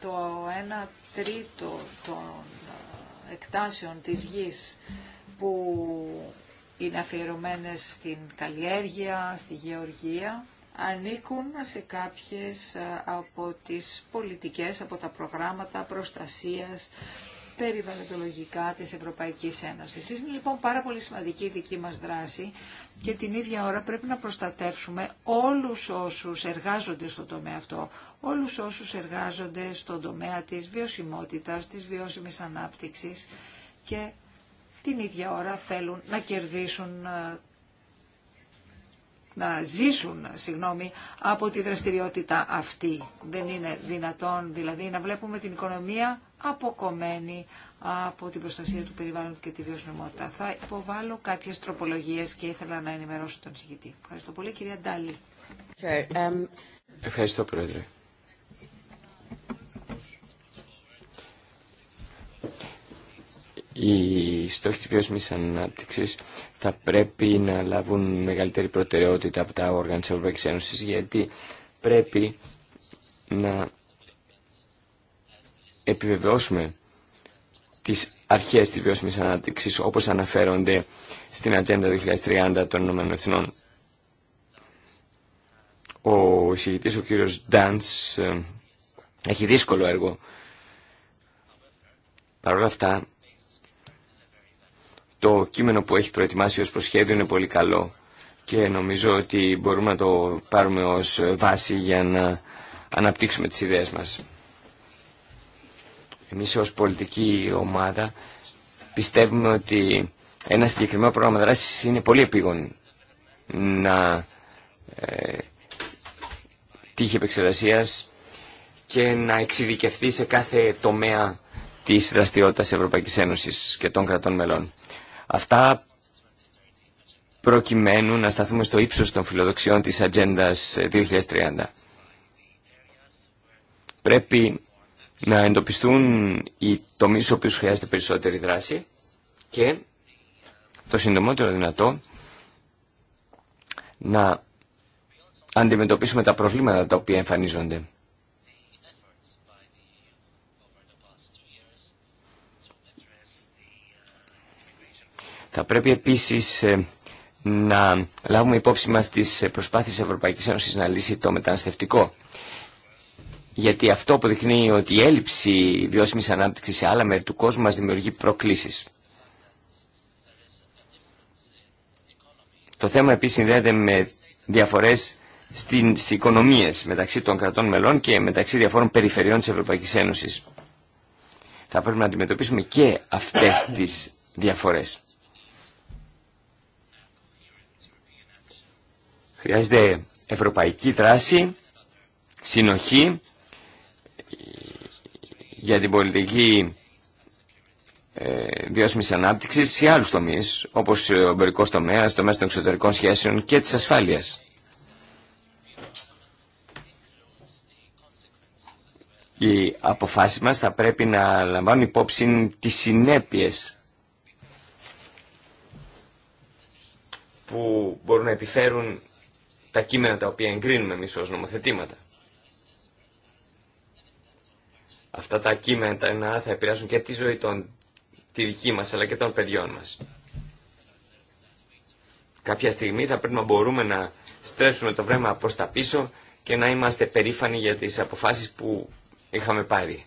Το 1 τρίτο των ε, εκτάσεων της γης που είναι αφιερωμένες στην καλλιέργεια, στη γεωργία ανήκουν σε κάποιες από τις πολιτικές, από τα προγράμματα προστασίας, περιβαλλοντολογικά της Ευρωπαϊκής Ένωσης. Είναι λοιπόν πάρα πολύ σημαντική η δική μας δράση και την ίδια ώρα πρέπει να προστατεύσουμε όλους όσους εργάζονται στον τομέα αυτό, όλους όσους εργάζονται στον τομέα της βιωσιμότητας, της βιώσιμης ανάπτυξης και την ίδια ώρα θέλουν να κερδίσουν να ζήσουν συγγνώμη, από τη δραστηριότητα αυτή. Δεν είναι δυνατόν δηλαδή να βλέπουμε την οικονομία αποκομμένη από την προστασία του περιβάλλοντος και τη βιωσιμότητα. Θα υποβάλω κάποιες τροπολογίες και ήθελα να ενημερώσω τον συγκητή. Ευχαριστώ πολύ κυρία Ντάλη. Um, Ευχαριστώ Πρόεδρε οι στόχοι της βιώσιμης ανάπτυξης θα πρέπει να λάβουν μεγαλύτερη προτεραιότητα από τα όργανα της Ευρωπαϊκής Ένωσης γιατί πρέπει να επιβεβαιώσουμε τις αρχές της βιώσιμης ανάπτυξης όπως αναφέρονται στην Ατζέντα 2030 των ΗΕ. Ο εισηγητής, ο κύριος Ντάντς ε, έχει δύσκολο έργο. Παρ' όλα αυτά, το κείμενο που έχει προετοιμάσει ως προσχέδιο είναι πολύ καλό και νομίζω ότι μπορούμε να το πάρουμε ως βάση για να αναπτύξουμε τις ιδέες μας. Εμείς ως πολιτική ομάδα πιστεύουμε ότι ένα συγκεκριμένο πρόγραμμα δράσης είναι πολύ επίγον να ε, τύχει επεξεργασίας και να εξειδικευτεί σε κάθε τομέα της δραστηριότητας Ευρωπαϊκής Ένωσης και των κρατών μελών. Αυτά προκειμένου να σταθούμε στο ύψος των φιλοδοξιών της Ατζέντα 2030. Πρέπει να εντοπιστούν οι τομείς στους οποίους χρειάζεται περισσότερη δράση και το συντομότερο δυνατό να αντιμετωπίσουμε τα προβλήματα τα οποία εμφανίζονται. Θα πρέπει επίσης ε, να λάβουμε υπόψη μας τις προσπάθειες της Ευρωπαϊκής Ένωσης να λύσει το μεταναστευτικό. Γιατί αυτό αποδεικνύει ότι η έλλειψη βιώσιμης ανάπτυξης σε άλλα μέρη του κόσμου μας δημιουργεί προκλήσεις. Το θέμα επίσης συνδέεται με διαφορές στις οικονομίες μεταξύ των κρατών μελών και μεταξύ διαφόρων περιφερειών της Ευρωπαϊκής Ένωσης. Θα πρέπει να αντιμετωπίσουμε και αυτές τις διαφορές. Χρειάζεται ευρωπαϊκή δράση, συνοχή για την πολιτική ε, βιώσιμη ανάπτυξη ανάπτυξης σε άλλου τομεί, όπως ο τομέα, το μέσο των εξωτερικών σχέσεων και της ασφάλειας. Οι αποφάσεις μας θα πρέπει να λαμβάνουν υπόψη τις συνέπειες που μπορούν να επιφέρουν τα κείμενα τα οποία εγκρίνουμε εμείς ως νομοθετήματα. Αυτά τα κείμενα τα θα επηρεάσουν και τη ζωή των, τη δική μας αλλά και των παιδιών μας. Κάποια στιγμή θα πρέπει να μπορούμε να στρέψουμε το βρέμα προς τα πίσω και να είμαστε περήφανοι για τις αποφάσεις που είχαμε πάρει.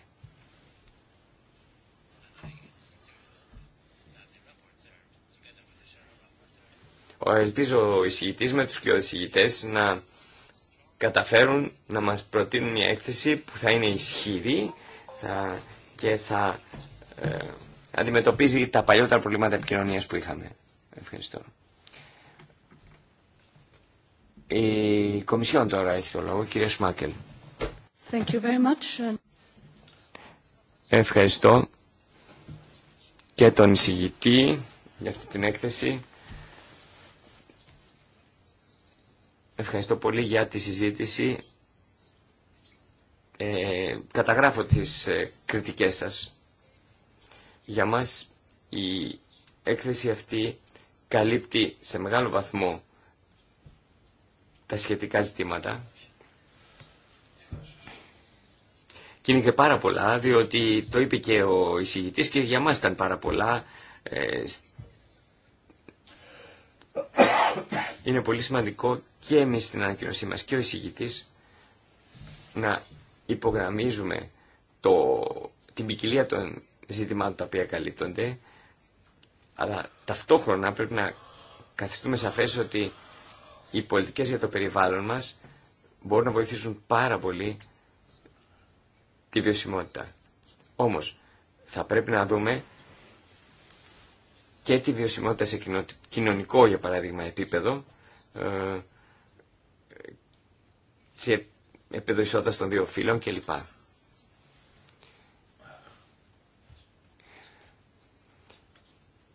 Ελπίζω ο εισηγητής με τους εισηγητές να καταφέρουν να μας προτείνουν μια έκθεση που θα είναι ισχυρή και θα ε, αντιμετωπίζει τα παλιότερα προβλήματα επικοινωνίας που είχαμε. Ευχαριστώ. Η Κομισιόν τώρα έχει το λόγο, κύριε Σμάκελ. Ευχαριστώ και τον εισηγητή για αυτή την έκθεση. Ευχαριστώ πολύ για τη συζήτηση. Ε, καταγράφω τις ε, κριτικές σας. Για μας η έκθεση αυτή καλύπτει σε μεγάλο βαθμό τα σχετικά ζητήματα. Και είναι και πάρα πολλά, διότι το είπε και ο εισηγητής και για μας ήταν πάρα πολλά ε, είναι πολύ σημαντικό και εμείς στην ανακοίνωσή μας και ο εισηγητής να υπογραμμίζουμε το, την ποικιλία των ζητημάτων τα οποία καλύπτονται, αλλά ταυτόχρονα πρέπει να καθιστούμε σαφές ότι οι πολιτικές για το περιβάλλον μας μπορούν να βοηθήσουν πάρα πολύ τη βιωσιμότητα. Όμως, θα πρέπει να δούμε και τη βιωσιμότητα σε κοινωνικό, για παράδειγμα, επίπεδο, ε, σε επίπεδο των δύο φύλων κλπ.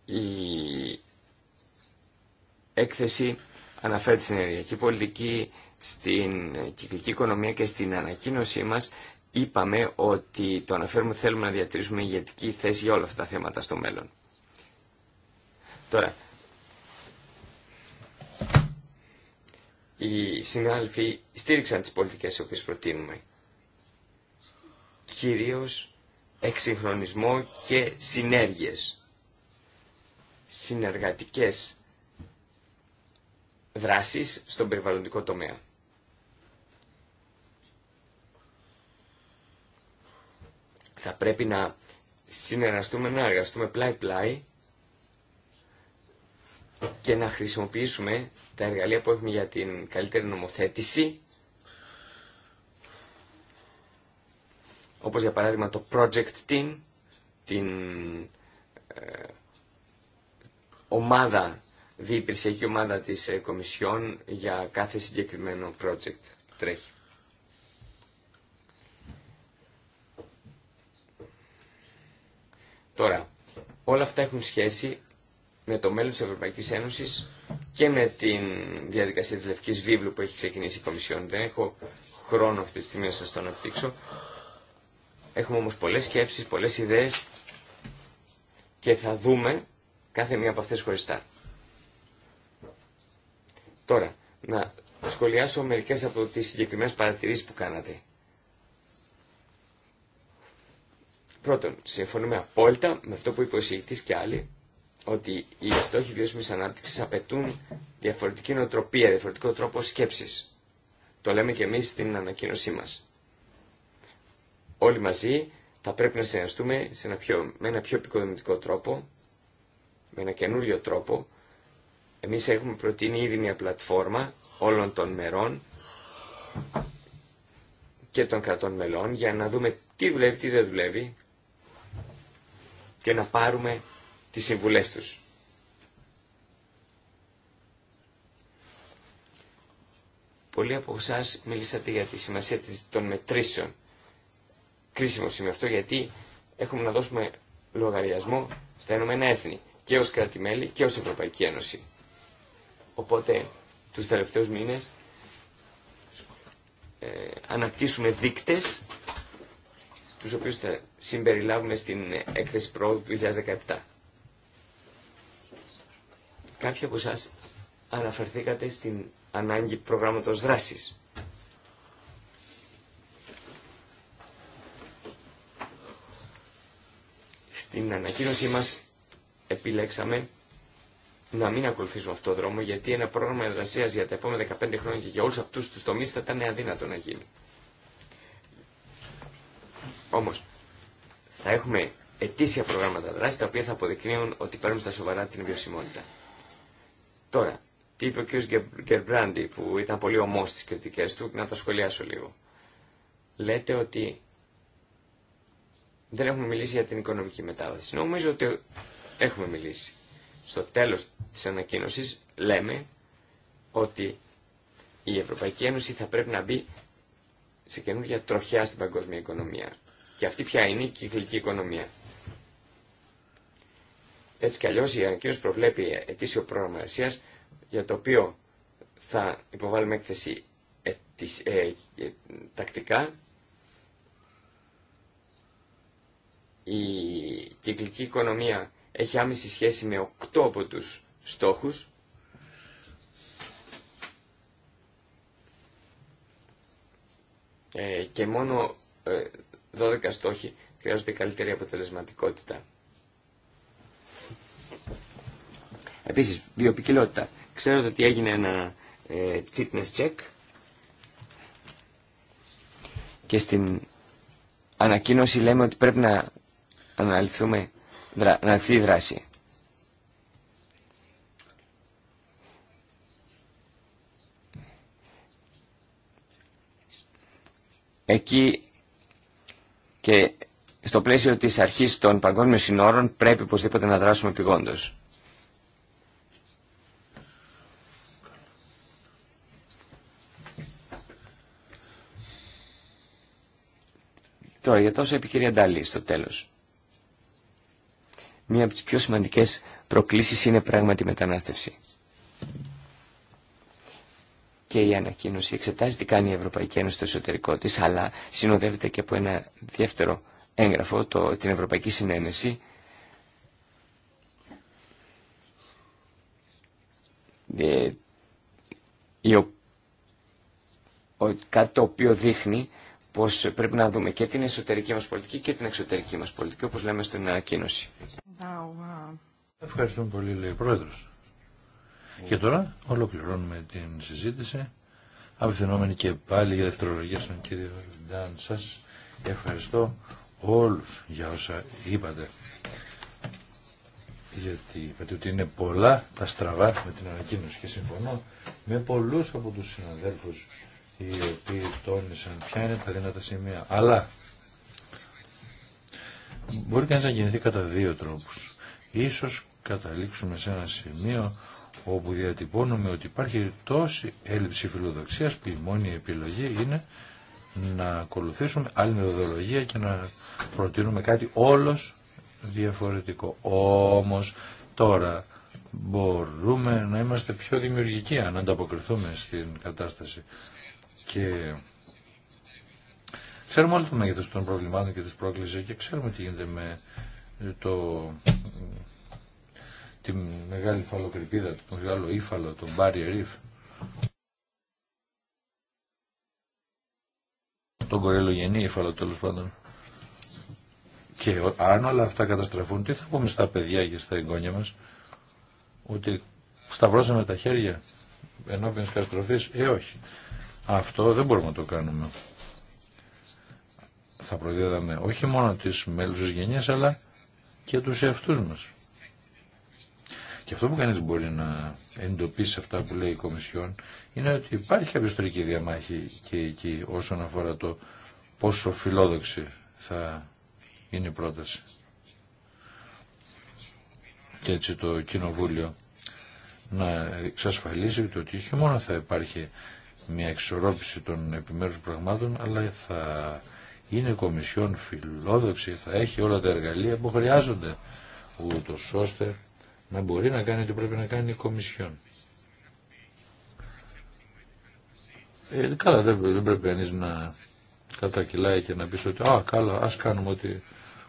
Η έκθεση αναφέρεται στην ενεργειακή πολιτική, στην κυκλική οικονομία και στην ανακοίνωσή μας είπαμε ότι το αναφέρουμε θέλουμε να διατηρήσουμε ηγετική θέση για όλα αυτά τα θέματα στο μέλλον. Τώρα, οι συνάδελφοι στήριξαν τις πολιτικές οι οποίες προτείνουμε. Κυρίως εξυγχρονισμό και συνέργειες. Συνεργατικές δράσεις στον περιβαλλοντικό τομέα. Θα πρέπει να συνεργαστούμε, να εργαστούμε πλάι-πλάι και να χρησιμοποιήσουμε τα εργαλεία που έχουμε για την καλύτερη νομοθέτηση όπως για παράδειγμα το Project Team, την ε, ομάδα, διυπηρεσιακή ομάδα της ε, Κομισιόν για κάθε συγκεκριμένο project τρέχει. Τώρα, όλα αυτά έχουν σχέση με το μέλλον της Ευρωπαϊκής Ένωσης και με τη διαδικασία της Λευκής Βίβλου που έχει ξεκινήσει η Κομισιόν. Δεν έχω χρόνο αυτή τη στιγμή να σας το αναπτύξω. Έχουμε όμως πολλές σκέψεις, πολλές ιδέες και θα δούμε κάθε μία από αυτές χωριστά. Τώρα, να σχολιάσω μερικές από τις συγκεκριμένες παρατηρήσεις που κάνατε. Πρώτον, συμφωνούμε απόλυτα με αυτό που είπε ο και άλλοι ότι οι στόχοι βιώσιμη ανάπτυξη απαιτούν διαφορετική νοοτροπία, διαφορετικό τρόπο σκέψη. Το λέμε και εμεί στην ανακοίνωσή μα. Όλοι μαζί θα πρέπει να συνεργαστούμε σε ένα πιο, με ένα πιο επικοδομητικό τρόπο, με ένα καινούριο τρόπο. Εμείς έχουμε προτείνει ήδη μια πλατφόρμα όλων των μερών και των κρατών μελών για να δούμε τι δουλεύει, τι δεν δουλεύει και να πάρουμε τι συμβουλές τους. Πολλοί από εσά μιλήσατε για τη σημασία των μετρήσεων. Κρίσιμο σημείο αυτό γιατί έχουμε να δώσουμε λογαριασμό στα Ηνωμένα Έθνη και ως κράτη-μέλη και ως Ευρωπαϊκή Ένωση. Οπότε τους τελευταίους μήνες ε, αναπτύσσουμε δείκτες τους οποίους θα συμπεριλάβουμε στην ε, έκθεση πρόοδου του 2017. Κάποιοι από εσά αναφερθήκατε στην ανάγκη προγράμματος δράσης. Στην ανακοίνωσή μας επιλέξαμε να μην ακολουθήσουμε αυτόν τον δρόμο, γιατί ένα πρόγραμμα εργασία για τα επόμενα 15 χρόνια και για όλους αυτού τους τομεί θα ήταν αδύνατο να γίνει. Όμως θα έχουμε ετήσια προγράμματα δράση τα οποία θα αποδεικνύουν ότι παίρνουμε στα σοβαρά την βιωσιμότητα. Τώρα, τι είπε ο κ. Γκερμπράντι που ήταν πολύ ομός στις κριτικές του, να τα σχολιάσω λίγο. Λέτε ότι δεν έχουμε μιλήσει για την οικονομική μετάβαση. Νομίζω ότι έχουμε μιλήσει. Στο τέλος της ανακοίνωσης λέμε ότι η Ευρωπαϊκή Ένωση θα πρέπει να μπει σε καινούργια τροχιά στην παγκόσμια οικονομία. Και αυτή πια είναι η κυκλική οικονομία. Έτσι κι αλλιώ η ανακοίνωση προβλέπει ετήσιο πρόγραμμα εργασία για το οποίο θα υποβάλουμε έκθεση ε, ε, τακτικά. Η κυκλική οικονομία έχει άμεση σχέση με 8 από τους στόχους. Ε, και μόνο 12 ε, στόχοι χρειάζονται καλύτερη αποτελεσματικότητα. Επίσης, βιοπικιλότητα. Ξέρω ότι έγινε ένα ε, fitness check και στην ανακοίνωση λέμε ότι πρέπει να αναλυθούμε να η δράση. Εκεί και στο πλαίσιο της αρχής των παγκόσμιων συνόρων πρέπει οπωσδήποτε να δράσουμε πηγόντως. Τώρα για τόσο είπε η Ντάλη στο τέλος. Μία από τις πιο σημαντικές προκλήσεις είναι πράγματι η μετανάστευση. Και η ανακοίνωση εξετάζει τι κάνει η Ευρωπαϊκή Ένωση στο εσωτερικό της, αλλά συνοδεύεται και από ένα δεύτερο έγγραφο, το, την Ευρωπαϊκή Συνένεση, ε, η, ο, κάτι το οποίο δείχνει Πώ πρέπει να δούμε και την εσωτερική μα πολιτική και την εξωτερική μα πολιτική, όπω λέμε στην ανακοίνωση. Uh, Ευχαριστούμε πολύ, λέει ο πρόεδρο. Και τώρα ολοκληρώνουμε την συζήτηση. Απευθυνόμενοι και πάλι για δευτερολογία στον κύριο Ντάν. σα. ευχαριστώ όλου για όσα είπατε. Γιατί είπατε ότι είναι πολλά τα στραβά με την ανακοίνωση και συμφωνώ με πολλούς από τους συναδέλφους οι οποίοι τόνισαν ποια είναι τα δυνατά σημεία. Αλλά μπορεί κανείς να κινηθεί κατά δύο τρόπους. Ίσως καταλήξουμε σε ένα σημείο όπου διατυπώνουμε ότι υπάρχει τόση έλλειψη φιλοδοξίας που η μόνη επιλογή είναι να ακολουθήσουμε άλλη μεθοδολογία και να προτείνουμε κάτι όλος διαφορετικό. Όμως τώρα μπορούμε να είμαστε πιο δημιουργικοί αν ανταποκριθούμε στην κατάσταση. Και ξέρουμε όλοι το μέγεθο των προβλημάτων και τη πρόκληση και ξέρουμε τι γίνεται με το, τη μεγάλη φαλοκρηπίδα, το μεγάλο ύφαλο, τον barrier reef. Τον κορελογενή ύφαλο τέλο πάντων. Και αν όλα αυτά καταστραφούν, τι θα πούμε στα παιδιά και στα εγγόνια μας, ότι σταυρώσαμε τα χέρια ενώπιον της καταστροφής, ε όχι. Αυτό δεν μπορούμε να το κάνουμε. Θα προδίδαμε όχι μόνο τις μέλους της γενιάς, αλλά και τους εαυτούς μας. Και αυτό που κανείς μπορεί να εντοπίσει αυτά που λέει η Κομισιόν είναι ότι υπάρχει κάποια διαμάχη και εκεί όσον αφορά το πόσο φιλόδοξη θα είναι η πρόταση. Και έτσι το Κοινοβούλιο να εξασφαλίσει ότι όχι μόνο θα υπάρχει μια εξορρόπηση των επιμέρους πραγμάτων, αλλά θα είναι κομισιόν φιλόδοξη, θα έχει όλα τα εργαλεία που χρειάζονται, ούτω ώστε να μπορεί να κάνει ό,τι πρέπει να κάνει η κομισιόν. Ε, καλά, δεν, δεν πρέπει κανεί να κατακυλάει και να πει ότι «Α, καλά, ας κάνουμε ό,τι,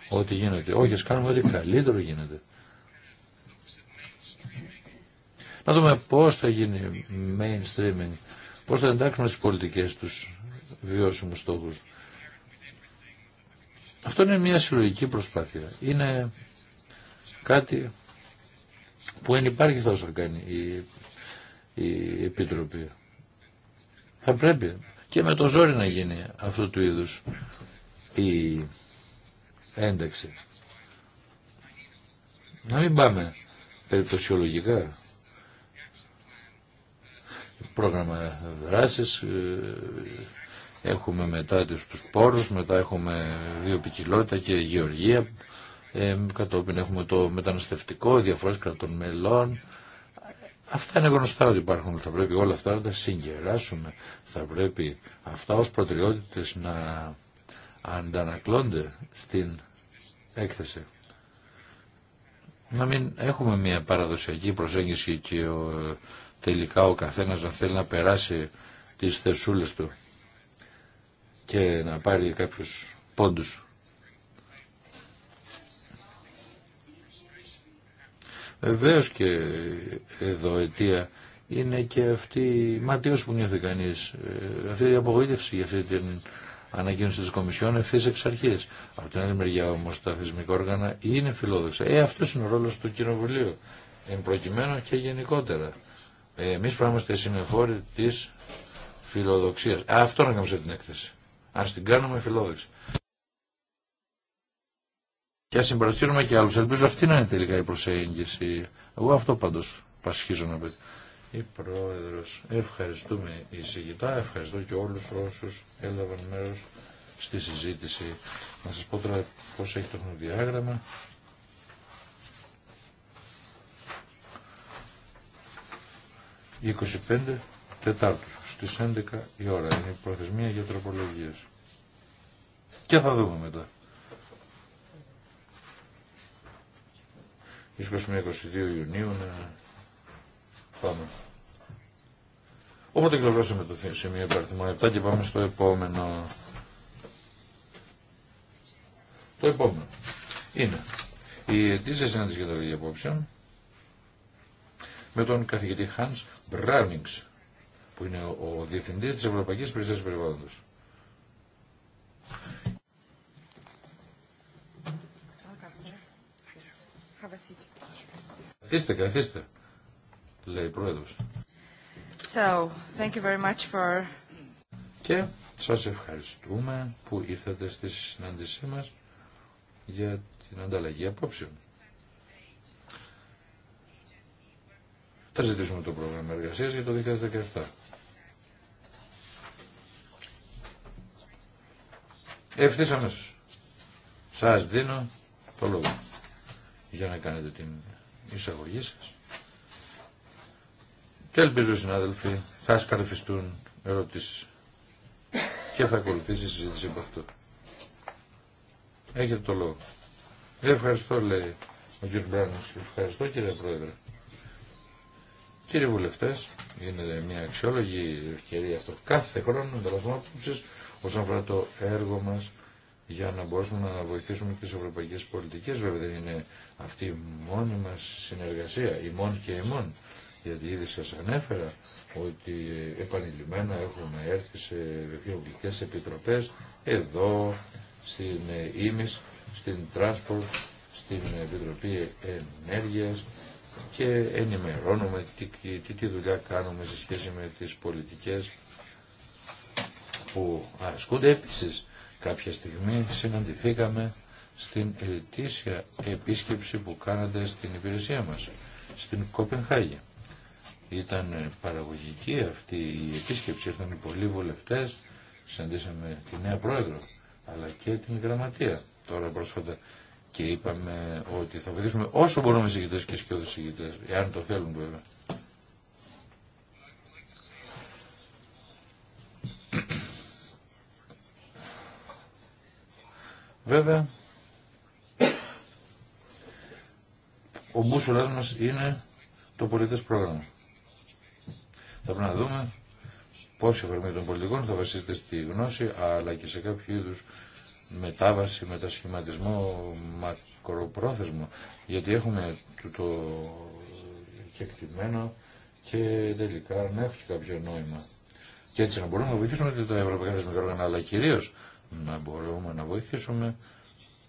ό,τι γίνεται». Όχι, ας κάνουμε ό,τι καλύτερο γίνεται. Να δούμε πώς θα γίνει mainstreaming πώς θα εντάξουμε στις πολιτικές τους βιώσιμους στόχους. Αυτό είναι μια συλλογική προσπάθεια. Είναι κάτι που εν υπάρχει θα κάνει η, Επίτροπη. Θα πρέπει και με το ζόρι να γίνει αυτού του είδους η ένταξη. Να μην πάμε περιπτωσιολογικά πρόγραμμα δράσης, ε, έχουμε μετά τους πόρους, μετά έχουμε δύο ποικιλότητα και γεωργία, ε, κατόπιν έχουμε το μεταναστευτικό, διαφορές κρατών μελών. Αυτά είναι γνωστά ότι υπάρχουν, θα πρέπει όλα αυτά να τα συγκεράσουμε, θα πρέπει αυτά ως προτεραιότητες να αντανακλώνται στην έκθεση. Να μην έχουμε μια παραδοσιακή προσέγγιση και ο τελικά ο καθένας να θέλει να περάσει τις θεσούλες του και να πάρει κάποιους πόντους. Βεβαίω και εδώ αιτία είναι και αυτή η ματιός που νιώθει κανεί. Ε, αυτή η απογοήτευση για αυτή την ανακοίνωση της Κομισιόν ευθύ εξ αρχής. Από την άλλη μεριά όμως τα θεσμικά όργανα είναι φιλόδοξα. Ε, αυτός είναι ο ρόλος του Κοινοβουλίου, εν και γενικότερα. Εμείς πρέπει είμαστε συνεφόροι της φιλοδοξίας. Αυτό να κάνουμε σε την έκθεση. Ας την κάνουμε φιλόδοξη. Και ας συμπαρασύρουμε και άλλους. Ελπίζω αυτή να είναι τελικά η προσέγγιση. Εγώ αυτό πάντως πασχίζω να πω. Η Πρόεδρος, ευχαριστούμε εισηγητά, ευχαριστώ και όλους όσους έλαβαν μέρος στη συζήτηση. Να σας πω τώρα πώς έχει το χρονοδιάγραμμα. 25 Τετάρτου στις 11 η ώρα. Είναι η προθεσμία για τροπολογίες. Και θα δούμε μετά. 21-22 Ιουνίου να πάμε. Οπότε κλευρώσαμε το σημείο υπαριθμό 7 και πάμε στο επόμενο. Το επόμενο είναι η αιτήσια συνάντηση για τα απόψεων με τον καθηγητή Hans Brownings, που είναι ο Διευθυντής της Ευρωπαϊκής Υπηρεσίας Περιβάλλοντος. Καθίστε, καθίστε, λέει η Πρόεδρος. So, thank you very much for... Και σας ευχαριστούμε που ήρθατε στη συνάντησή μας για την ανταλλαγή απόψεων. Θα ζητήσουμε το πρόγραμμα εργασία για το 2017. Ευθύ αμέσω. Σα δίνω το λόγο για να κάνετε την εισαγωγή σα. Και ελπίζω συνάδελφοι θα σκαρφιστούν ερωτήσει και θα ακολουθήσει η συζήτηση από αυτό. Έχετε το λόγο. Ευχαριστώ λέει ο κ. Μπράνο. Ευχαριστώ κύριε Πρόεδρε. Κύριοι βουλευτέ, είναι μια αξιόλογη ευκαιρία αυτό κάθε χρόνο να δώσουμε άποψη όσον αφορά το έργο μα για να μπορέσουμε να βοηθήσουμε και τι ευρωπαϊκέ πολιτικέ. Βέβαια δεν είναι αυτή η μόνη μα συνεργασία, η ημών και ημών. Γιατί ήδη σα ανέφερα ότι επανειλημμένα έχουμε έρθει σε κοινοβουλευτικέ επιτροπέ εδώ, στην ΙΜΙΣ, στην Τρασπορ, στην Επιτροπή Ενέργειας, και ενημερώνουμε τι, τι, δουλειά κάνουμε σε σχέση με τις πολιτικές που ασκούνται. Επίσης, κάποια στιγμή συναντηθήκαμε στην ετήσια επίσκεψη που κάνατε στην υπηρεσία μας, στην Κοπενχάγη. Ήταν παραγωγική αυτή η επίσκεψη, ήρθαν οι πολλοί βουλευτές, συναντήσαμε τη νέα πρόεδρο, αλλά και την γραμματεία τώρα πρόσφατα και είπαμε ότι θα βοηθήσουμε όσο μπορούμε συγκεκριτές και σκιώδες συγκεκριτές, εάν το θέλουν βέβαια. Βέβαια, ο μπούσουλας μας είναι το πολιτές πρόγραμμα. Θα πρέπει να δούμε πώς η εφαρμογή των πολιτικών θα βασίζεται στη γνώση, αλλά και σε κάποιο είδους μετάβαση, μετασχηματισμό μακροπρόθεσμο, γιατί έχουμε το, το κεκτημένο και τελικά να έχει κάποιο νόημα. Και έτσι να μπορούμε να βοηθήσουμε και τα ευρωπαϊκά θεσμικά αλλά κυρίω να μπορούμε να βοηθήσουμε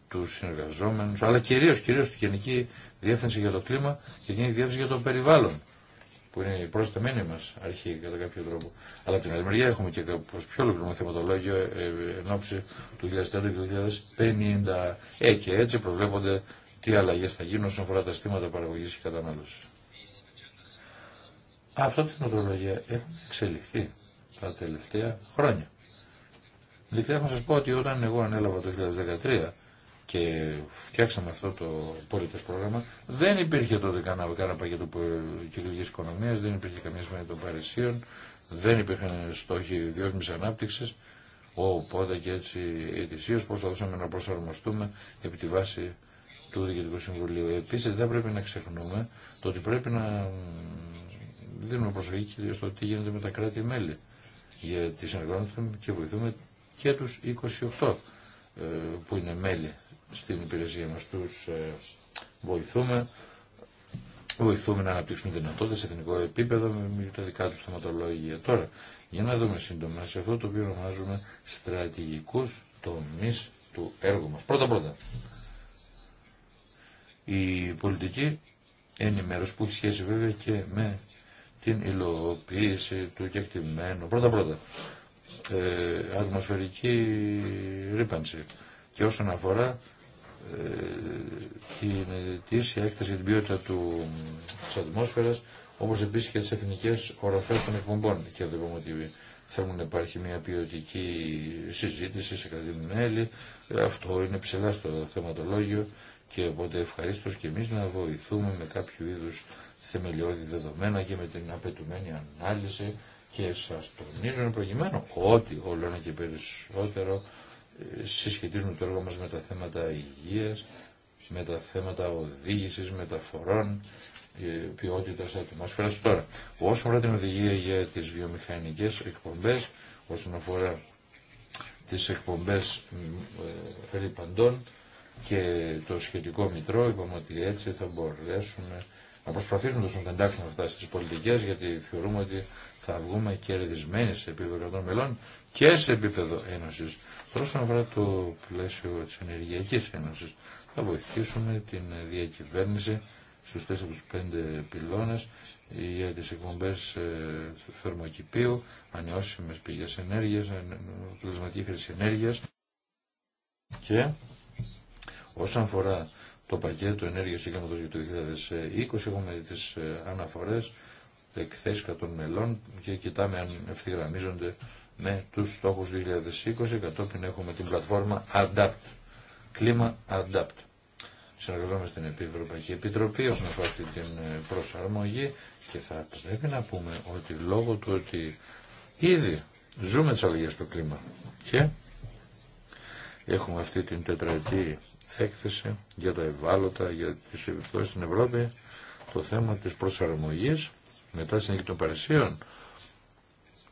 του συνεργαζόμενου, αλλά κυρίω κυρίως τη Γενική Διεύθυνση για το Κλίμα και τη Γενική Διεύθυνση για το Περιβάλλον που είναι η προσταμένη μα αρχή κατά κάποιο τρόπο. Αλλά από την άλλη μεριά έχουμε και προ πιο ολοκληρωμένο θεματολόγιο ε, εν ώψη του 2030 και του 2050. Ε, και έτσι προβλέπονται τι αλλαγέ θα γίνουν όσον αφορά τα στήματα παραγωγή και κατανάλωση. Αυτά τα θεματολόγια έχουν εξελιχθεί τα τελευταία χρόνια. Δηλαδή, έχω να σα πω ότι όταν εγώ ανέλαβα το 2013, και φτιάξαμε αυτό το πολιτικό πρόγραμμα. Δεν υπήρχε τότε κανένα, κανένα πακέτο ε, κυκλική οικονομία, δεν υπήρχε καμία σημαίνει των Παρισίων, δεν υπήρχαν στόχοι διόρθμιση ανάπτυξη. Οπότε και έτσι ετησίω προσπαθούσαμε να προσαρμοστούμε επί τη βάση του Διοικητικού Συμβουλίου. Επίση δεν πρέπει να ξεχνούμε το ότι πρέπει να δίνουμε προσοχή κυρίω στο τι γίνεται με τα κράτη-μέλη. Γιατί συνεργάζονται και βοηθούμε και του 28 ε, που είναι μέλη στην υπηρεσία μας τους ε, βοηθούμε. Βοηθούμε να αναπτύξουν δυνατότητες σε εθνικό επίπεδο με τα δικά τους θεματολόγια. Τώρα, για να δούμε σύντομα σε αυτό το οποίο ονομάζουμε στρατηγικούς τομείς του έργου μας. Πρώτα-πρώτα, η πολιτική ενημέρωση που έχει σχέση βέβαια και με την υλοποίηση του κεκτημένου. Πρώτα-πρώτα, ε, ατμοσφαιρική ρήπανση και όσον αφορά ε, την ετήσια έκταση για την ποιότητα του, της ατμόσφαιρας, όπως επίσης και τις εθνικές οροφές των εκπομπών. Και εδώ ότι θέλουμε να υπάρχει μια ποιοτική συζήτηση σε κρατή μέλη. Αυτό είναι ψηλά στο θεματολόγιο και οπότε ευχαρίστω και εμείς να βοηθούμε με κάποιο είδους θεμελιώδη δεδομένα και με την απαιτουμένη ανάλυση και σας τονίζω προκειμένου ότι όλο ένα και περισσότερο συσχετίζουμε το έργο μας με τα θέματα υγείας, με τα θέματα οδήγησης, μεταφορών, ε, ποιότητα ατμόσφαιρας. Τώρα, όσον αφορά την οδηγία για τι βιομηχανικέ εκπομπέ, όσον αφορά τι εκπομπέ ε, ρηπαντών και το σχετικό μητρό, είπαμε ότι έτσι θα μπορέσουμε να προσπαθήσουμε να εντάξουμε αυτά στι πολιτικέ, γιατί θεωρούμε ότι θα βγούμε κερδισμένοι σε επίπεδο των μελών και σε επίπεδο ένωση. Τώρα όσον αφορά το πλαίσιο της ενεργειακής ένωσης, θα βοηθήσουμε την διακυβέρνηση στους τέσσερις τους πέντε πυλώνες για τις εκπομπές ε, θερμοκηπίου, ανιώσιμες πηγές ενέργειας, ε, πλασματική χρήση ενέργειας και όσον αφορά το πακέτο ενέργειας και για το 2020 έχουμε τις ε, αναφορές εκθέσεις κατών μελών και κοιτάμε αν ευθυγραμμίζονται με τους στόχους 2020, κατόπιν έχουμε την πλατφόρμα ADAPT, κλίμα ADAPT. Συνεργαζόμαστε στην Ευρωπαϊκή Επιτροπή όσον αφορά αυτή την ε, προσαρμογή και θα πρέπει να πούμε ότι λόγω του ότι ήδη ζούμε τις αλλαγές στο κλίμα και έχουμε αυτή την τετραετή έκθεση για τα ευάλωτα, για τις επιπτώσεις στην Ευρώπη, το θέμα της προσαρμογής μετά συνέχεια των Παρισίων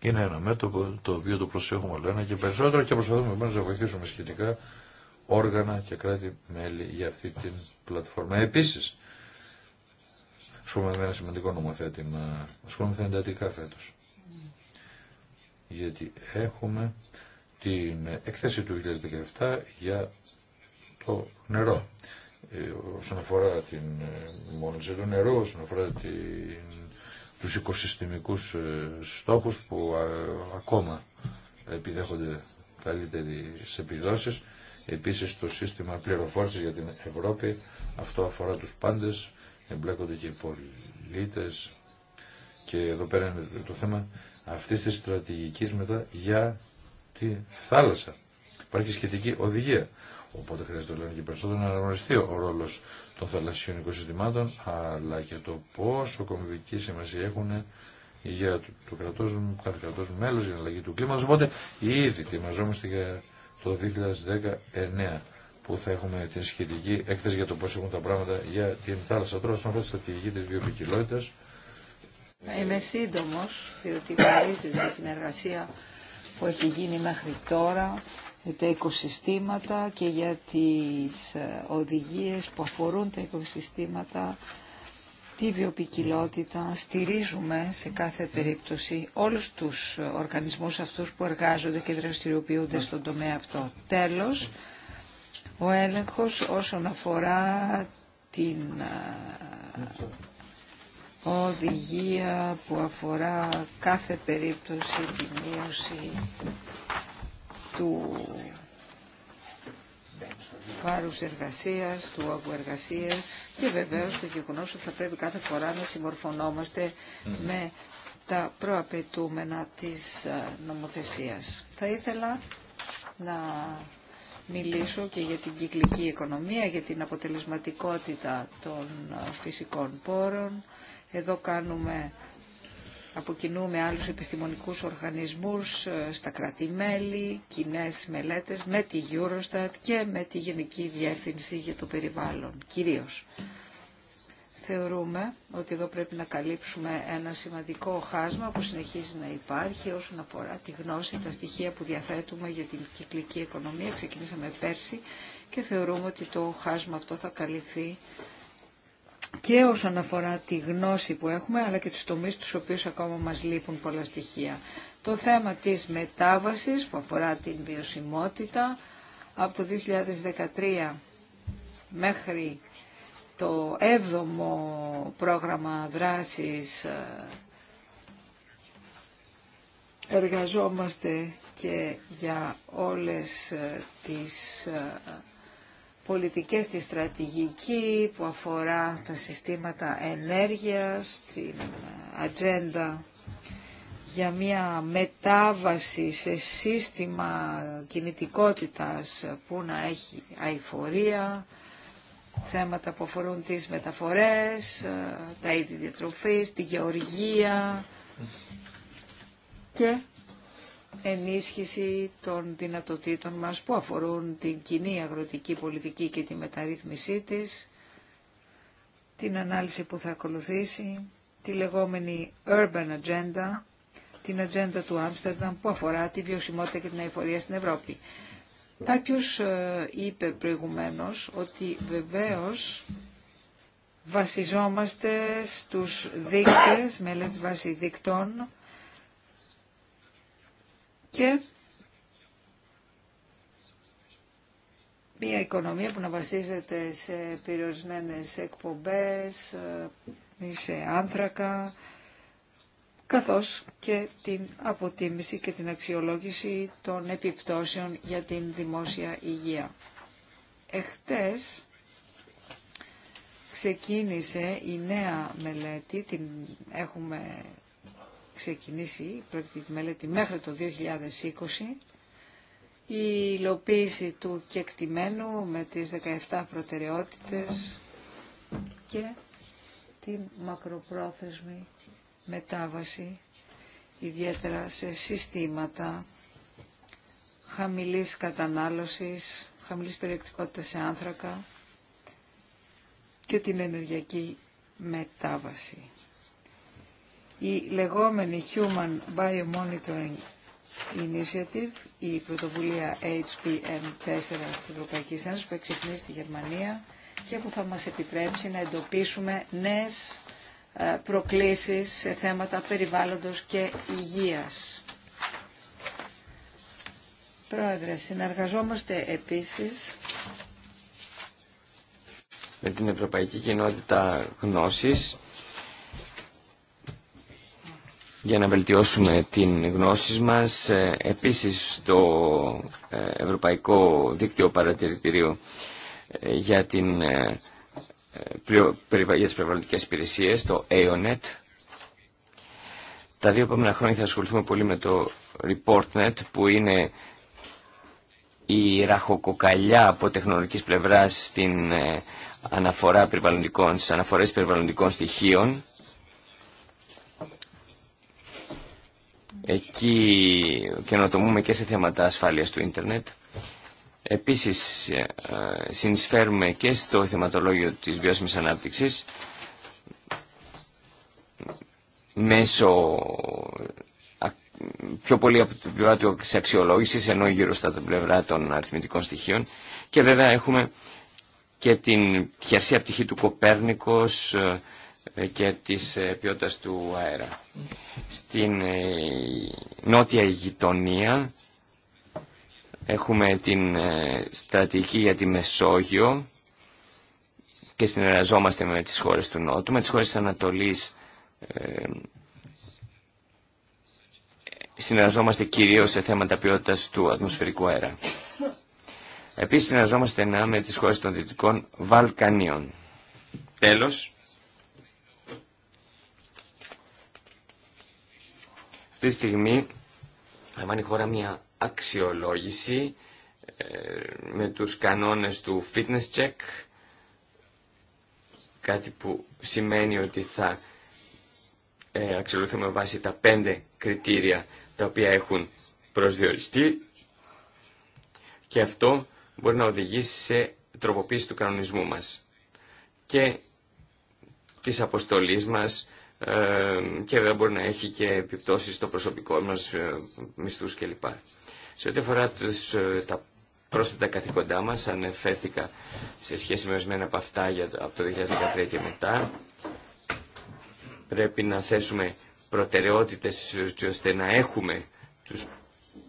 είναι ένα μέτωπο το οποίο το προσέχουμε όλο ένα και περισσότερο και προσπαθούμε να βοηθήσουμε σχετικά όργανα και κράτη-μέλη για αυτή την πλατφόρμα. Επίσης, ασχολούμαι με ένα σημαντικό νομοθέτημα, ασχολούμαι εντατικά φέτος. Γιατί έχουμε την έκθεση του 2017 ε, ε, για το νερό. όσον αφορά την μόνιση του νερού, όσον αφορά την τους οικοσυστημικούς ε, στόχους που ε, ακόμα επιδέχονται καλύτερη επιδόσεις. Επίσης το σύστημα πληροφόρησης για την Ευρώπη, αυτό αφορά τους πάντες, εμπλέκονται και οι πολίτες και εδώ πέρα είναι το θέμα αυτής της στρατηγικής μετά για τη θάλασσα. Υπάρχει σχετική οδηγία. Οπότε χρειάζεται και περισσότερο να αναγνωριστεί ο ρόλος των θαλασσιών οικοσυστημάτων, αλλά και το πόσο κομβική σημασία έχουν για το, το κρατός, κάθε κρατός μέλος, για την αλλαγή του κλίματος. Οπότε ήδη ετοιμαζόμαστε για το 2019 που θα έχουμε την σχετική έκθεση για το πώ έχουν τα πράγματα για την θάλασσα. Τώρα, όσον αφορά τη στρατηγική τη βιοποικιλότητας. Είμαι σύντομος, διότι γνωρίζετε την εργασία που έχει γίνει μέχρι τώρα για τα οικοσυστήματα και για τις ε, οδηγίες που αφορούν τα οικοσυστήματα, τη βιοπικιλότητα. Στηρίζουμε σε κάθε περίπτωση όλους τους οργανισμούς αυτούς που εργάζονται και δραστηριοποιούνται ναι. στον τομέα αυτό. Τέλος, ο έλεγχος όσον αφορά την ε, οδηγία που αφορά κάθε περίπτωση την μείωση του βάρους εργασίας, του όγκου εργασίας και βεβαίως το γεγονός ότι θα πρέπει κάθε φορά να συμμορφωνόμαστε με τα προαπαιτούμενα της ε, νομοθεσίας. Θα ήθελα να μιλήσω και για την κυκλική οικονομία, για την αποτελεσματικότητα των ε, φυσικών πόρων. Εδώ κάνουμε Αποκινούμε άλλους επιστημονικούς οργανισμούς ε, στα κράτη-μέλη, κοινέ μελέτες με τη Eurostat και με τη Γενική Διεύθυνση για το Περιβάλλον κυρίως. Θεωρούμε ότι εδώ πρέπει να καλύψουμε ένα σημαντικό χάσμα που συνεχίζει να υπάρχει όσον αφορά τη γνώση, τα στοιχεία που διαθέτουμε για την κυκλική οικονομία. Ξεκινήσαμε πέρσι και θεωρούμε ότι το χάσμα αυτό θα καλυφθεί και όσον αφορά τη γνώση που έχουμε, αλλά και τους τομείς τους οποίους ακόμα μας λείπουν πολλά στοιχεία. Το θέμα της μετάβασης που αφορά την βιωσιμότητα από το 2013 μέχρι το 7ο πρόγραμμα δράσης ε, εργαζόμαστε και για όλες ε, τις ε, πολιτικές, τη στρατηγική που αφορά τα συστήματα ενέργειας, την ατζέντα για μια μετάβαση σε σύστημα κινητικότητας που να έχει αηφορία, θέματα που αφορούν τις μεταφορές, τα είδη διατροφής, τη γεωργία και ενίσχυση των δυνατοτήτων μας που αφορούν την κοινή αγροτική πολιτική και τη μεταρρύθμισή της, την ανάλυση που θα ακολουθήσει, τη λεγόμενη Urban Agenda, την ατζέντα του Άμστερνταμ που αφορά τη βιωσιμότητα και την αηφορία στην Ευρώπη. Κάποιος ε, είπε προηγουμένως ότι βεβαίως βασιζόμαστε στους δείκτες, μελέτη βάση δείκτων, και μια οικονομία που να βασίζεται σε περιορισμένες εκπομπές ε, σε άνθρακα, καθώς και την αποτίμηση και την αξιολόγηση των επιπτώσεων για την δημόσια υγεία. Εχθές ξεκίνησε η νέα μελέτη, την έχουμε ξεκινήσει η προεκτική μελέτη μέχρι το 2020, η υλοποίηση του κεκτημένου με τις 17 προτεραιότητες και τη μακροπρόθεσμη μετάβαση, ιδιαίτερα σε συστήματα χαμηλής κατανάλωσης, χαμηλής περιεκτικότητας σε άνθρακα και την ενεργειακή μετάβαση. Η λεγόμενη Human Biomonitoring Initiative, η πρωτοβουλία HPM4 της Ευρωπαϊκής Ένωσης που εξεχνεί στη Γερμανία και που θα μας επιτρέψει να εντοπίσουμε νέες ε, προκλήσεις σε θέματα περιβάλλοντος και υγείας. Πρόεδρε, συνεργαζόμαστε επίσης με την Ευρωπαϊκή Κοινότητα Γνώσης για να βελτιώσουμε την γνώση μας. Ε, επίσης στο ε, Ευρωπαϊκό Δίκτυο Παρατηρητηρίου ε, για, την, για τις περιβαλλοντικές υπηρεσίες, το AONET. Τα δύο επόμενα χρόνια θα ασχοληθούμε πολύ με το ReportNet που είναι η ραχοκοκαλιά από τεχνολογικής πλευράς στην αναφορά περιβαλλοντικών, στις αναφορές περιβαλλοντικών στοιχείων Εκεί καινοτομούμε και σε θέματα ασφάλειας του ίντερνετ. Επίσης ε, συνεισφέρουμε και στο θεματολόγιο της βιώσιμης ανάπτυξης μέσω πιο πολύ από την πλευρά του αξιολόγησης ενώ γύρω στα πλευρά των αριθμητικών στοιχείων και βέβαια έχουμε και την χερσία πτυχή του Κοπέρνικος ε, ε, και της ε, ποιότητας του αέρα. Στην ε, νότια γειτονία έχουμε την στρατηγική για τη Μεσόγειο και συνεργαζόμαστε με τις χώρες του Νότου, με τις χώρες της Ανατολής συνεργαζόμαστε κυρίως σε θέματα ποιότητας του ατμοσφαιρικού αέρα. Επίσης συνεργαζόμαστε να με τις χώρες των Δυτικών Βαλκανίων. Τέλος, Στη τη στιγμή λαμβάνει η χώρα μια αξιολόγηση ε, με τους κανόνες του fitness check κάτι που σημαίνει ότι θα ε, αξιολογηθούμε με τα πέντε κριτήρια τα οποία έχουν προσδιοριστεί και αυτό μπορεί να οδηγήσει σε τροποποίηση του κανονισμού μας και της αποστολής μας ε, και βέβαια μπορεί να έχει και επιπτώσεις στο προσωπικό μας, ε, μισθούς κλπ. Σε ό,τι αφορά τους, ε, τα πρόσθετα καθήκοντά μας, ανεφέρθηκα σε σχέση με ορισμένα από αυτά για, από το 2013 και μετά. Πρέπει να θέσουμε προτεραιότητες ώστε να έχουμε τους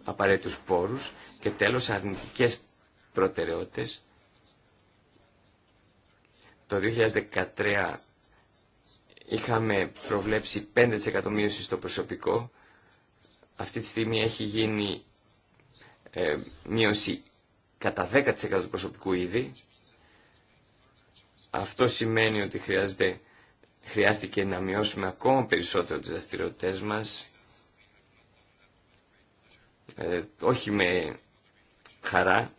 απαραίτητους πόρους και τέλος αρνητικές προτεραιότητες. Το 2013 είχαμε προβλέψει 5% μείωση στο προσωπικό. Αυτή τη στιγμή έχει γίνει ε, μείωση κατά 10% του προσωπικού ήδη. Αυτό σημαίνει ότι χρειάζεται, χρειάστηκε να μειώσουμε ακόμα περισσότερο τις δραστηριότητε μας. Ε, όχι με χαρά.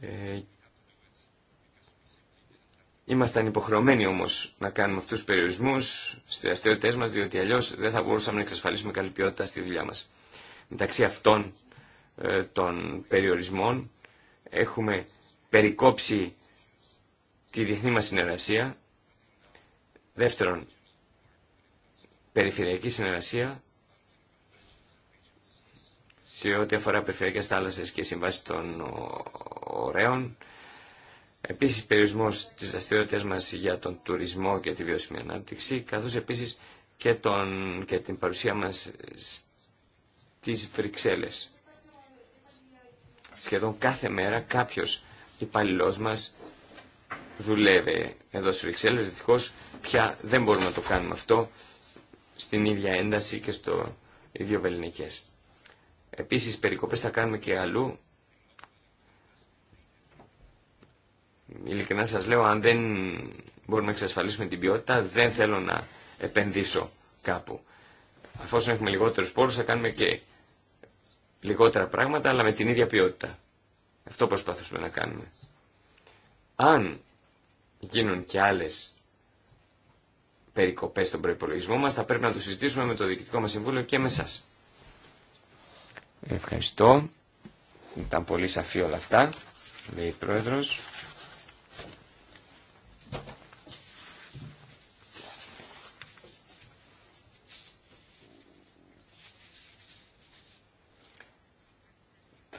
Ε, Ήμασταν υποχρεωμένοι όμως να κάνουμε αυτού του περιορισμού στι δραστηριότητέ μα, διότι αλλιώς δεν θα μπορούσαμε να εξασφαλίσουμε καλή ποιότητα στη δουλειά μας. Μεταξύ αυτών ε, των περιορισμών έχουμε περικόψει τη διεθνή μας συνεργασία, δεύτερον, περιφερειακή συνεργασία, σε ό,τι αφορά περιφερειακές θάλασσες και συμβάσει των ωραίων, Επίσης, περιορισμός της δραστηριότητας μας για τον τουρισμό και τη βιώσιμη ανάπτυξη, καθώς επίσης και, τον, και την παρουσία μας στις Βρυξέλλες. Σχεδόν κάθε μέρα κάποιος υπαλληλός μας δουλεύει εδώ στις Βρυξέλλες. Δυστυχώς πια δεν μπορούμε να το κάνουμε αυτό στην ίδια ένταση και στο ίδιο βεληνικές. Επίσης περικοπές θα κάνουμε και αλλού Ειλικρινά σας λέω, αν δεν μπορούμε να εξασφαλίσουμε την ποιότητα, δεν θέλω να επενδύσω κάπου. Αφόσον έχουμε λιγότερους πόρους, θα κάνουμε και λιγότερα πράγματα, αλλά με την ίδια ποιότητα. Αυτό προσπαθούμε να κάνουμε. Αν γίνουν και άλλες περικοπές στον προϋπολογισμό μας, θα πρέπει να το συζητήσουμε με το Διοικητικό μας Συμβούλιο και με εσάς. Ευχαριστώ. Ήταν πολύ σαφή όλα αυτά, λέει η Πρόεδρος.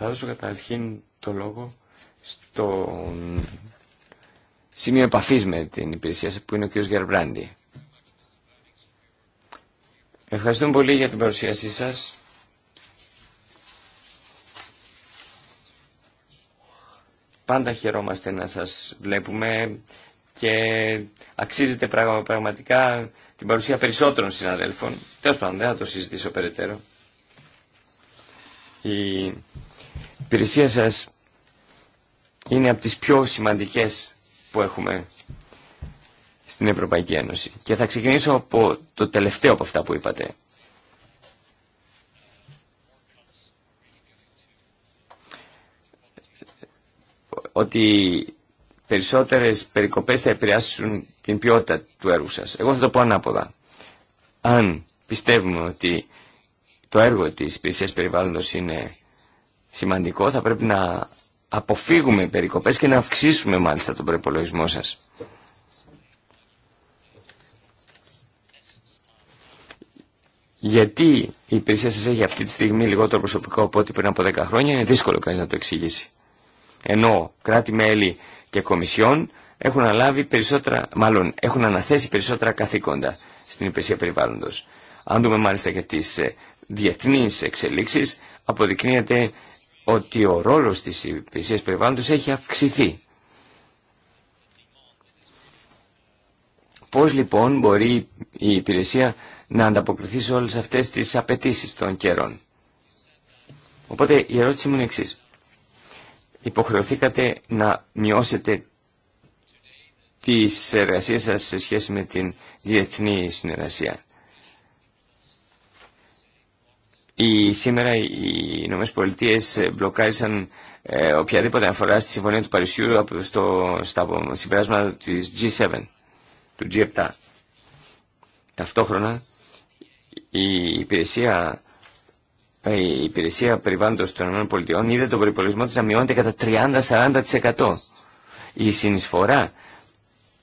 Θα δώσω καταρχήν το λόγο στο σημείο επαφή με την υπηρεσία που είναι ο κ. Γερμπράντη. Ευχαριστούμε πολύ για την παρουσίασή σας. Πάντα χαιρόμαστε να σας βλέπουμε και αξίζεται πραγματικά την παρουσία περισσότερων συναδέλφων. Τέλος πάντων, δεν θα το συζητήσω περαιτέρω. Η η υπηρεσία σας είναι από τις πιο σημαντικές που έχουμε στην Ευρωπαϊκή Ένωση. Και θα ξεκινήσω από το τελευταίο από αυτά που είπατε. Ότι περισσότερες περικοπές θα επηρεάσουν την ποιότητα του έργου σας. Εγώ θα το πω ανάποδα. Αν πιστεύουμε ότι το έργο της υπηρεσίας περιβάλλοντος είναι σημαντικό. Θα πρέπει να αποφύγουμε περικοπές και να αυξήσουμε μάλιστα τον προπολογισμό σας. Γιατί η υπηρεσία σας έχει αυτή τη στιγμή λιγότερο προσωπικό από ό,τι πριν από 10 χρόνια είναι δύσκολο κανείς να το εξηγήσει. Ενώ κράτη-μέλη και κομισιόν έχουν αναλάβει περισσότερα, μάλλον έχουν αναθέσει περισσότερα καθήκοντα στην υπηρεσία περιβάλλοντος. Αν δούμε μάλιστα και τις ε, διεθνείς εξελίξεις, αποδεικνύεται ότι ο ρόλος της υπηρεσίας περιβάλλοντος έχει αυξηθεί. Πώς λοιπόν μπορεί η υπηρεσία να ανταποκριθεί σε όλες αυτές τις απαιτήσεις των καιρών. Οπότε η ερώτηση μου είναι εξή. Υποχρεωθήκατε να μειώσετε τις εργασίες σας σε σχέση με την διεθνή συνεργασία. Η, σήμερα οι Ηνωμένες Πολιτείες ε, μπλοκάρισαν ε, οποιαδήποτε αφορά στη Συμφωνία του Παρισιού στο, στα συμπεράσματα της G7, του G7. Ταυτόχρονα η υπηρεσία, ε, η υπηρεσία περιβάλλοντος των Πολιτείων είδε τον προπολογισμό της να μειώνεται κατά 30-40%. Η συνεισφορά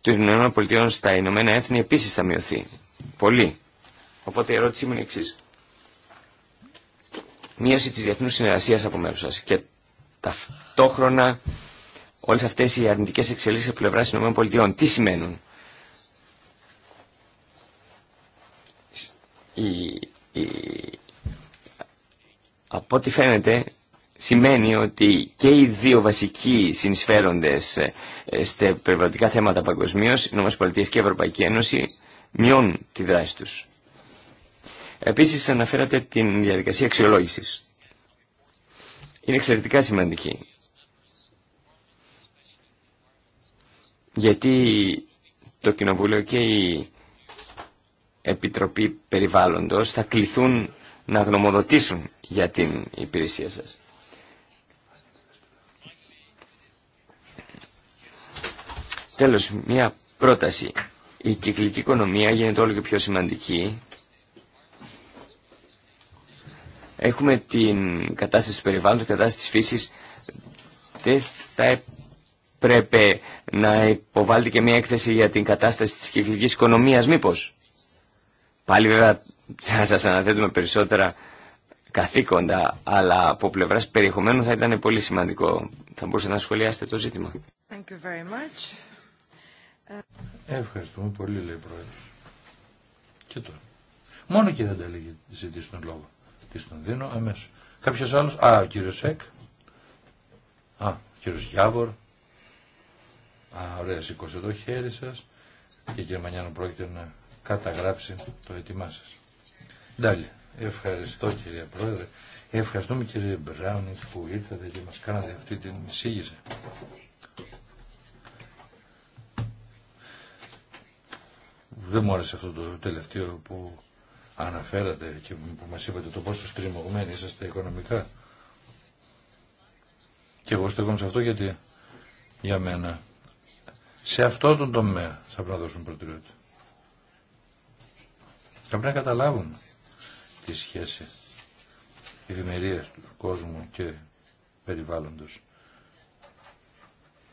των ΗΠΑ στα Ηνωμένα Έθνη επίσης θα μειωθεί. Πολύ. Οπότε η ερώτησή μου είναι εξής μείωση της διεθνούς συνεργασίας από μέρους σας. Και ταυτόχρονα όλες αυτές οι αρνητικές εξελίξεις από πλευράς των ΗΠΑ τι σημαίνουν. Η, από ό,τι φαίνεται σημαίνει ότι και οι δύο βασικοί συνεισφέροντες ε, στα περιβαλλοντικά θέματα παγκοσμίω, οι ΗΠΑ και η Ευρωπαϊκή Ένωση, μειώνουν τη δράση τους. Επίσης αναφέρατε την διαδικασία αξιολόγησης. Είναι εξαιρετικά σημαντική. Γιατί το Κοινοβούλιο και η Επιτροπή Περιβάλλοντος θα κληθούν να γνωμοδοτήσουν για την υπηρεσία σας. Τέλος, μια πρόταση. Η κυκλική οικονομία γίνεται όλο και πιο σημαντική έχουμε την κατάσταση του περιβάλλοντος, την κατάσταση της φύσης. Δεν θα πρέπει να υποβάλλεται και μια έκθεση για την κατάσταση της κυκλικής οικονομίας, μήπως. Πάλι βέβαια θα σας αναθέτουμε περισσότερα καθήκοντα, αλλά από πλευράς περιεχομένου θα ήταν πολύ σημαντικό. Θα μπορούσατε να σχολιάσετε το ζήτημα. Thank you very much. Ευχαριστούμε πολύ, λέει η Πρόεδρος. Και τώρα. Μόνο και δεν τα λέγει ζητήσει λόγο. Τι τον δίνω αμέσω. Κάποιο άλλος, α, ο κύριο Σεκ, α, ο κύριο Γιάβορ, α, ωραία, σηκώστε το χέρι σα και η Γερμανιάνο πρόκειται να καταγράψει το έτοιμά σα. Ντάλι, ευχαριστώ κύριε Πρόεδρε, ευχαριστούμε κύριε Μπράουνι που ήρθατε και μας κάνατε αυτή την εισήγηση. Δεν μου άρεσε αυτό το τελευταίο που αναφέρατε και που μας είπατε το πόσο στριμωγμένοι είσαστε οικονομικά. Και εγώ στεγόμαι σε αυτό γιατί για μένα σε αυτό τον τομέα θα πρέπει να δώσουν προτεραιότητα. Θα πρέπει να καταλάβουν τη σχέση ευημερία του κόσμου και περιβάλλοντος.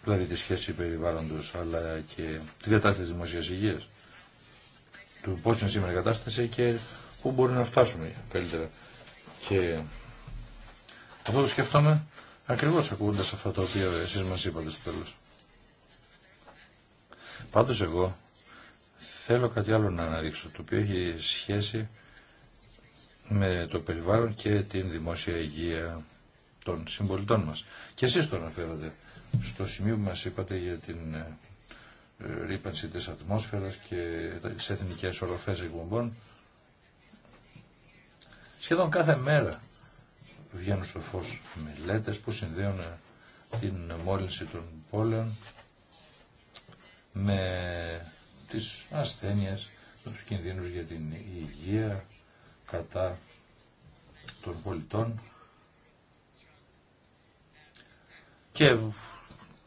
Δηλαδή τη σχέση περιβάλλοντος αλλά και την κατάσταση της δημοσίας υγείας του πώς είναι σήμερα η κατάσταση και πού μπορούμε να φτάσουμε καλύτερα. Και αυτό το σκέφτομαι ακριβώς ακούγοντας αυτά τα οποία εσείς μας είπατε στο τέλος. Πάντως εγώ θέλω κάτι άλλο να αναδείξω, το οποίο έχει σχέση με το περιβάλλον και την δημόσια υγεία των συμπολιτών μας. Και εσείς το αναφέρατε στο σημείο που μας είπατε για την ε, ρήπανση της ατμόσφαιρας και τις εθνικές οροφές εκπομπών. Σχεδόν κάθε μέρα βγαίνουν στο φως μελέτες που συνδέουν ε, την μόλυνση των πόλεων με τις ασθένειες, με τους κινδύνους για την υγεία κατά των πολιτών και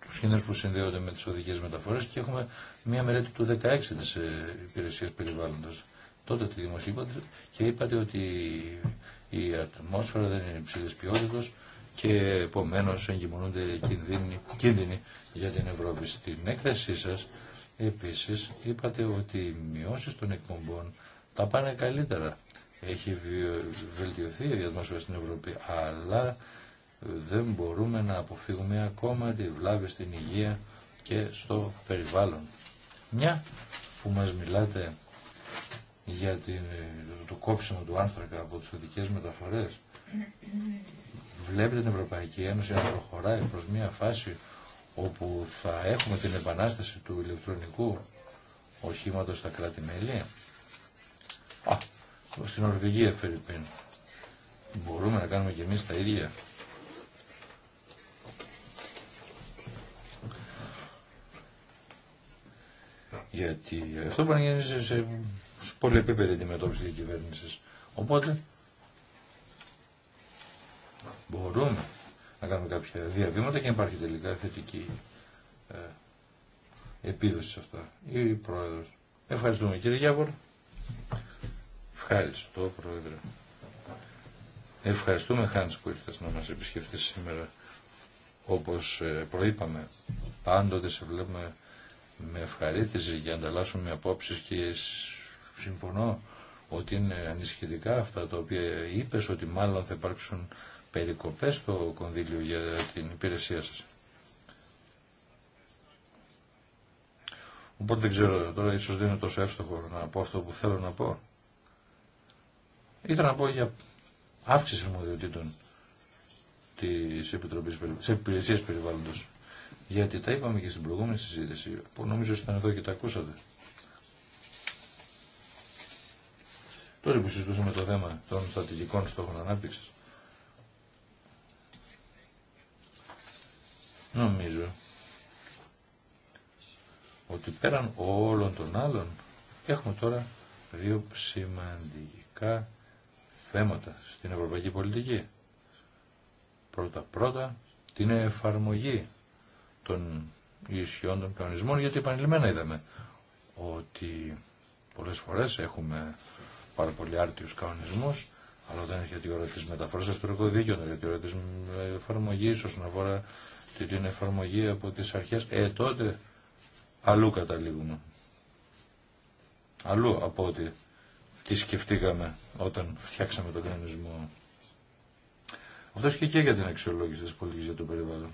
του που συνδέονται με τις οδικές μεταφορές και έχουμε μία μελέτη του 16 της ε, υπηρεσίας περιβάλλοντος. Τότε τη δημοσίευατε και είπατε ότι η ατμόσφαιρα δεν είναι υψηλής ποιότητας και επομένως εγκυμονούνται κίνδυνοι, κίνδυνοι για την Ευρώπη. Στην έκθεσή σας επίσης είπατε ότι οι μειώσεις των εκπομπών τα πάνε καλύτερα. Έχει βελτιωθεί η ατμόσφαιρα στην Ευρώπη, αλλά δεν μπορούμε να αποφύγουμε ακόμα τη βλάβη στην υγεία και στο περιβάλλον. Μια που μας μιλάτε για την, το κόψιμο του άνθρακα από τις οδικές μεταφορές, βλέπετε την Ευρωπαϊκή Ένωση να προχωράει προς μια φάση όπου θα έχουμε την επανάσταση του ηλεκτρονικού οχήματος στα κράτη-μέλη. Α, στην Ορβηγία, Φερρυπίν. Μπορούμε να κάνουμε και εμείς τα ίδια. Γιατί αυτό μπορεί να γίνει σε, σε, επίπεδη πολυεπίπεδη αντιμετώπιση τη κυβέρνηση. Οπότε μπορούμε να κάνουμε κάποια διαβήματα και να υπάρχει τελικά θετική ε, επίδοση σε αυτά. Ή πρόεδρο. Ευχαριστούμε κύριε Γιάβορ. Ευχαριστώ πρόεδρε. Ευχαριστούμε Χάνης που ήρθες να μας επισκεφτεί σήμερα. Όπως ε, προείπαμε, πάντοτε σε βλέπουμε με ευχαρίστηση να ανταλλάσσουμε απόψεις και συμφωνώ ότι είναι ανησυχητικά αυτά τα οποία είπες ότι μάλλον θα υπάρξουν περικοπές στο κονδύλιο για την υπηρεσία σας. Οπότε δεν ξέρω, τώρα ίσως δεν είναι τόσο εύστοχο να πω αυτό που θέλω να πω. Ήθελα να πω για αύξηση αρμοδιοτήτων της Επιτροπής της Υπηρεσίας Περιβάλλοντος. Γιατί τα είπαμε και στην προηγούμενη συζήτηση που νομίζω ήταν εδώ και τα ακούσατε. Τώρα που συζητούσαμε το θέμα των στρατηγικών στόχων ανάπτυξη. Νομίζω ότι πέραν όλων των άλλων έχουμε τώρα δύο σημαντικά θέματα στην ευρωπαϊκή πολιτική. Πρώτα πρώτα την εφαρμογή των ισχυών των κανονισμών, γιατί επανειλημμένα είδαμε ότι πολλές φορές έχουμε πάρα πολύ άρτιους κανονισμούς, αλλά όταν έρχεται η ώρα της μεταφοράς ιστορικού δίκαιου, όταν έρχεται η ώρα της όσον αφορά την εφαρμογή από τις αρχές, ε, τότε αλλού καταλήγουμε. Αλλού από ότι τι σκεφτήκαμε όταν φτιάξαμε τον κανονισμό. Αυτό και, και για την αξιολόγηση της πολιτικής για το περιβάλλον.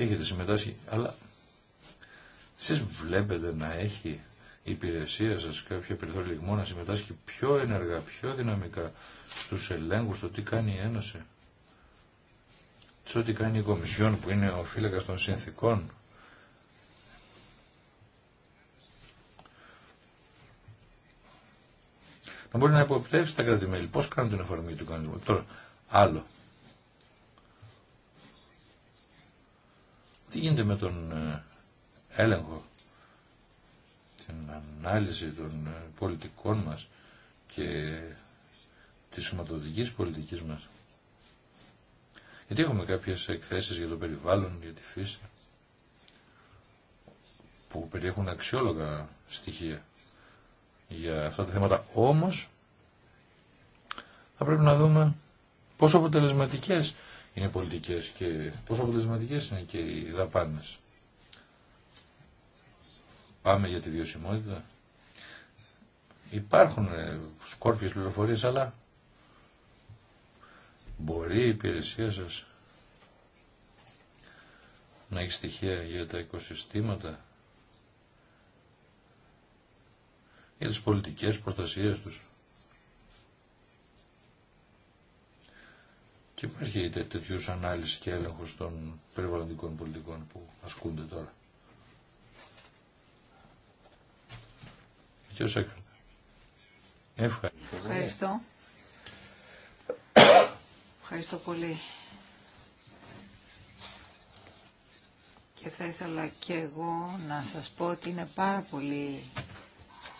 έχετε συμμετάσχει, αλλά εσείς βλέπετε να έχει η υπηρεσία σας κάποια περιθώρια να συμμετάσχει πιο ενεργά, πιο δυναμικά στους ελέγχους, στο τι κάνει η Ένωση, σε ό,τι κάνει η Κομισιόν που είναι ο φύλακας των συνθήκων. Να μπορεί να υποπτεύσει τα κράτη-μέλη. Πώς κάνουν την εφαρμογή του κανονισμού. Τώρα, άλλο. Τι γίνεται με τον ε, έλεγχο, την ανάλυση των ε, πολιτικών μας και της σωματοδικής πολιτικής μας. Γιατί έχουμε κάποιες εκθέσεις για το περιβάλλον, για τη φύση, που περιέχουν αξιόλογα στοιχεία για αυτά τα θέματα. Όμως, θα πρέπει να δούμε πόσο αποτελεσματικές είναι πολιτικές και πόσο αποτελεσματικές είναι και οι δαπάνες. Πάμε για τη βιωσιμότητα. Υπάρχουν ε, σκόρπιες πληροφορίε αλλά μπορεί η υπηρεσία σας να έχει στοιχεία για τα οικοσυστήματα, για τις πολιτικές προστασίες τους. Και υπάρχει τέτοιου ανάλυση και έλεγχο των περιβαλλοντικών πολιτικών που ασκούνται τώρα. Ευχαριστώ. Ευχαριστώ. Ευχαριστώ πολύ. Και θα ήθελα και εγώ να σας πω ότι είναι πάρα πολύ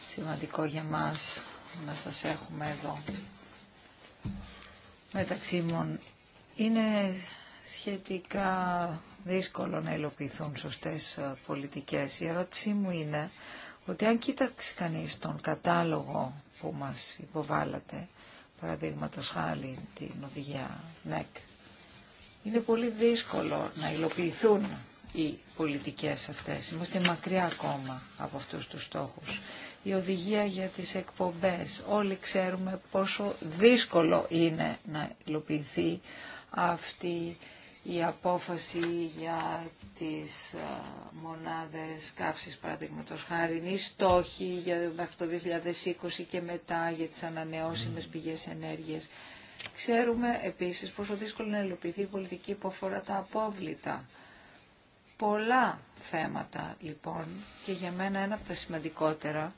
σημαντικό για μας να σας έχουμε εδώ. Μεταξύ είναι σχετικά δύσκολο να υλοποιηθούν σωστές ε, πολιτικές. Η ερώτησή μου είναι ότι αν κοίταξει κανείς τον κατάλογο που μας υποβάλλατε, παραδείγματο χάρη την οδηγία ΝΕΚ, είναι πολύ δύσκολο να υλοποιηθούν οι πολιτικές αυτές. Είμαστε μακριά ακόμα από αυτούς τους στόχους. Η οδηγία για τις εκπομπές. Όλοι ξέρουμε πόσο δύσκολο είναι να υλοποιηθεί αυτή η απόφαση για τις ε, μονάδες καύσης παραδείγματος χάρη, οι στόχοι για, μέχρι το 2020 και μετά για τις ανανεώσιμες πηγές ενέργειας. Ξέρουμε επίσης πόσο δύσκολο να ελοπιθεί η πολιτική που αφορά τα απόβλητα. Πολλά θέματα λοιπόν και για μένα ένα από τα σημαντικότερα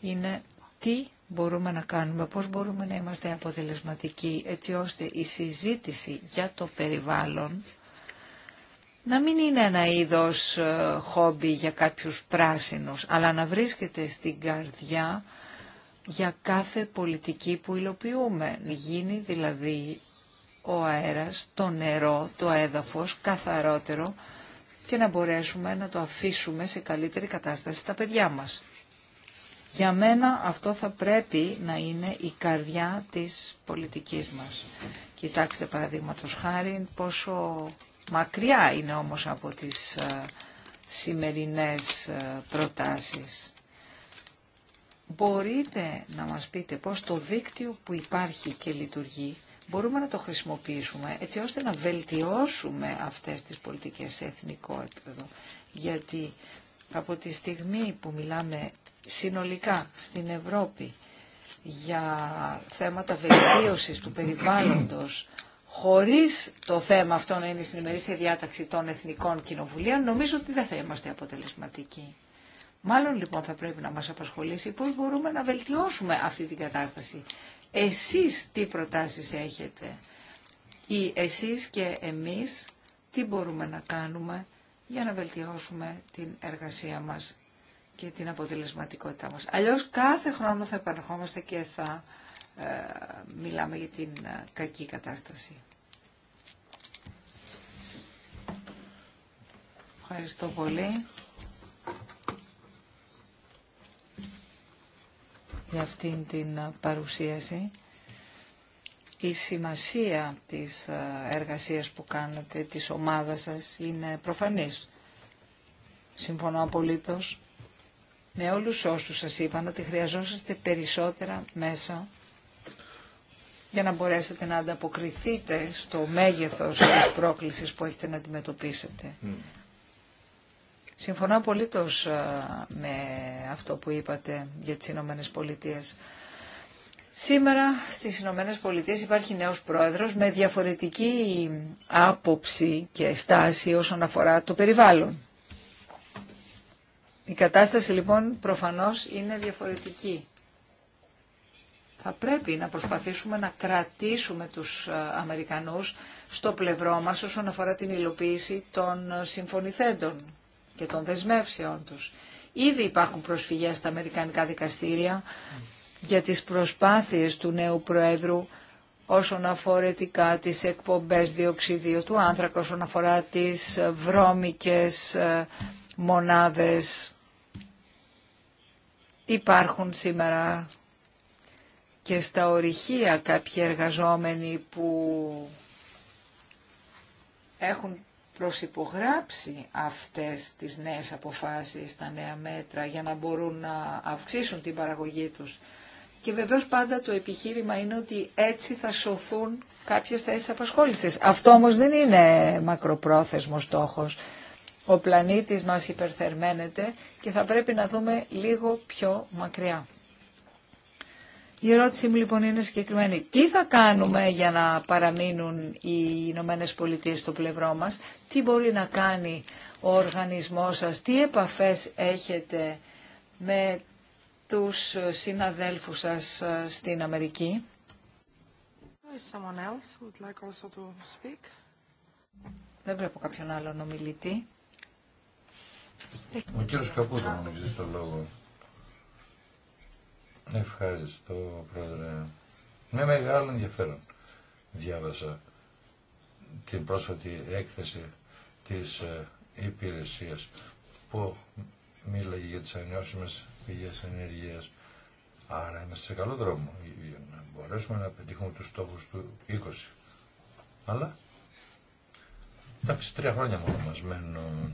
είναι τι μπορούμε να κάνουμε, πώς μπορούμε να είμαστε αποτελεσματικοί έτσι ώστε η συζήτηση για το περιβάλλον να μην είναι ένα είδος ε, χόμπι για κάποιους πράσινους, αλλά να βρίσκεται στην καρδιά για κάθε πολιτική που υλοποιούμε. Γίνει δηλαδή ο αέρας, το νερό, το έδαφος καθαρότερο και να μπορέσουμε να το αφήσουμε σε καλύτερη κατάσταση στα παιδιά μας. Για μένα αυτό θα πρέπει να είναι η καρδιά της πολιτικής μας. Κοιτάξτε παραδείγματο χάρη πόσο μακριά είναι όμως από τις ε, σημερινές ε, προτάσεις. Μπορείτε να μας πείτε πώς το δίκτυο που υπάρχει και λειτουργεί μπορούμε να το χρησιμοποιήσουμε έτσι ώστε να βελτιώσουμε αυτές τις πολιτικές σε εθνικό επίπεδο. Γιατί από τη στιγμή που μιλάμε συνολικά στην Ευρώπη για θέματα βελτίωσης του περιβάλλοντος χωρίς το θέμα αυτό να είναι στην ημερήσια διάταξη των Εθνικών Κοινοβουλίων, νομίζω ότι δεν θα είμαστε αποτελεσματικοί. Μάλλον λοιπόν θα πρέπει να μας απασχολήσει πώς μπορούμε να βελτιώσουμε αυτή την κατάσταση. Εσείς τι προτάσεις έχετε ή εσείς και εμείς τι μπορούμε να κάνουμε για να βελτιώσουμε την εργασία μας και την αποτελεσματικότητά μας. Αλλιώς κάθε χρόνο θα επαναρχόμαστε και θα ε, μιλάμε για την ε, κακή κατάσταση. Ευχαριστώ πολύ για αυτήν την ε, παρουσίαση. Η σημασία της εργασίας που κάνετε, της ομάδας σας, είναι προφανής. Συμφωνώ απολύτως με όλους όσους σας είπαν ότι χρειαζόσαστε περισσότερα μέσα για να μπορέσετε να ανταποκριθείτε στο μέγεθος της πρόκλησης που έχετε να αντιμετωπίσετε. Mm. Συμφωνώ απολύτως με αυτό που είπατε για τις Ηνωμένε Πολιτείες. Σήμερα στις Ηνωμένε Πολιτείες υπάρχει νέος πρόεδρος με διαφορετική άποψη και στάση όσον αφορά το περιβάλλον. Η κατάσταση λοιπόν προφανώς είναι διαφορετική. Θα πρέπει να προσπαθήσουμε να κρατήσουμε τους ε, Αμερικανούς στο πλευρό μας όσον αφορά την υλοποίηση των ε, συμφωνηθέντων και των δεσμεύσεών τους. Ήδη υπάρχουν προσφυγές στα Αμερικανικά δικαστήρια για τις προσπάθειες του νέου Προέδρου όσον αφορετικά τις εκπομπές διοξιδίου του άνθρακα, όσον αφορά τις ε, βρώμικες μονάδες Υπάρχουν σήμερα και στα ορυχεία κάποιοι εργαζόμενοι που έχουν προσυπογράψει αυτές τις νέες αποφάσεις, τα νέα μέτρα για να μπορούν να αυξήσουν την παραγωγή τους. Και βεβαίως πάντα το επιχείρημα είναι ότι έτσι θα σωθούν κάποιες θέσεις απασχόλησης. Αυτό όμως δεν είναι μακροπρόθεσμος στόχος ο πλανήτης μας υπερθερμαίνεται και θα πρέπει να δούμε λίγο πιο μακριά. Η ερώτησή μου λοιπόν είναι συγκεκριμένη. Τι θα κάνουμε για να παραμείνουν οι Ηνωμένε Πολιτείε στο πλευρό μας, τι μπορεί να κάνει ο οργανισμός σας, τι επαφές έχετε με τους συναδέλφους σας ε, στην Αμερική. Δεν βλέπω κάποιον άλλον ομιλητή. Ο κύριος Καπούτο μου έχει το λόγο. Ευχαριστώ, Πρόεδρε. Με μεγάλο ενδιαφέρον διάβασα την πρόσφατη έκθεση της ε, υπηρεσίας που μίλαγε για τις ανιώσιμες πηγές ενέργειας. Άρα είμαστε σε καλό δρόμο για να μπορέσουμε να πετύχουμε τους στόχους του 20. Αλλά, εντάξει, τρία χρόνια μόνο μας μένουν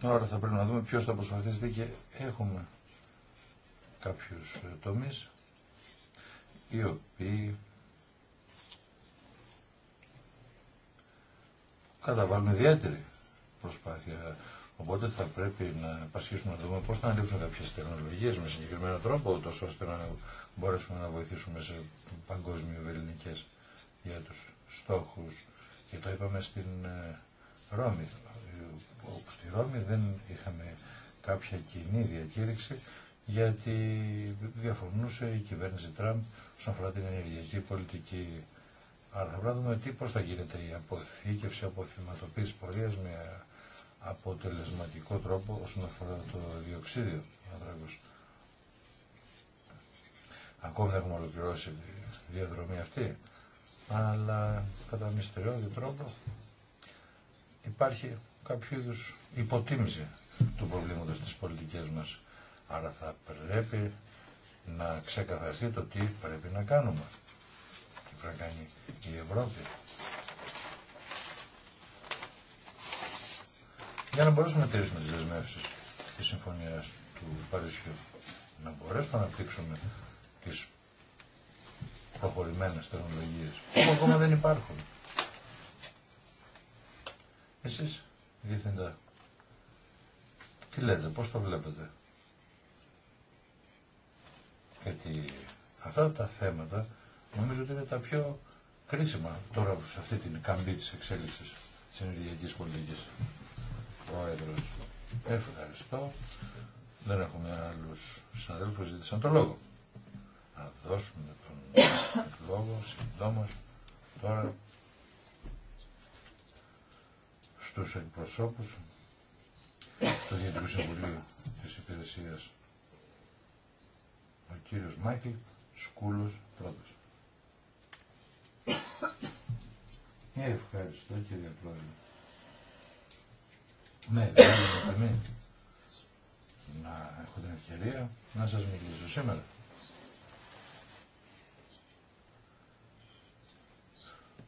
Τώρα θα πρέπει να δούμε ποιος θα προσπαθήσει και έχουμε κάποιους ε, τομείς οι οποίοι καταβάλουν ιδιαίτερη προσπάθεια. Οπότε θα πρέπει να πασχίσουμε να δούμε πώς θα ανοίξουν κάποιες τεχνολογίες με συγκεκριμένο τρόπο, τόσο ώστε να μπορέσουμε να βοηθήσουμε σε παγκόσμιο ελληνικές για τους στόχους. Και το είπαμε στην ε, Ρώμη, όπου στη Ρώμη δεν είχαμε κάποια κοινή διακήρυξη γιατί διαφωνούσε η κυβέρνηση Τραμπ όσον αφορά την ενεργειακή πολιτική. Άρα θα πρέπει να δούμε τι πώς θα γίνεται η αποθήκευση, αποθυματοποίηση πορεία με αποτελεσματικό τρόπο όσον αφορά το διοξίδιο Ακόμη δεν έχουμε ολοκληρώσει τη διαδρομή αυτή, αλλά κατά μυστηριώδη τρόπο υπάρχει κάποιο είδου υποτίμηση του προβλήματος της πολιτικής μας. Άρα θα πρέπει να ξεκαθαριστεί το τι πρέπει να κάνουμε. Τι πρέπει να κάνει η Ευρώπη. Για να μπορέσουμε να τηρήσουμε τις δεσμεύσει της Συμφωνίας του Παρισιού. Να μπορέσουμε να αναπτύξουμε τις προχωρημένε τεχνολογίε που ακόμα δεν υπάρχουν. Εσείς Διευθυντά. Τι λέτε, πώς το βλέπετε. Γιατί αυτά τα θέματα νομίζω ότι είναι τα πιο κρίσιμα τώρα σε αυτή την καμπή της εξέλιξης της ενεργειακής πολιτικής. Πρόεδρος, ευχαριστώ. Δεν έχουμε άλλους συναδέλφους που ζήτησαν το λόγο. Να δώσουμε τον λόγο συντόμως τώρα στους εκπροσώπους του Διευθυντικού Συμβουλίου της Υπηρεσίας. Ο κύριος Μάικλ Σκούλος Πρόεδρος. Ε, ευχαριστώ κύριε Πρόεδρε. Ναι, δηλαδή να έχω την ευκαιρία να σας μιλήσω σήμερα.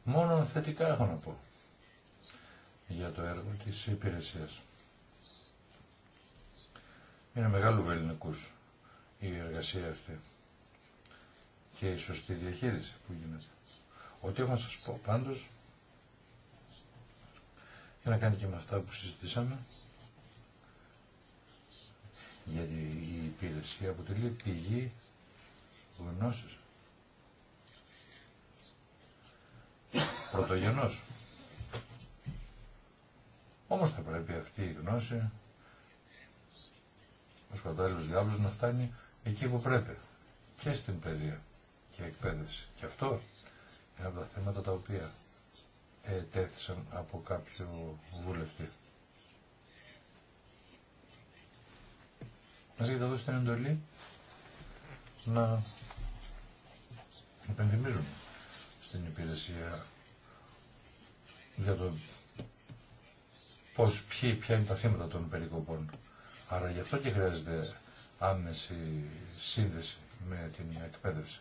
Μόνο θετικά έχω να πω για το έργο της υπηρεσίας. Είναι μεγάλου βελληνικούς η εργασία αυτή και η σωστή διαχείριση που γίνεται. Ό,τι έχω να σας πω πάντως, για να κάνει και με αυτά που συζητήσαμε, γιατί η υπηρεσία αποτελεί πηγή γνώσης. Πρωτογενός. Όμως θα πρέπει αυτή η γνώση ο κατάλληλος διάβολος να φτάνει εκεί που πρέπει και στην παιδεία και εκπαίδευση. Και αυτό είναι από τα θέματα τα οποία ε, από κάποιο βουλευτή. Μας έχετε δώσει την εντολή να υπενθυμίζουμε στην υπηρεσία για το πώς, ποιοι, ποια είναι τα θύματα των περικοπών. Άρα γι' αυτό και χρειάζεται άμεση σύνδεση με την εκπαίδευση.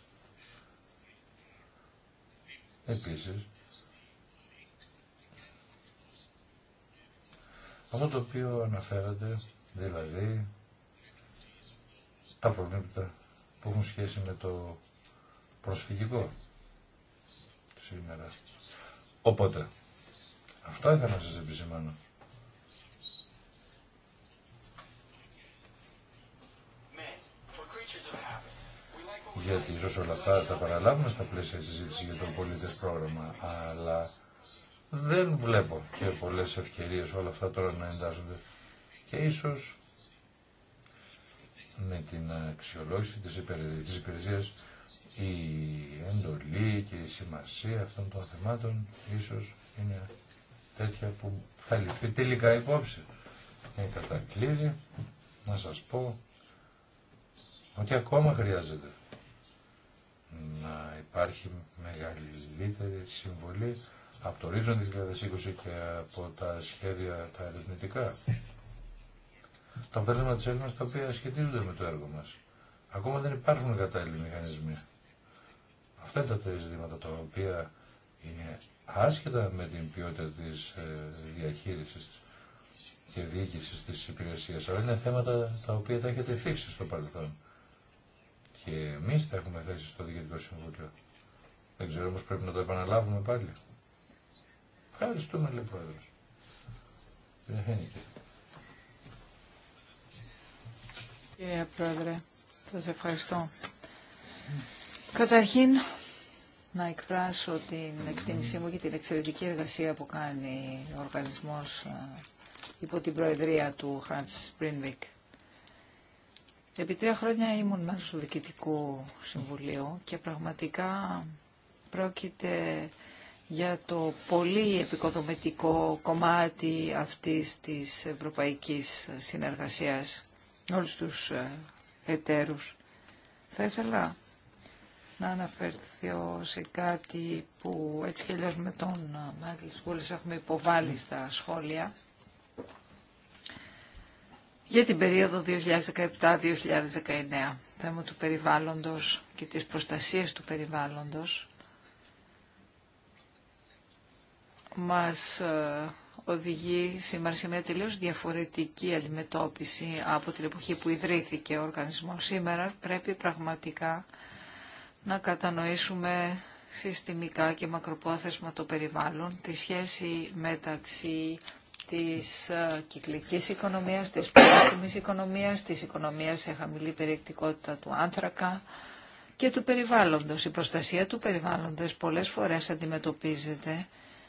Επίσης, αυτό το οποίο αναφέρατε, δηλαδή τα προβλήματα που έχουν σχέση με το προσφυγικό σήμερα. Οπότε, αυτά ήθελα να σας επισημάνω. γιατί ίσως όλα αυτά τα παραλάβουμε στα πλαίσια συζήτηση για το πολίτες πρόγραμμα, αλλά δεν βλέπω και πολλές ευκαιρίες όλα αυτά τώρα να εντάσσονται. Και ίσως με την αξιολόγηση της, υπηρε... η εντολή και η σημασία αυτών των θεμάτων ίσως είναι τέτοια που θα ληφθεί τελικά υπόψη. Και κατακλείδη να σας πω ότι ακόμα χρειάζεται να υπάρχει μεγαλύτερη συμβολή από το ρίζον 2020 και από τα σχέδια τα ερευνητικά. Τα πέρασμα της έλληνας τα οποία σχετίζονται με το έργο μας. Ακόμα δεν υπάρχουν κατάλληλοι μηχανισμοί. Αυτά είναι τα τρία ζητήματα τα οποία είναι άσχετα με την ποιότητα της ε, διαχείρισης και διοίκησης της υπηρεσίας, αλλά είναι θέματα τα οποία τα έχετε φύξει στο παρελθόν και εμείς τα έχουμε θέσει στο Διοικητικό Συμβούλιο. Δεν ξέρω όμως πρέπει να το επαναλάβουμε πάλι. Ευχαριστούμε λέει Πρόεδρος. Κύριε Πρόεδρε, σας ευχαριστώ. Καταρχήν, να εκφράσω την εκτίμησή μου για την εξαιρετική εργασία που κάνει ο οργανισμός ε, υπό την προεδρία του Hans Σπρινβίκ. Επί τρία χρόνια ήμουν μέσα του διοικητικό Συμβουλίου και πραγματικά πρόκειται για το πολύ επικοδομητικό κομμάτι αυτής της ευρωπαϊκής συνεργασίας όλους τους ε, εταίρους. Θα ήθελα να αναφερθώ σε κάτι που έτσι και με τον Μάγκλης ε, Βούλης έχουμε υποβάλει στα σχόλια για την περίοδο 2017-2019. Θέμα του περιβάλλοντος και της προστασίας του περιβάλλοντος μας ε, οδηγεί σήμερα σε μια τελείως διαφορετική αντιμετώπιση από την εποχή που ιδρύθηκε ο οργανισμός. Σήμερα πρέπει πραγματικά να κατανοήσουμε συστημικά και μακροπόθεσμα το περιβάλλον, τη σχέση μεταξύ της ε, κυκλικής οικονομίας, της πράσινης οικονομίας, της οικονομίας σε χαμηλή περιεκτικότητα του άνθρακα και του περιβάλλοντος. Η προστασία του περιβάλλοντος πολλές φορές αντιμετωπίζεται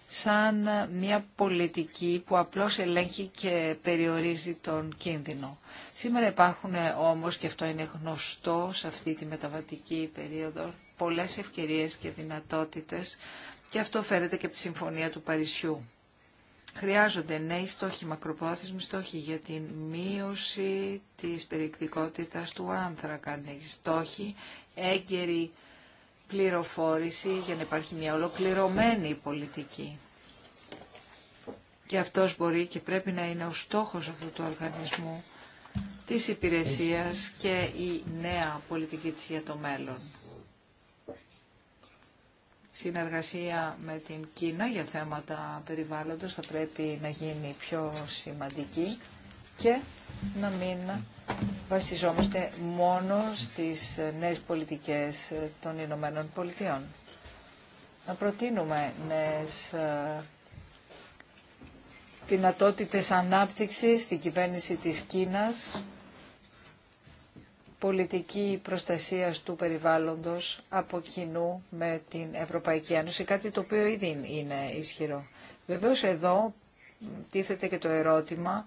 σαν μια πολιτική που απλώς ελέγχει και περιορίζει τον κίνδυνο. Σήμερα υπάρχουν ε, όμως, και αυτό είναι γνωστό σε αυτή τη μεταβατική περίοδο, πολλές ευκαιρίες και δυνατότητες και αυτό φέρεται και από τη Συμφωνία του Παρισιού. Χρειάζονται νέοι στόχοι, μακροπρόθεσμοι στόχοι για την μείωση της περιεκτικότητας του άνθρακα, νέοι στόχοι, έγκαιρη πληροφόρηση για να υπάρχει μια ολοκληρωμένη πολιτική. Και αυτός μπορεί και πρέπει να είναι ο στόχος αυτού του οργανισμού της υπηρεσίας και η νέα πολιτική της για το μέλλον συνεργασία με την Κίνα για θέματα περιβάλλοντος θα πρέπει να γίνει πιο σημαντική και να μην βασιζόμαστε μόνο στις νέες πολιτικές των Ηνωμένων Πολιτειών. Να προτείνουμε νέες ε, δυνατότητες ανάπτυξης στην κυβέρνηση της Κίνας πολιτική προστασίας του περιβάλλοντος από κοινού με την Ευρωπαϊκή Ένωση, κάτι το οποίο ήδη είναι ισχυρό. Βεβαίως εδώ τίθεται και το ερώτημα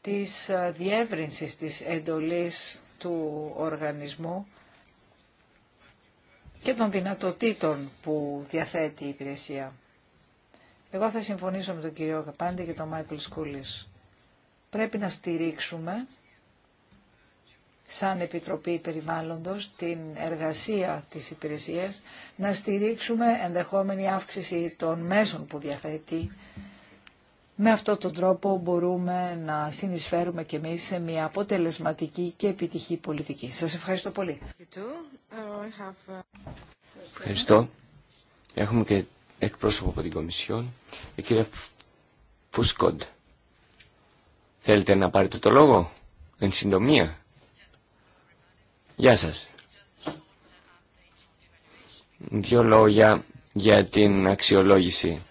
της διεύρυνσης της εντολής του οργανισμού και των δυνατοτήτων που διαθέτει η υπηρεσία. Εγώ θα συμφωνήσω με τον κύριο Καπάντη και τον Μάικλ Σκούλης. Πρέπει να στηρίξουμε σαν Επιτροπή Περιβάλλοντος την εργασία της υπηρεσίας, να στηρίξουμε ενδεχόμενη αύξηση των μέσων που διαθέτει. Με αυτόν τον τρόπο μπορούμε να συνεισφέρουμε και εμείς σε μια αποτελεσματική και επιτυχή πολιτική. Σας ευχαριστώ πολύ. Ευχαριστώ. Έχουμε και εκπρόσωπο από την Κομισιόν, η κυρία Φουσκόντ. Θέλετε να πάρετε το λόγο, εν συντομία. Γεια σας. Δύο λόγια για την αξιολόγηση.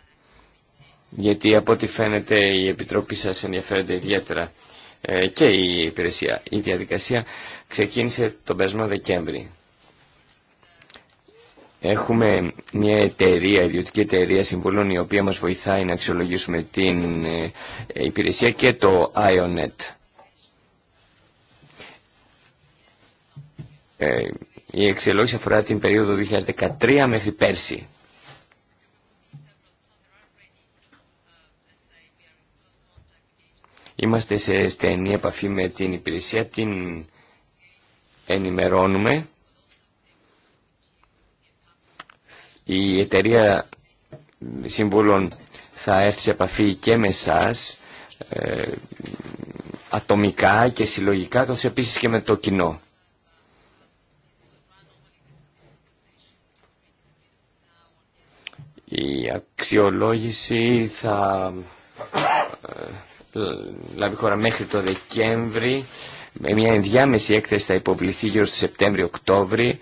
Γιατί από ό,τι φαίνεται η Επιτροπή σας ενδιαφέρεται ιδιαίτερα ε, και η υπηρεσία. Η διαδικασία ξεκίνησε τον περσμό Δεκέμβρη. Έχουμε μια εταιρεία, ιδιωτική εταιρεία συμβουλών η οποία μας βοηθάει να αξιολογήσουμε την ε, ε, υπηρεσία και το IONET. Ε, η εξελόγηση αφορά την περίοδο 2013 μέχρι πέρσι. Είμαστε σε στενή επαφή με την υπηρεσία, την ενημερώνουμε. Η εταιρεία σύμβουλων θα έρθει σε επαφή και με εσάς, ε, ατομικά και συλλογικά, καθώς επίσης και με το κοινό. Η αξιολόγηση θα ε, λάβει χώρα μέχρι το Δεκέμβρη. Μια ενδιάμεση έκθεση θα υποβληθεί γύρω στο Σεπτέμβριο-Οκτώβριο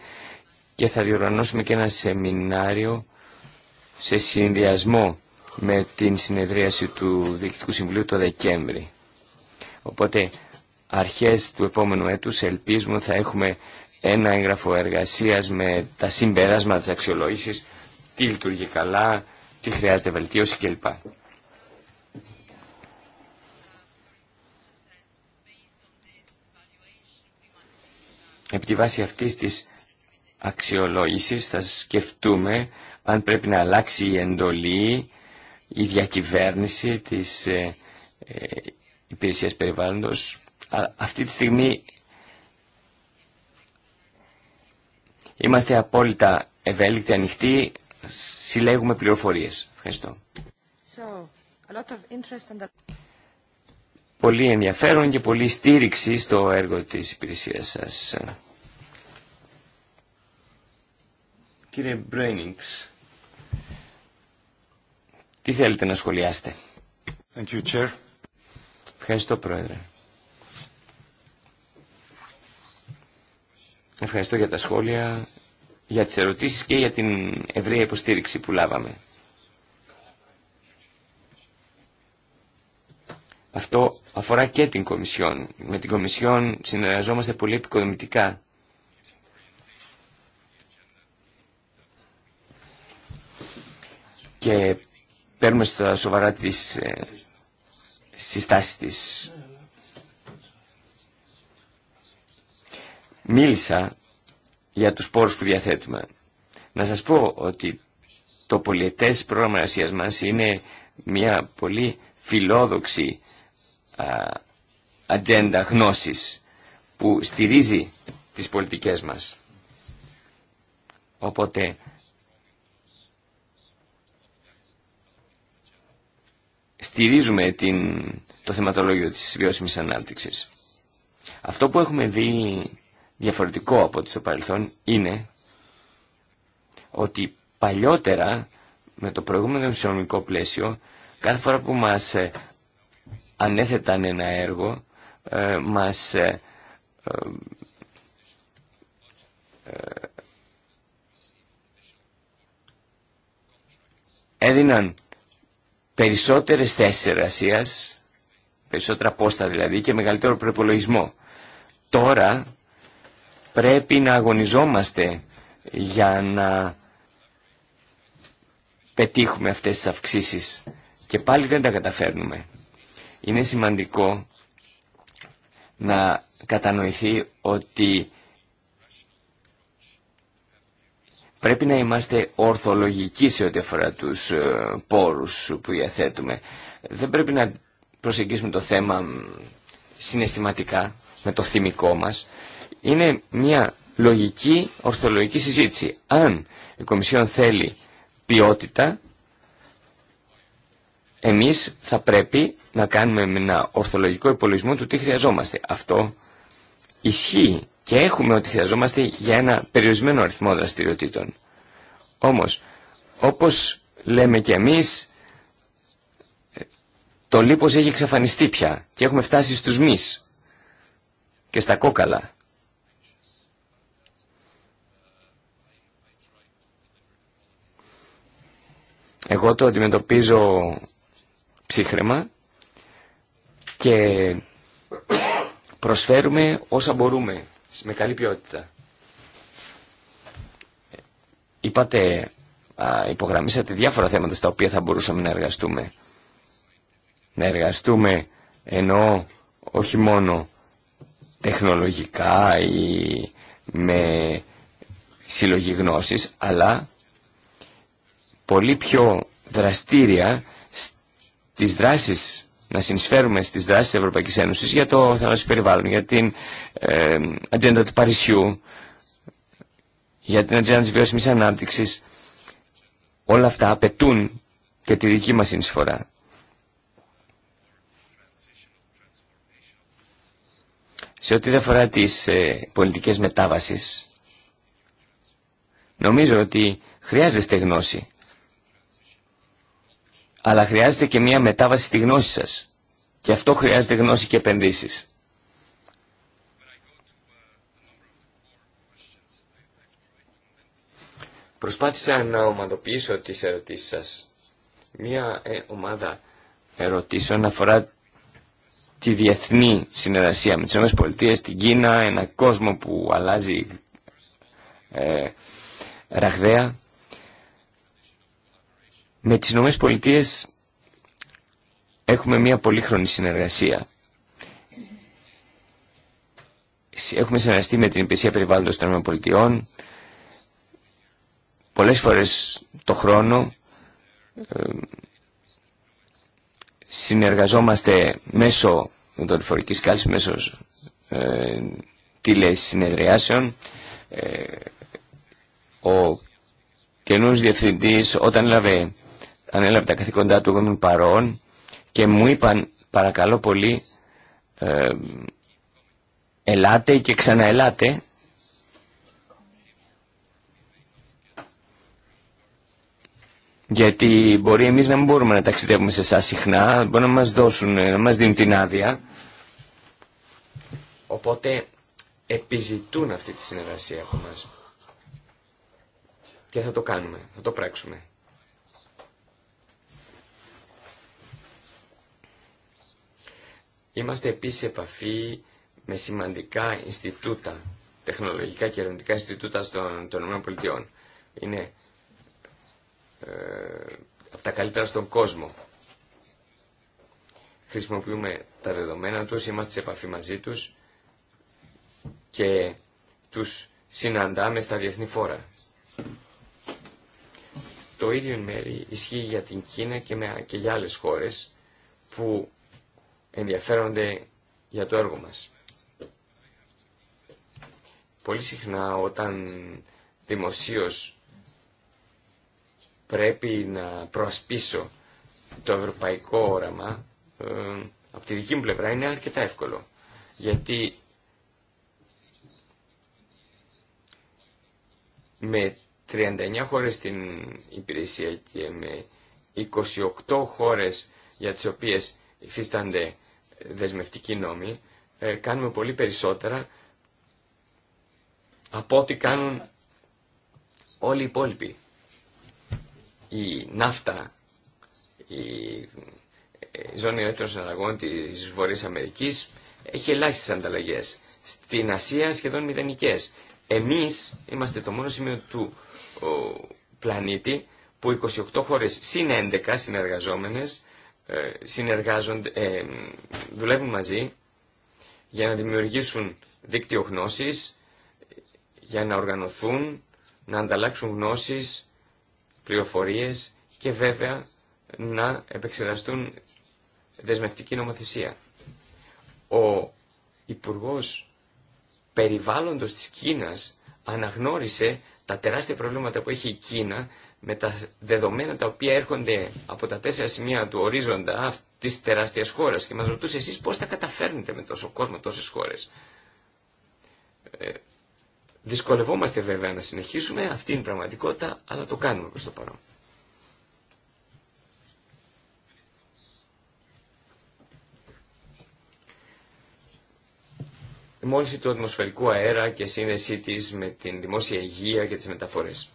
και θα διοργανώσουμε και ένα σεμινάριο σε συνδυασμό με την συνεδρίαση του Διοικητικού Συμβουλίου το Δεκέμβρη. Οπότε αρχές του επόμενου έτους ελπίζουμε θα έχουμε ένα έγγραφο εργασίας με τα συμπεράσματα της αξιολόγησης τι λειτουργεί καλά, τι χρειάζεται βελτίωση κλπ. Επί τη βάση αυτής της αξιολόγησης θα σκεφτούμε αν πρέπει να αλλάξει η εντολή, η διακυβέρνηση της ε, ε, υπηρεσίας περιβάλλοντος. αυτή τη στιγμή είμαστε απόλυτα ευέλικτοι, ανοιχτοί συλλέγουμε πληροφορίες. Ευχαριστώ. So, a lot of interest in the... Πολύ ενδιαφέρον και πολύ στήριξη στο έργο της υπηρεσίας σας. Κύριε Μπρένινγκς, τι θέλετε να σχολιάσετε. Thank you, Chair. Ευχαριστώ, Πρόεδρε. Ευχαριστώ για τα σχόλια, για τις ερωτήσεις και για την ευρεία υποστήριξη που λάβαμε. Αυτό αφορά και την Κομισιόν. Με την Κομισιόν συνεργαζόμαστε πολύ επικοδομητικά. Και παίρνουμε στα σοβαρά τις ε, συστάσεις της. Μίλησα για τους πόρους που διαθέτουμε. Να σας πω ότι το πολιετές πρόγραμμα εργασίας μας είναι μια πολύ φιλόδοξη ατζέντα γνώσης που στηρίζει τις πολιτικές μας. Οπότε στηρίζουμε την, το θεματολόγιο της βιώσιμης ανάπτυξης. Αυτό που έχουμε δει διαφορετικό από ό,τι στο παρελθόν είναι ότι παλιότερα με το προηγούμενο δημοσιονομικό πλαίσιο κάθε φορά που μας ε, ανέθεταν ένα έργο ε, μας ε, έδιναν περισσότερες θέσεις εργασίας, περισσότερα πόστα δηλαδή και μεγαλύτερο προπολογισμό. Τώρα πρέπει να αγωνιζόμαστε για να πετύχουμε αυτές τις αυξήσεις και πάλι δεν τα καταφέρνουμε. Είναι σημαντικό να κατανοηθεί ότι πρέπει να είμαστε ορθολογικοί σε ό,τι αφορά τους ε, πόρους που διαθέτουμε. Δεν πρέπει να προσεγγίσουμε το θέμα συναισθηματικά με το θυμικό μας είναι μια λογική, ορθολογική συζήτηση. Αν η Κομισιόν θέλει ποιότητα, εμείς θα πρέπει να κάνουμε ένα ορθολογικό υπολογισμό του τι χρειαζόμαστε. Αυτό ισχύει και έχουμε ότι χρειαζόμαστε για ένα περιορισμένο αριθμό δραστηριοτήτων. Όμως, όπως λέμε και εμείς, το λίπος έχει εξαφανιστεί πια και έχουμε φτάσει στους μυς και στα κόκαλα. Εγώ το αντιμετωπίζω ψύχρεμα και προσφέρουμε όσα μπορούμε με καλή ποιότητα. Είπατε, α, υπογραμμίσατε διάφορα θέματα στα οποία θα μπορούσαμε να εργαστούμε. Να εργαστούμε ενώ όχι μόνο τεχνολογικά ή με συλλογή γνώσης, αλλά πολύ πιο δραστήρια στις δράσεις, να συνεισφέρουμε στις δράσεις της Ευρωπαϊκής Ένωσης για το θανάσιο περιβάλλον, για την ε, ατζέντα του Παρισιού, για την ατζέντα της βιώσιμης ανάπτυξης. Όλα αυτά απαιτούν και τη δική μας συνεισφορά. Σε ό,τι αφορά τις ε, πολιτικές μετάβασεις, νομίζω ότι χρειάζεστε γνώση αλλά χρειάζεται και μια μετάβαση στη γνώση σας. Και αυτό χρειάζεται γνώση και επενδύσεις. Προσπάθησα να ομαδοποιήσω τις ερωτήσεις σας. Μία ε, ομάδα ερωτήσεων αφορά τη διεθνή συνεργασία με τις ΗΠΑ, την Κίνα, ένα κόσμο που αλλάζει ε, με τις Ηνωμένες Πολιτείες έχουμε μια πολύχρονη συνεργασία. Έχουμε συνεργαστεί με την υπηρεσία περιβάλλοντος των ΗΠΑ. Πολλές φορές το χρόνο συνεργαζόμαστε μέσω δορυφορικής κάλυψης, μέσω ε, τηλεσυνεδριάσεων. Ε, ο καινούς διευθυντής όταν λαβέ ανέλαβε τα καθήκοντά του, εγώ ήμουν παρόν και μου είπαν παρακαλώ πολύ ε, ελάτε και ξαναελάτε γιατί μπορεί εμείς να μην μπορούμε να ταξιδεύουμε σε εσά συχνά μπορεί να μας δώσουν, να μας δίνουν την άδεια οπότε επιζητούν αυτή τη συνεργασία από μας και θα το κάνουμε, θα το πράξουμε Είμαστε επίσης σε επαφή με σημαντικά Ινστιτούτα, τεχνολογικά και ερευνητικά Ινστιτούτα των, των ΗΠΑ. Είναι ε, από τα καλύτερα στον κόσμο. Χρησιμοποιούμε τα δεδομένα τους, είμαστε σε επαφή μαζί τους και τους συναντάμε στα διεθνή φόρα. Το ίδιο μέρη ισχύει για την Κίνα και, με, και για άλλες χώρες που ενδιαφέρονται για το έργο μας. Πολύ συχνά όταν δημοσίως πρέπει να προασπίσω το ευρωπαϊκό όραμα, ε, από τη δική μου πλευρά είναι αρκετά εύκολο. Γιατί με 39 χώρες στην υπηρεσία και με 28 χώρες για τις οποίες υφίστανται δεσμευτικοί νόμοι, ε, κάνουμε πολύ περισσότερα από ό,τι κάνουν όλοι οι υπόλοιποι. Η ναύτα, η ε, ζώνη ελεύθερων συναλλαγών της Βορρή Αμερικής έχει ελάχιστε ανταλλαγέ Στην Ασία σχεδόν μηδενικέ. Εμείς είμαστε το μόνο σημείο του πλανήτη που 28 χώρες συν 11 συνεργαζόμενες ε, συνεργάζονται, ε, δουλεύουν μαζί για να δημιουργήσουν δίκτυο γνώσης, για να οργανωθούν, να ανταλλάξουν γνώσεις, πληροφορίες και βέβαια να επεξεργαστούν δεσμευτική νομοθεσία. Ο Υπουργός Περιβάλλοντος της Κίνας αναγνώρισε τα τεράστια προβλήματα που έχει η Κίνα με τα δεδομένα τα οποία έρχονται από τα τέσσερα σημεία του ορίζοντα αυτή τη τεράστια χώρα και μα ρωτούσε εσεί πώ τα καταφέρνετε με τόσο κόσμο, τόσε χώρε. Ε, δυσκολευόμαστε βέβαια να συνεχίσουμε, αυτή είναι η πραγματικότητα, αλλά το κάνουμε προ το παρόν. Μόλιση του ατμοσφαιρικού αέρα και σύνδεσή της με την δημόσια υγεία και τις μεταφορές.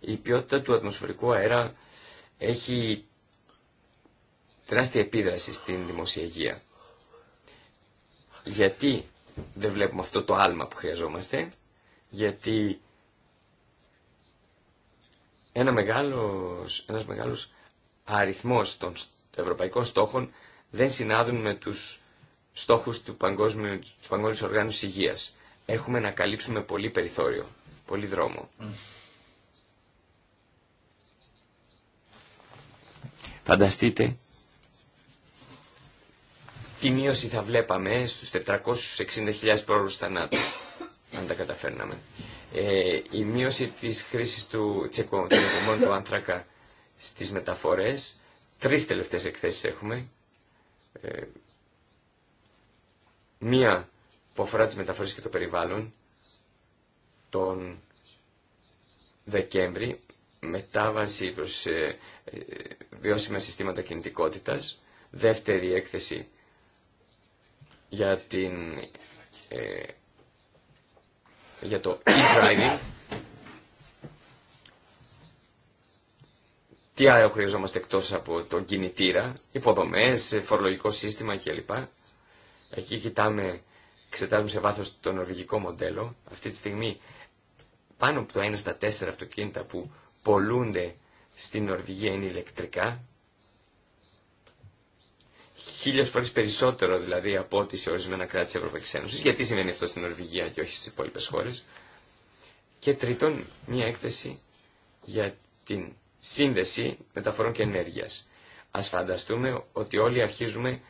η ποιότητα του ατμοσφαιρικού αέρα έχει τεράστια επίδραση στην δημόσια υγεία. Γιατί δεν βλέπουμε αυτό το άλμα που χρειαζόμαστε, γιατί ένα μεγάλος, ένας μεγάλος αριθμός των ευρωπαϊκών στόχων δεν συνάδουν με τους στόχους του Παγκόσμιου, του Παγκόσμιου Οργάνωσης Υγείας. Έχουμε να καλύψουμε πολύ περιθώριο, πολύ δρόμο. Φανταστείτε τι μείωση θα βλέπαμε στους 460.000 πρόωρους θανάτου, αν τα καταφέρναμε. Ε, η μείωση της χρήσης του τσεκομών του άνθρακα στις μεταφορές, τρεις τελευταίες εκθέσεις έχουμε. Ε, μία που αφορά τις μεταφορές και το περιβάλλον, τον Δεκέμβρη, μετάβαση προς ε, ε, βιώσιμα συστήματα κινητικότητας, δεύτερη έκθεση για, την, ε, για το e-driving. Τι άλλο χρειαζόμαστε εκτός από τον κινητήρα, υποδομές, φορολογικό σύστημα κλπ. Εκεί κοιτάμε, εξετάζουμε σε βάθος το νορβηγικό μοντέλο. Αυτή τη στιγμή πάνω από το 1 στα 4 αυτοκίνητα που πολλούνται στην Νορβηγία είναι ηλεκτρικά. Χίλιε φορέ περισσότερο δηλαδή από ό,τι σε ορισμένα κράτη τη Ευρωπαϊκή Ένωση. Γιατί σημαίνει αυτό στην Νορβηγία και όχι στι υπόλοιπε χώρε. Και τρίτον, μια έκθεση για την σύνδεση μεταφορών και ενέργεια. Α φανταστούμε ότι όλοι αρχίζουμε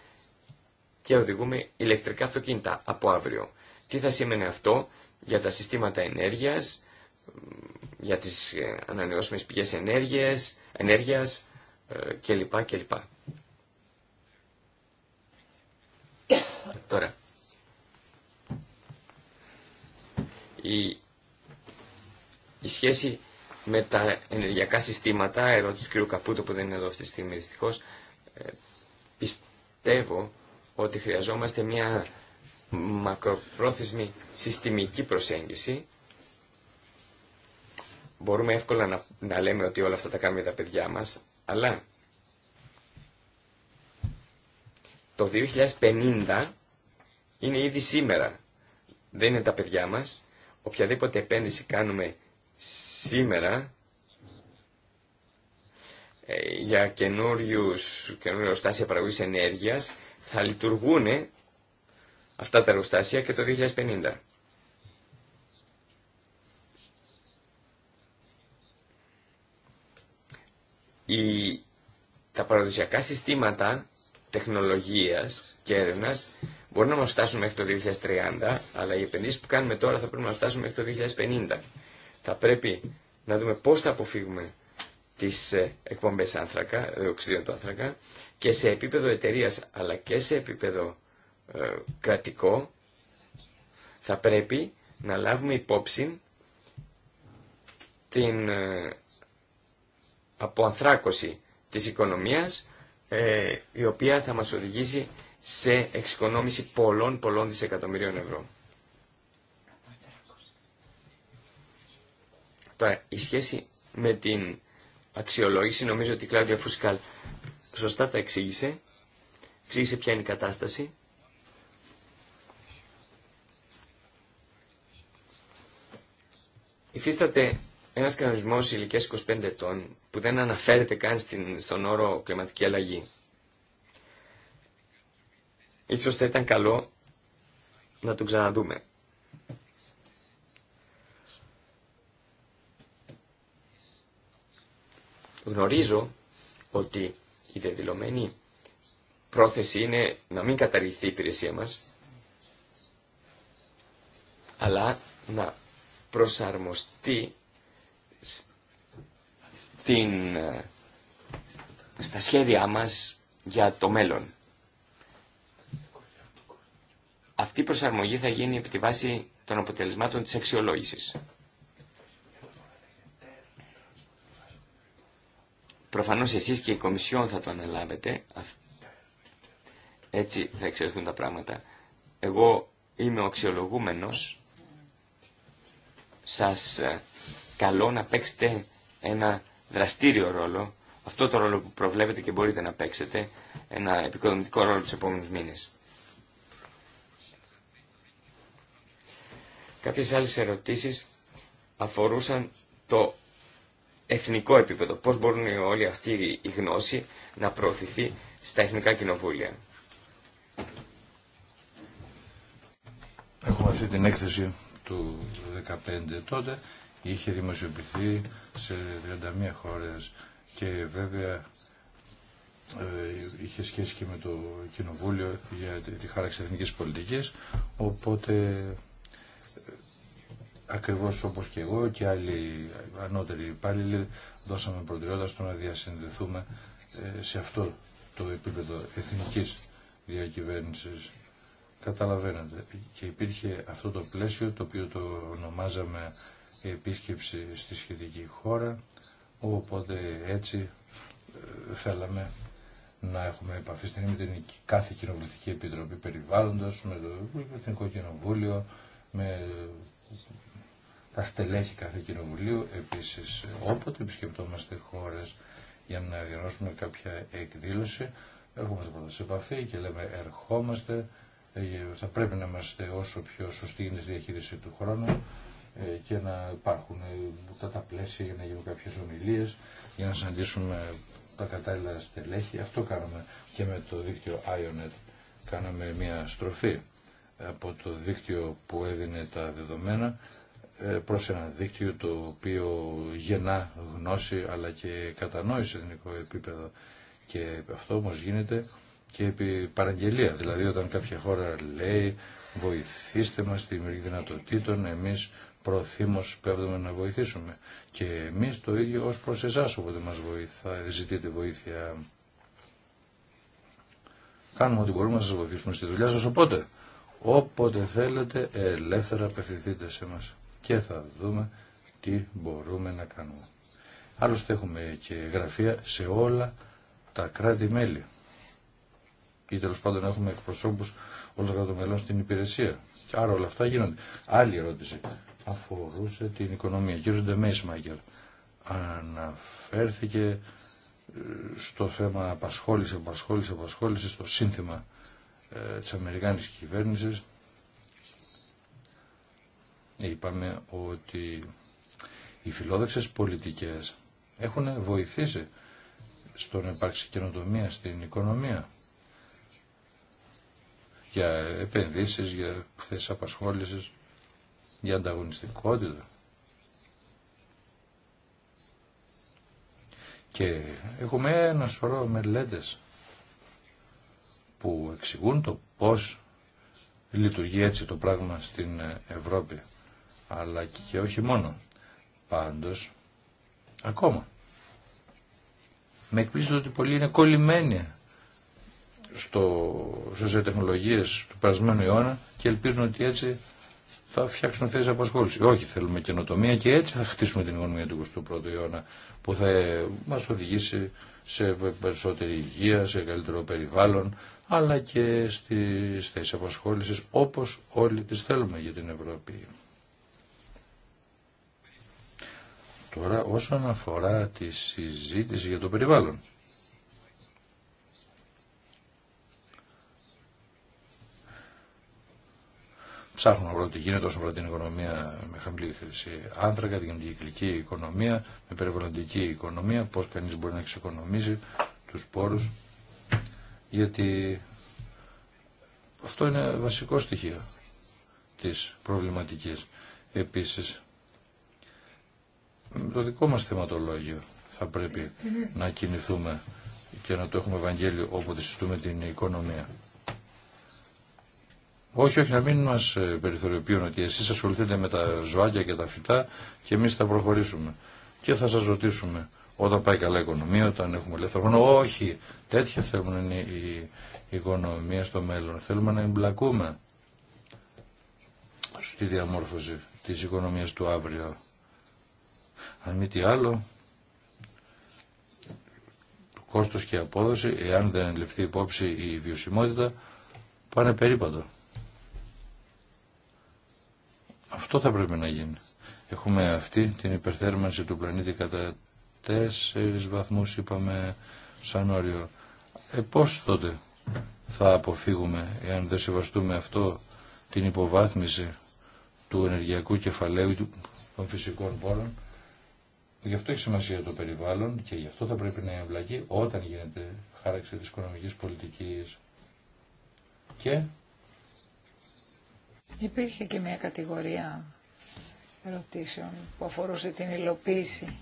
και οδηγούμε ηλεκτρικά αυτοκίνητα από αύριο. Τι θα σημαίνει αυτό για τα συστήματα ενέργειας, για τις ε, ανανεώσιμες πηγές ενέργειας, ενέργειας ε, κλπ. κλπ. Τώρα, η, η σχέση με τα ενεργειακά συστήματα, ερώτηση του κ. Καπούτο που δεν είναι εδώ αυτή τη στιγμή δυστυχώς, ε, πιστεύω ότι χρειαζόμαστε μια μακροπρόθεσμη συστημική προσέγγιση μπορούμε εύκολα να, λέμε ότι όλα αυτά τα κάνουμε για τα παιδιά μας, αλλά το 2050 είναι ήδη σήμερα. Δεν είναι τα παιδιά μας. Οποιαδήποτε επένδυση κάνουμε σήμερα ε, για καινούριους, καινούργια εργοστάσια παραγωγής ενέργειας θα λειτουργούν αυτά τα εργοστάσια και το 2050. η, τα παραδοσιακά συστήματα τεχνολογίας και έρευνας μπορούν να μας φτάσουν μέχρι το 2030, αλλά οι επενδύσεις που κάνουμε τώρα θα πρέπει να φτάσουν μέχρι το 2050. Θα πρέπει να δούμε πώς θα αποφύγουμε τις ε, εκπομπές άνθρακα, ε, οξυδίων του άνθρακα και σε επίπεδο εταιρεία αλλά και σε επίπεδο ε, κρατικό θα πρέπει να λάβουμε υπόψη την ανθράκωση της οικονομίας ε, η οποία θα μας οδηγήσει σε εξοικονόμηση πολλών πολλών δισεκατομμυρίων ευρώ. Τώρα, η σχέση με την αξιολόγηση, νομίζω ότι η Κλάουδια Φουσκάλ σωστά τα εξήγησε, εξήγησε ποια είναι η κατάσταση. Υφίσταται ένας κανονισμός ηλικίας 25 ετών που δεν αναφέρεται καν στην, στον όρο κλιματική αλλαγή. Ίσως θα ήταν καλό να τον ξαναδούμε. Γνωρίζω ότι η δεδηλωμένη πρόθεση είναι να μην καταργηθεί η υπηρεσία μας, αλλά να προσαρμοστεί στην, στα σχέδιά μας για το μέλλον. Αυτή η προσαρμογή θα γίνει επί τη βάση των αποτελεσμάτων της αξιολόγησης. Προφανώς εσείς και η Κομισιόν θα το αναλάβετε. Έτσι θα εξελιχθούν τα πράγματα. Εγώ είμαι ο αξιολογούμενος. Σας ε, καλό να παίξετε ένα δραστήριο ρόλο, αυτό το ρόλο που προβλέπετε και μπορείτε να παίξετε, ένα επικοδομητικό ρόλο τους επόμενους μήνες. Κάποιες άλλες ερωτήσεις αφορούσαν το εθνικό επίπεδο. Πώς μπορούν όλη αυτή η γνώση να προωθηθεί στα εθνικά κοινοβούλια. Έχουμε αυτή την έκθεση του 2015 τότε είχε δημοσιοποιηθεί σε 31 χώρες και βέβαια ε, είχε σχέση και με το Κοινοβούλιο για τη χάραξη εθνικής πολιτικής, οπότε ε, ακριβώς όπως και εγώ και άλλοι ανώτεροι υπάλληλοι δώσαμε προτεραιότητα στο να διασυνδεθούμε ε, σε αυτό το επίπεδο εθνικής διακυβέρνησης. Καταλαβαίνετε. Και υπήρχε αυτό το πλαίσιο το οποίο το ονομάζαμε επίσκεψη στη σχετική χώρα, οπότε έτσι ε, θέλαμε να έχουμε επαφή στην με την κάθε κοινοβουλευτική επιτροπή περιβάλλοντος, με το Εθνικό Κοινοβούλιο, με τα στελέχη κάθε κοινοβουλίου, επίσης όποτε επισκεπτόμαστε χώρες για να διορθώσουμε κάποια εκδήλωση, έχουμε πρώτα σε επαφή και λέμε ερχόμαστε, ε, θα πρέπει να είμαστε όσο πιο σωστοί είναι στη διαχείριση του χρόνου ε, και να υπάρχουν ε, αυτά τα πλαίσια για να γίνουν κάποιες ομιλίες, για να συναντήσουμε τα κατάλληλα στελέχη. Αυτό κάναμε και με το δίκτυο IONET. Κάναμε μια στροφή από το δίκτυο που έδινε τα δεδομένα ε, προς ένα δίκτυο το οποίο γεννά γνώση αλλά και κατανόηση σε εθνικό επίπεδο. Και αυτό όμως γίνεται και επί παραγγελία. Δηλαδή όταν κάποια χώρα λέει βοηθήστε μας στη δυνατοτήτων, εμείς προθύμως πέφτουμε να βοηθήσουμε. Και εμείς το ίδιο ως προς εσάς όποτε μας ζητείτε βοήθεια. Κάνουμε ό,τι μπορούμε να σας βοηθήσουμε στη δουλειά σας, οπότε όποτε θέλετε ελεύθερα απευθυνθείτε σε μας και θα δούμε τι μπορούμε να κάνουμε. Άλλωστε έχουμε και γραφεία σε όλα τα κράτη-μέλη ή τέλο πάντων έχουμε εκπροσώπους όλων των κρατών μελών στην υπηρεσία. Άρα όλα αυτά γίνονται. Άλλη ερώτηση αφορούσε την οικονομία. Κύριο Ντεμέσμαγκερ αναφέρθηκε ε, στο θέμα απασχόληση, απασχόληση, απασχόληση, στο σύνθημα ε, της Αμερικάνικης κυβέρνησης. Είπαμε ότι οι φιλόδεξες πολιτικές έχουν βοηθήσει στον να υπάρξει καινοτομία στην οικονομία για επενδύσεις, για θέσεις απασχόλησης για ανταγωνιστικότητα. Και έχουμε ένα σωρό μελέτες που εξηγούν το πώς λειτουργεί έτσι το πράγμα στην Ευρώπη. Αλλά και όχι μόνο. Πάντως, ακόμα. Με εκπλήσει ότι πολλοί είναι κολλημένοι στο, στις τεχνολογίες του περασμένου αιώνα και ελπίζουν ότι έτσι θα φτιάξουν θέσει απασχόληση. Όχι, θέλουμε καινοτομία και έτσι θα χτίσουμε την οικονομία του 21ου αιώνα που θα μα οδηγήσει σε περισσότερη υγεία, σε καλύτερο περιβάλλον, αλλά και στι θέσει απασχόληση όπω όλοι τι θέλουμε για την Ευρώπη. Τώρα όσον αφορά τη συζήτηση για το περιβάλλον. ψάχνω να βρω τι γίνεται όσον αφορά την οικονομία με χαμηλή χρήση άνθρακα, την κυκλική οικονομία, με περιβαλλοντική οικονομία, πώς κανείς μπορεί να εξοικονομήσει τους πόρους, γιατί αυτό είναι βασικό στοιχείο της προβληματικής. Επίσης, με το δικό μας θεματολόγιο θα πρέπει να κινηθούμε και να το έχουμε Ευαγγέλιο όποτε συζητούμε την οικονομία. Όχι, όχι, να μην μας ε, περιθωριοποιούν ότι εσείς ασχοληθείτε με τα ζωάκια και τα φυτά και εμείς θα προχωρήσουμε. Και θα σας ρωτήσουμε όταν πάει καλά η οικονομία, όταν έχουμε ελεύθερο χρόνο. Όχι, τέτοια θέλουμε να είναι η οικονομία στο μέλλον. Θέλουμε να εμπλακούμε στη διαμόρφωση της οικονομίας του αύριο. Αν μη τι άλλο, κόστος και απόδοση, εάν δεν ληφθεί υπόψη η βιωσιμότητα, πάνε περίπατο. Αυτό θα πρέπει να γίνει. Έχουμε αυτή την υπερθέρμανση του πλανήτη κατά τέσσερις βαθμούς είπαμε σαν όριο. Ε, τότε θα αποφύγουμε εάν δεν σεβαστούμε αυτό την υποβάθμιση του ενεργειακού κεφαλαίου των φυσικών πόρων. Γι' αυτό έχει σημασία το περιβάλλον και γι' αυτό θα πρέπει να εμπλακεί όταν γίνεται χάραξη της οικονομικής πολιτικής. Και Υπήρχε και μια κατηγορία ερωτήσεων που αφορούσε την υλοποίηση.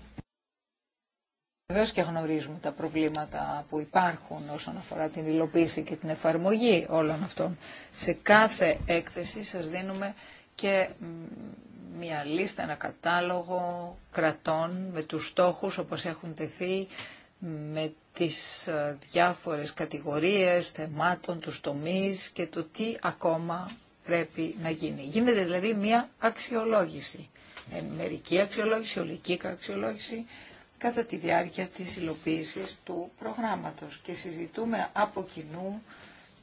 Βεβαίω και γνωρίζουμε τα προβλήματα που υπάρχουν όσον αφορά την υλοποίηση και την εφαρμογή όλων αυτών. Σε κάθε έκθεση σας δίνουμε και μια λίστα, ένα κατάλογο κρατών με τους στόχους όπως έχουν τεθεί, με τις ε, διάφορες κατηγορίες θεμάτων, τους τομείς και το τι ακόμα πρέπει να γίνει. Γίνεται δηλαδή μια αξιολόγηση. Ε, μερική αξιολόγηση, ολική αξιολόγηση κατά τη διάρκεια της υλοποίησης του προγράμματος και συζητούμε από κοινού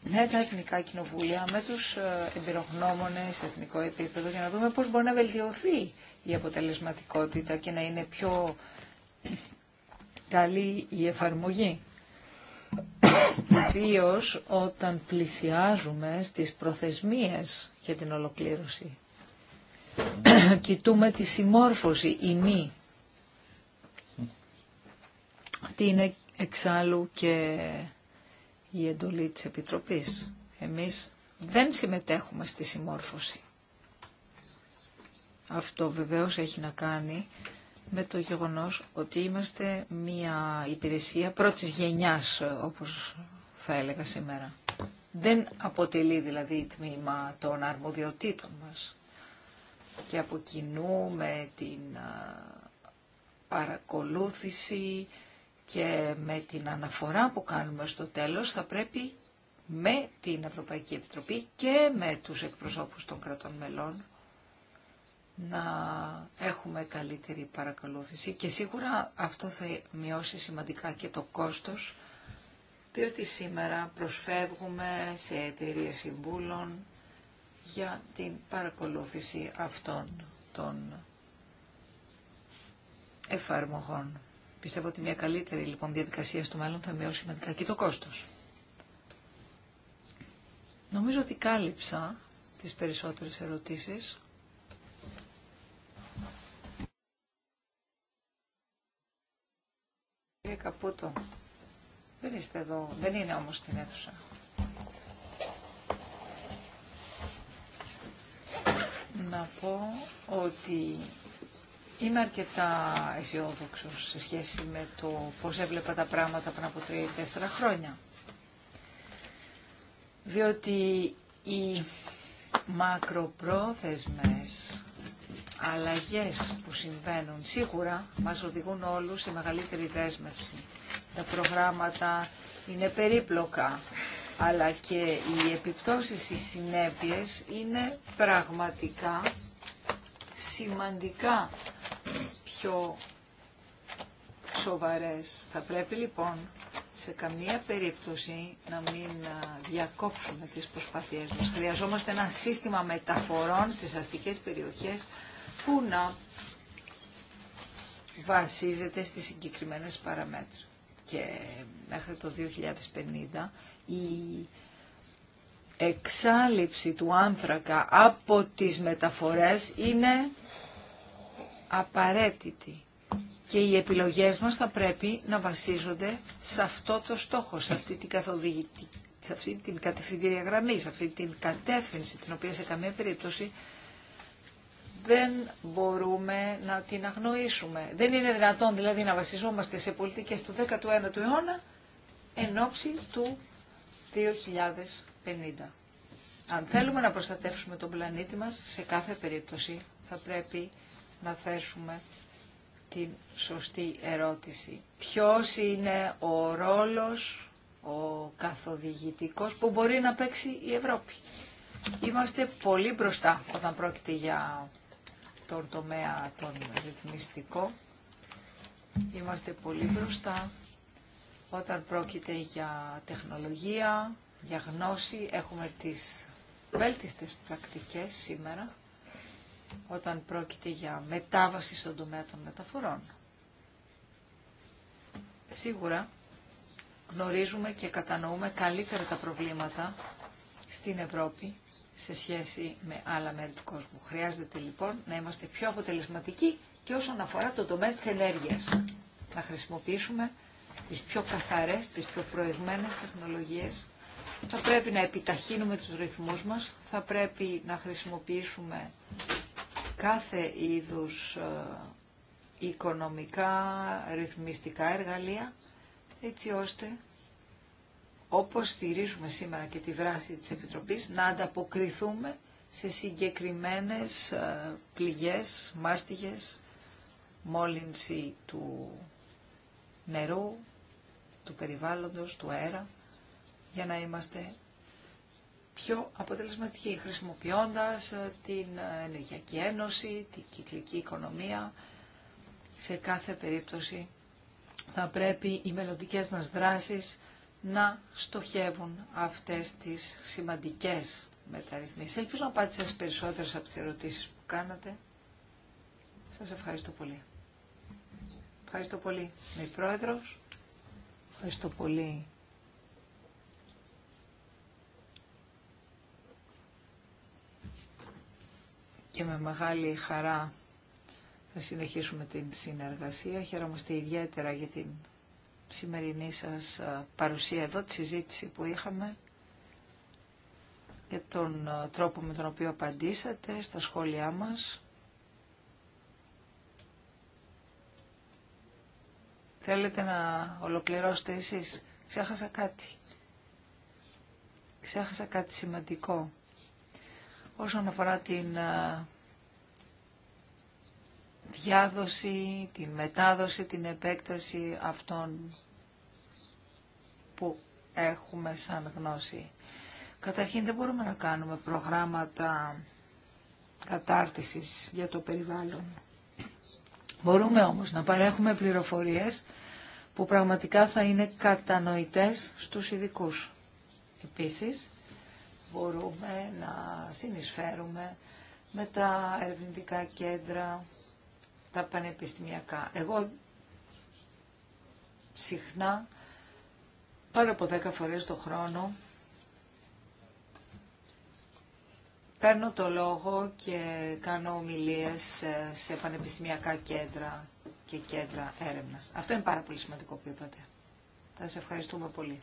με τα εθνικά κοινοβούλια, με τους ε, εμπειρογνώμονες σε εθνικό επίπεδο για να δούμε πώς μπορεί να βελτιωθεί η αποτελεσματικότητα και να είναι πιο καλή η εφαρμογή. Ιδίω όταν πλησιάζουμε στις προθεσμίες για την ολοκλήρωση. Κοιτούμε τη συμμόρφωση, η μη. Αυτή είναι εξάλλου και η εντολή της Επιτροπής. Εμείς δεν συμμετέχουμε στη συμμόρφωση. Αυτό βεβαίως έχει να κάνει με το γεγονός ότι είμαστε μια υπηρεσία πρώτης γενιάς, όπως θα έλεγα σήμερα. Δεν αποτελεί δηλαδή τμήμα των αρμοδιοτήτων μας. Και από κοινού με την παρακολούθηση και με την αναφορά που κάνουμε στο τέλος θα πρέπει με την Ευρωπαϊκή Επιτροπή και με τους εκπροσώπους των κρατών μελών να έχουμε καλύτερη παρακολούθηση και σίγουρα αυτό θα μειώσει σημαντικά και το κόστος διότι σήμερα προσφεύγουμε σε εταιρείε συμβούλων για την παρακολούθηση αυτών των εφαρμογών. Πιστεύω ότι μια καλύτερη λοιπόν διαδικασία στο μέλλον θα μειώσει σημαντικά και το κόστος. Νομίζω ότι κάλυψα τις περισσότερες ερωτήσεις. Καπούτο. Δεν είστε εδώ. Δεν είναι όμως στην αίθουσα. Να πω ότι είμαι αρκετά αισιόδοξο σε σχέση με το πώς έβλεπα τα πράγματα πριν από τρία ή τέσσερα χρόνια. Διότι οι μακροπρόθεσμες αλλαγές που συμβαίνουν σίγουρα μας οδηγούν όλους σε μεγαλύτερη δέσμευση. Τα προγράμματα είναι περίπλοκα, αλλά και οι επιπτώσεις, οι συνέπειες είναι πραγματικά σημαντικά πιο σοβαρές. Θα πρέπει λοιπόν σε καμία περίπτωση να μην διακόψουμε τις προσπάθειές μας. Χρειαζόμαστε ένα σύστημα μεταφορών στις αστικές περιοχές που να βασίζεται στις συγκεκριμένες παραμέτρους. Και μέχρι το 2050 η εξάλληψη του άνθρακα από τις μεταφορές είναι απαραίτητη. Και οι επιλογές μας θα πρέπει να βασίζονται σε αυτό το στόχο, σε αυτή την καθοδηγητική σε αυτή την κατευθυντήρια γραμμή, σε αυτή την κατεύθυνση, την οποία σε καμία περίπτωση δεν μπορούμε να την αγνοήσουμε. Δεν είναι δυνατόν δηλαδή να βασιζόμαστε σε πολιτικές του 19ου αιώνα εν ώψη του 2050. Αν θέλουμε να προστατεύσουμε τον πλανήτη μας, σε κάθε περίπτωση θα πρέπει να θέσουμε την σωστή ερώτηση. Ποιος είναι ο ρόλος, ο καθοδηγητικός που μπορεί να παίξει η Ευρώπη. Είμαστε πολύ μπροστά όταν πρόκειται για τον τομέα τον ρυθμιστικό. Είμαστε πολύ μπροστά όταν πρόκειται για τεχνολογία, για γνώση. Έχουμε τις βέλτιστες πρακτικές σήμερα όταν πρόκειται για μετάβαση στον τομέα των μεταφορών. Σίγουρα γνωρίζουμε και κατανοούμε καλύτερα τα προβλήματα στην Ευρώπη σε σχέση με άλλα μέρη του κόσμου. Χρειάζεται λοιπόν να είμαστε πιο αποτελεσματικοί και όσον αφορά το τομέα της ενέργειας. Να χρησιμοποιήσουμε τις πιο καθαρές, τις πιο προηγμένες τεχνολογίες. Θα πρέπει να επιταχύνουμε τους ρυθμούς μας, θα πρέπει να χρησιμοποιήσουμε κάθε είδους ε, οικονομικά, ρυθμιστικά εργαλεία, έτσι ώστε όπως στηρίζουμε σήμερα και τη δράση της Επιτροπής, να ανταποκριθούμε σε συγκεκριμένες ε, πληγές, μάστιγες, μόλυνση του νερού, του περιβάλλοντος, του αέρα, για να είμαστε πιο αποτελεσματικοί, χρησιμοποιώντας ε, την Ενεργειακή Ένωση, την κυκλική οικονομία. Σε κάθε περίπτωση θα πρέπει οι μελλοντικέ μας δράσεις να στοχεύουν αυτές τις σημαντικές μεταρρυθμίσεις. Ελπίζω να πάτε σε περισσότερες από τις ερωτήσεις που κάνατε. Σας ευχαριστώ πολύ. Ευχαριστώ πολύ, με πρόεδρος. Ευχαριστώ πολύ. Και με μεγάλη χαρά θα συνεχίσουμε την συνεργασία. Χαίρομαστε ιδιαίτερα για την σημερινή σας ε, παρουσία εδώ, τη συζήτηση που είχαμε για τον ε, τρόπο με τον οποίο απαντήσατε στα σχόλιά μας. Θέλετε να ολοκληρώσετε εσείς. Ξέχασα κάτι. Ξέχασα κάτι σημαντικό. Όσον αφορά την ε, διάδοση, την μετάδοση, την επέκταση αυτών που έχουμε σαν γνώση. Καταρχήν δεν μπορούμε να κάνουμε προγράμματα κατάρτισης για το περιβάλλον. Μπορούμε όμως να παρέχουμε πληροφορίες που πραγματικά θα είναι κατανοητές στους ειδικού. Επίσης, μπορούμε να συνεισφέρουμε με τα ερευνητικά κέντρα τα πανεπιστημιακά. Εγώ συχνά πάνω από 10 φορές το χρόνο παίρνω το λόγο και κάνω ομιλίες ε, σε πανεπιστημιακά κέντρα και κέντρα έρευνας. Αυτό είναι πάρα πολύ σημαντικό που είπατε. Θα σε ευχαριστούμε πολύ.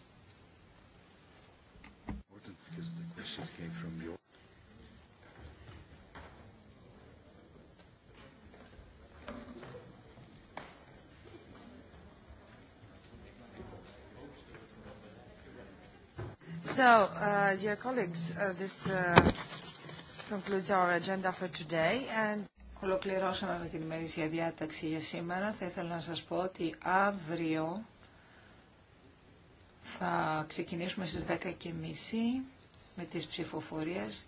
So, uh, dear colleagues, uh, this uh, concludes our agenda for today. And... Ολοκληρώσαμε την ημερήσια διάταξη για σήμερα. Θα ήθελα να σας πω ότι αύριο θα ξεκινήσουμε στις 10.30 με τις ψηφοφορίες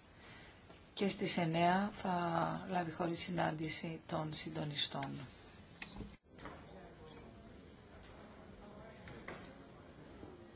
και στις 9 θα λάβει χωρίς συνάντηση των συντονιστών.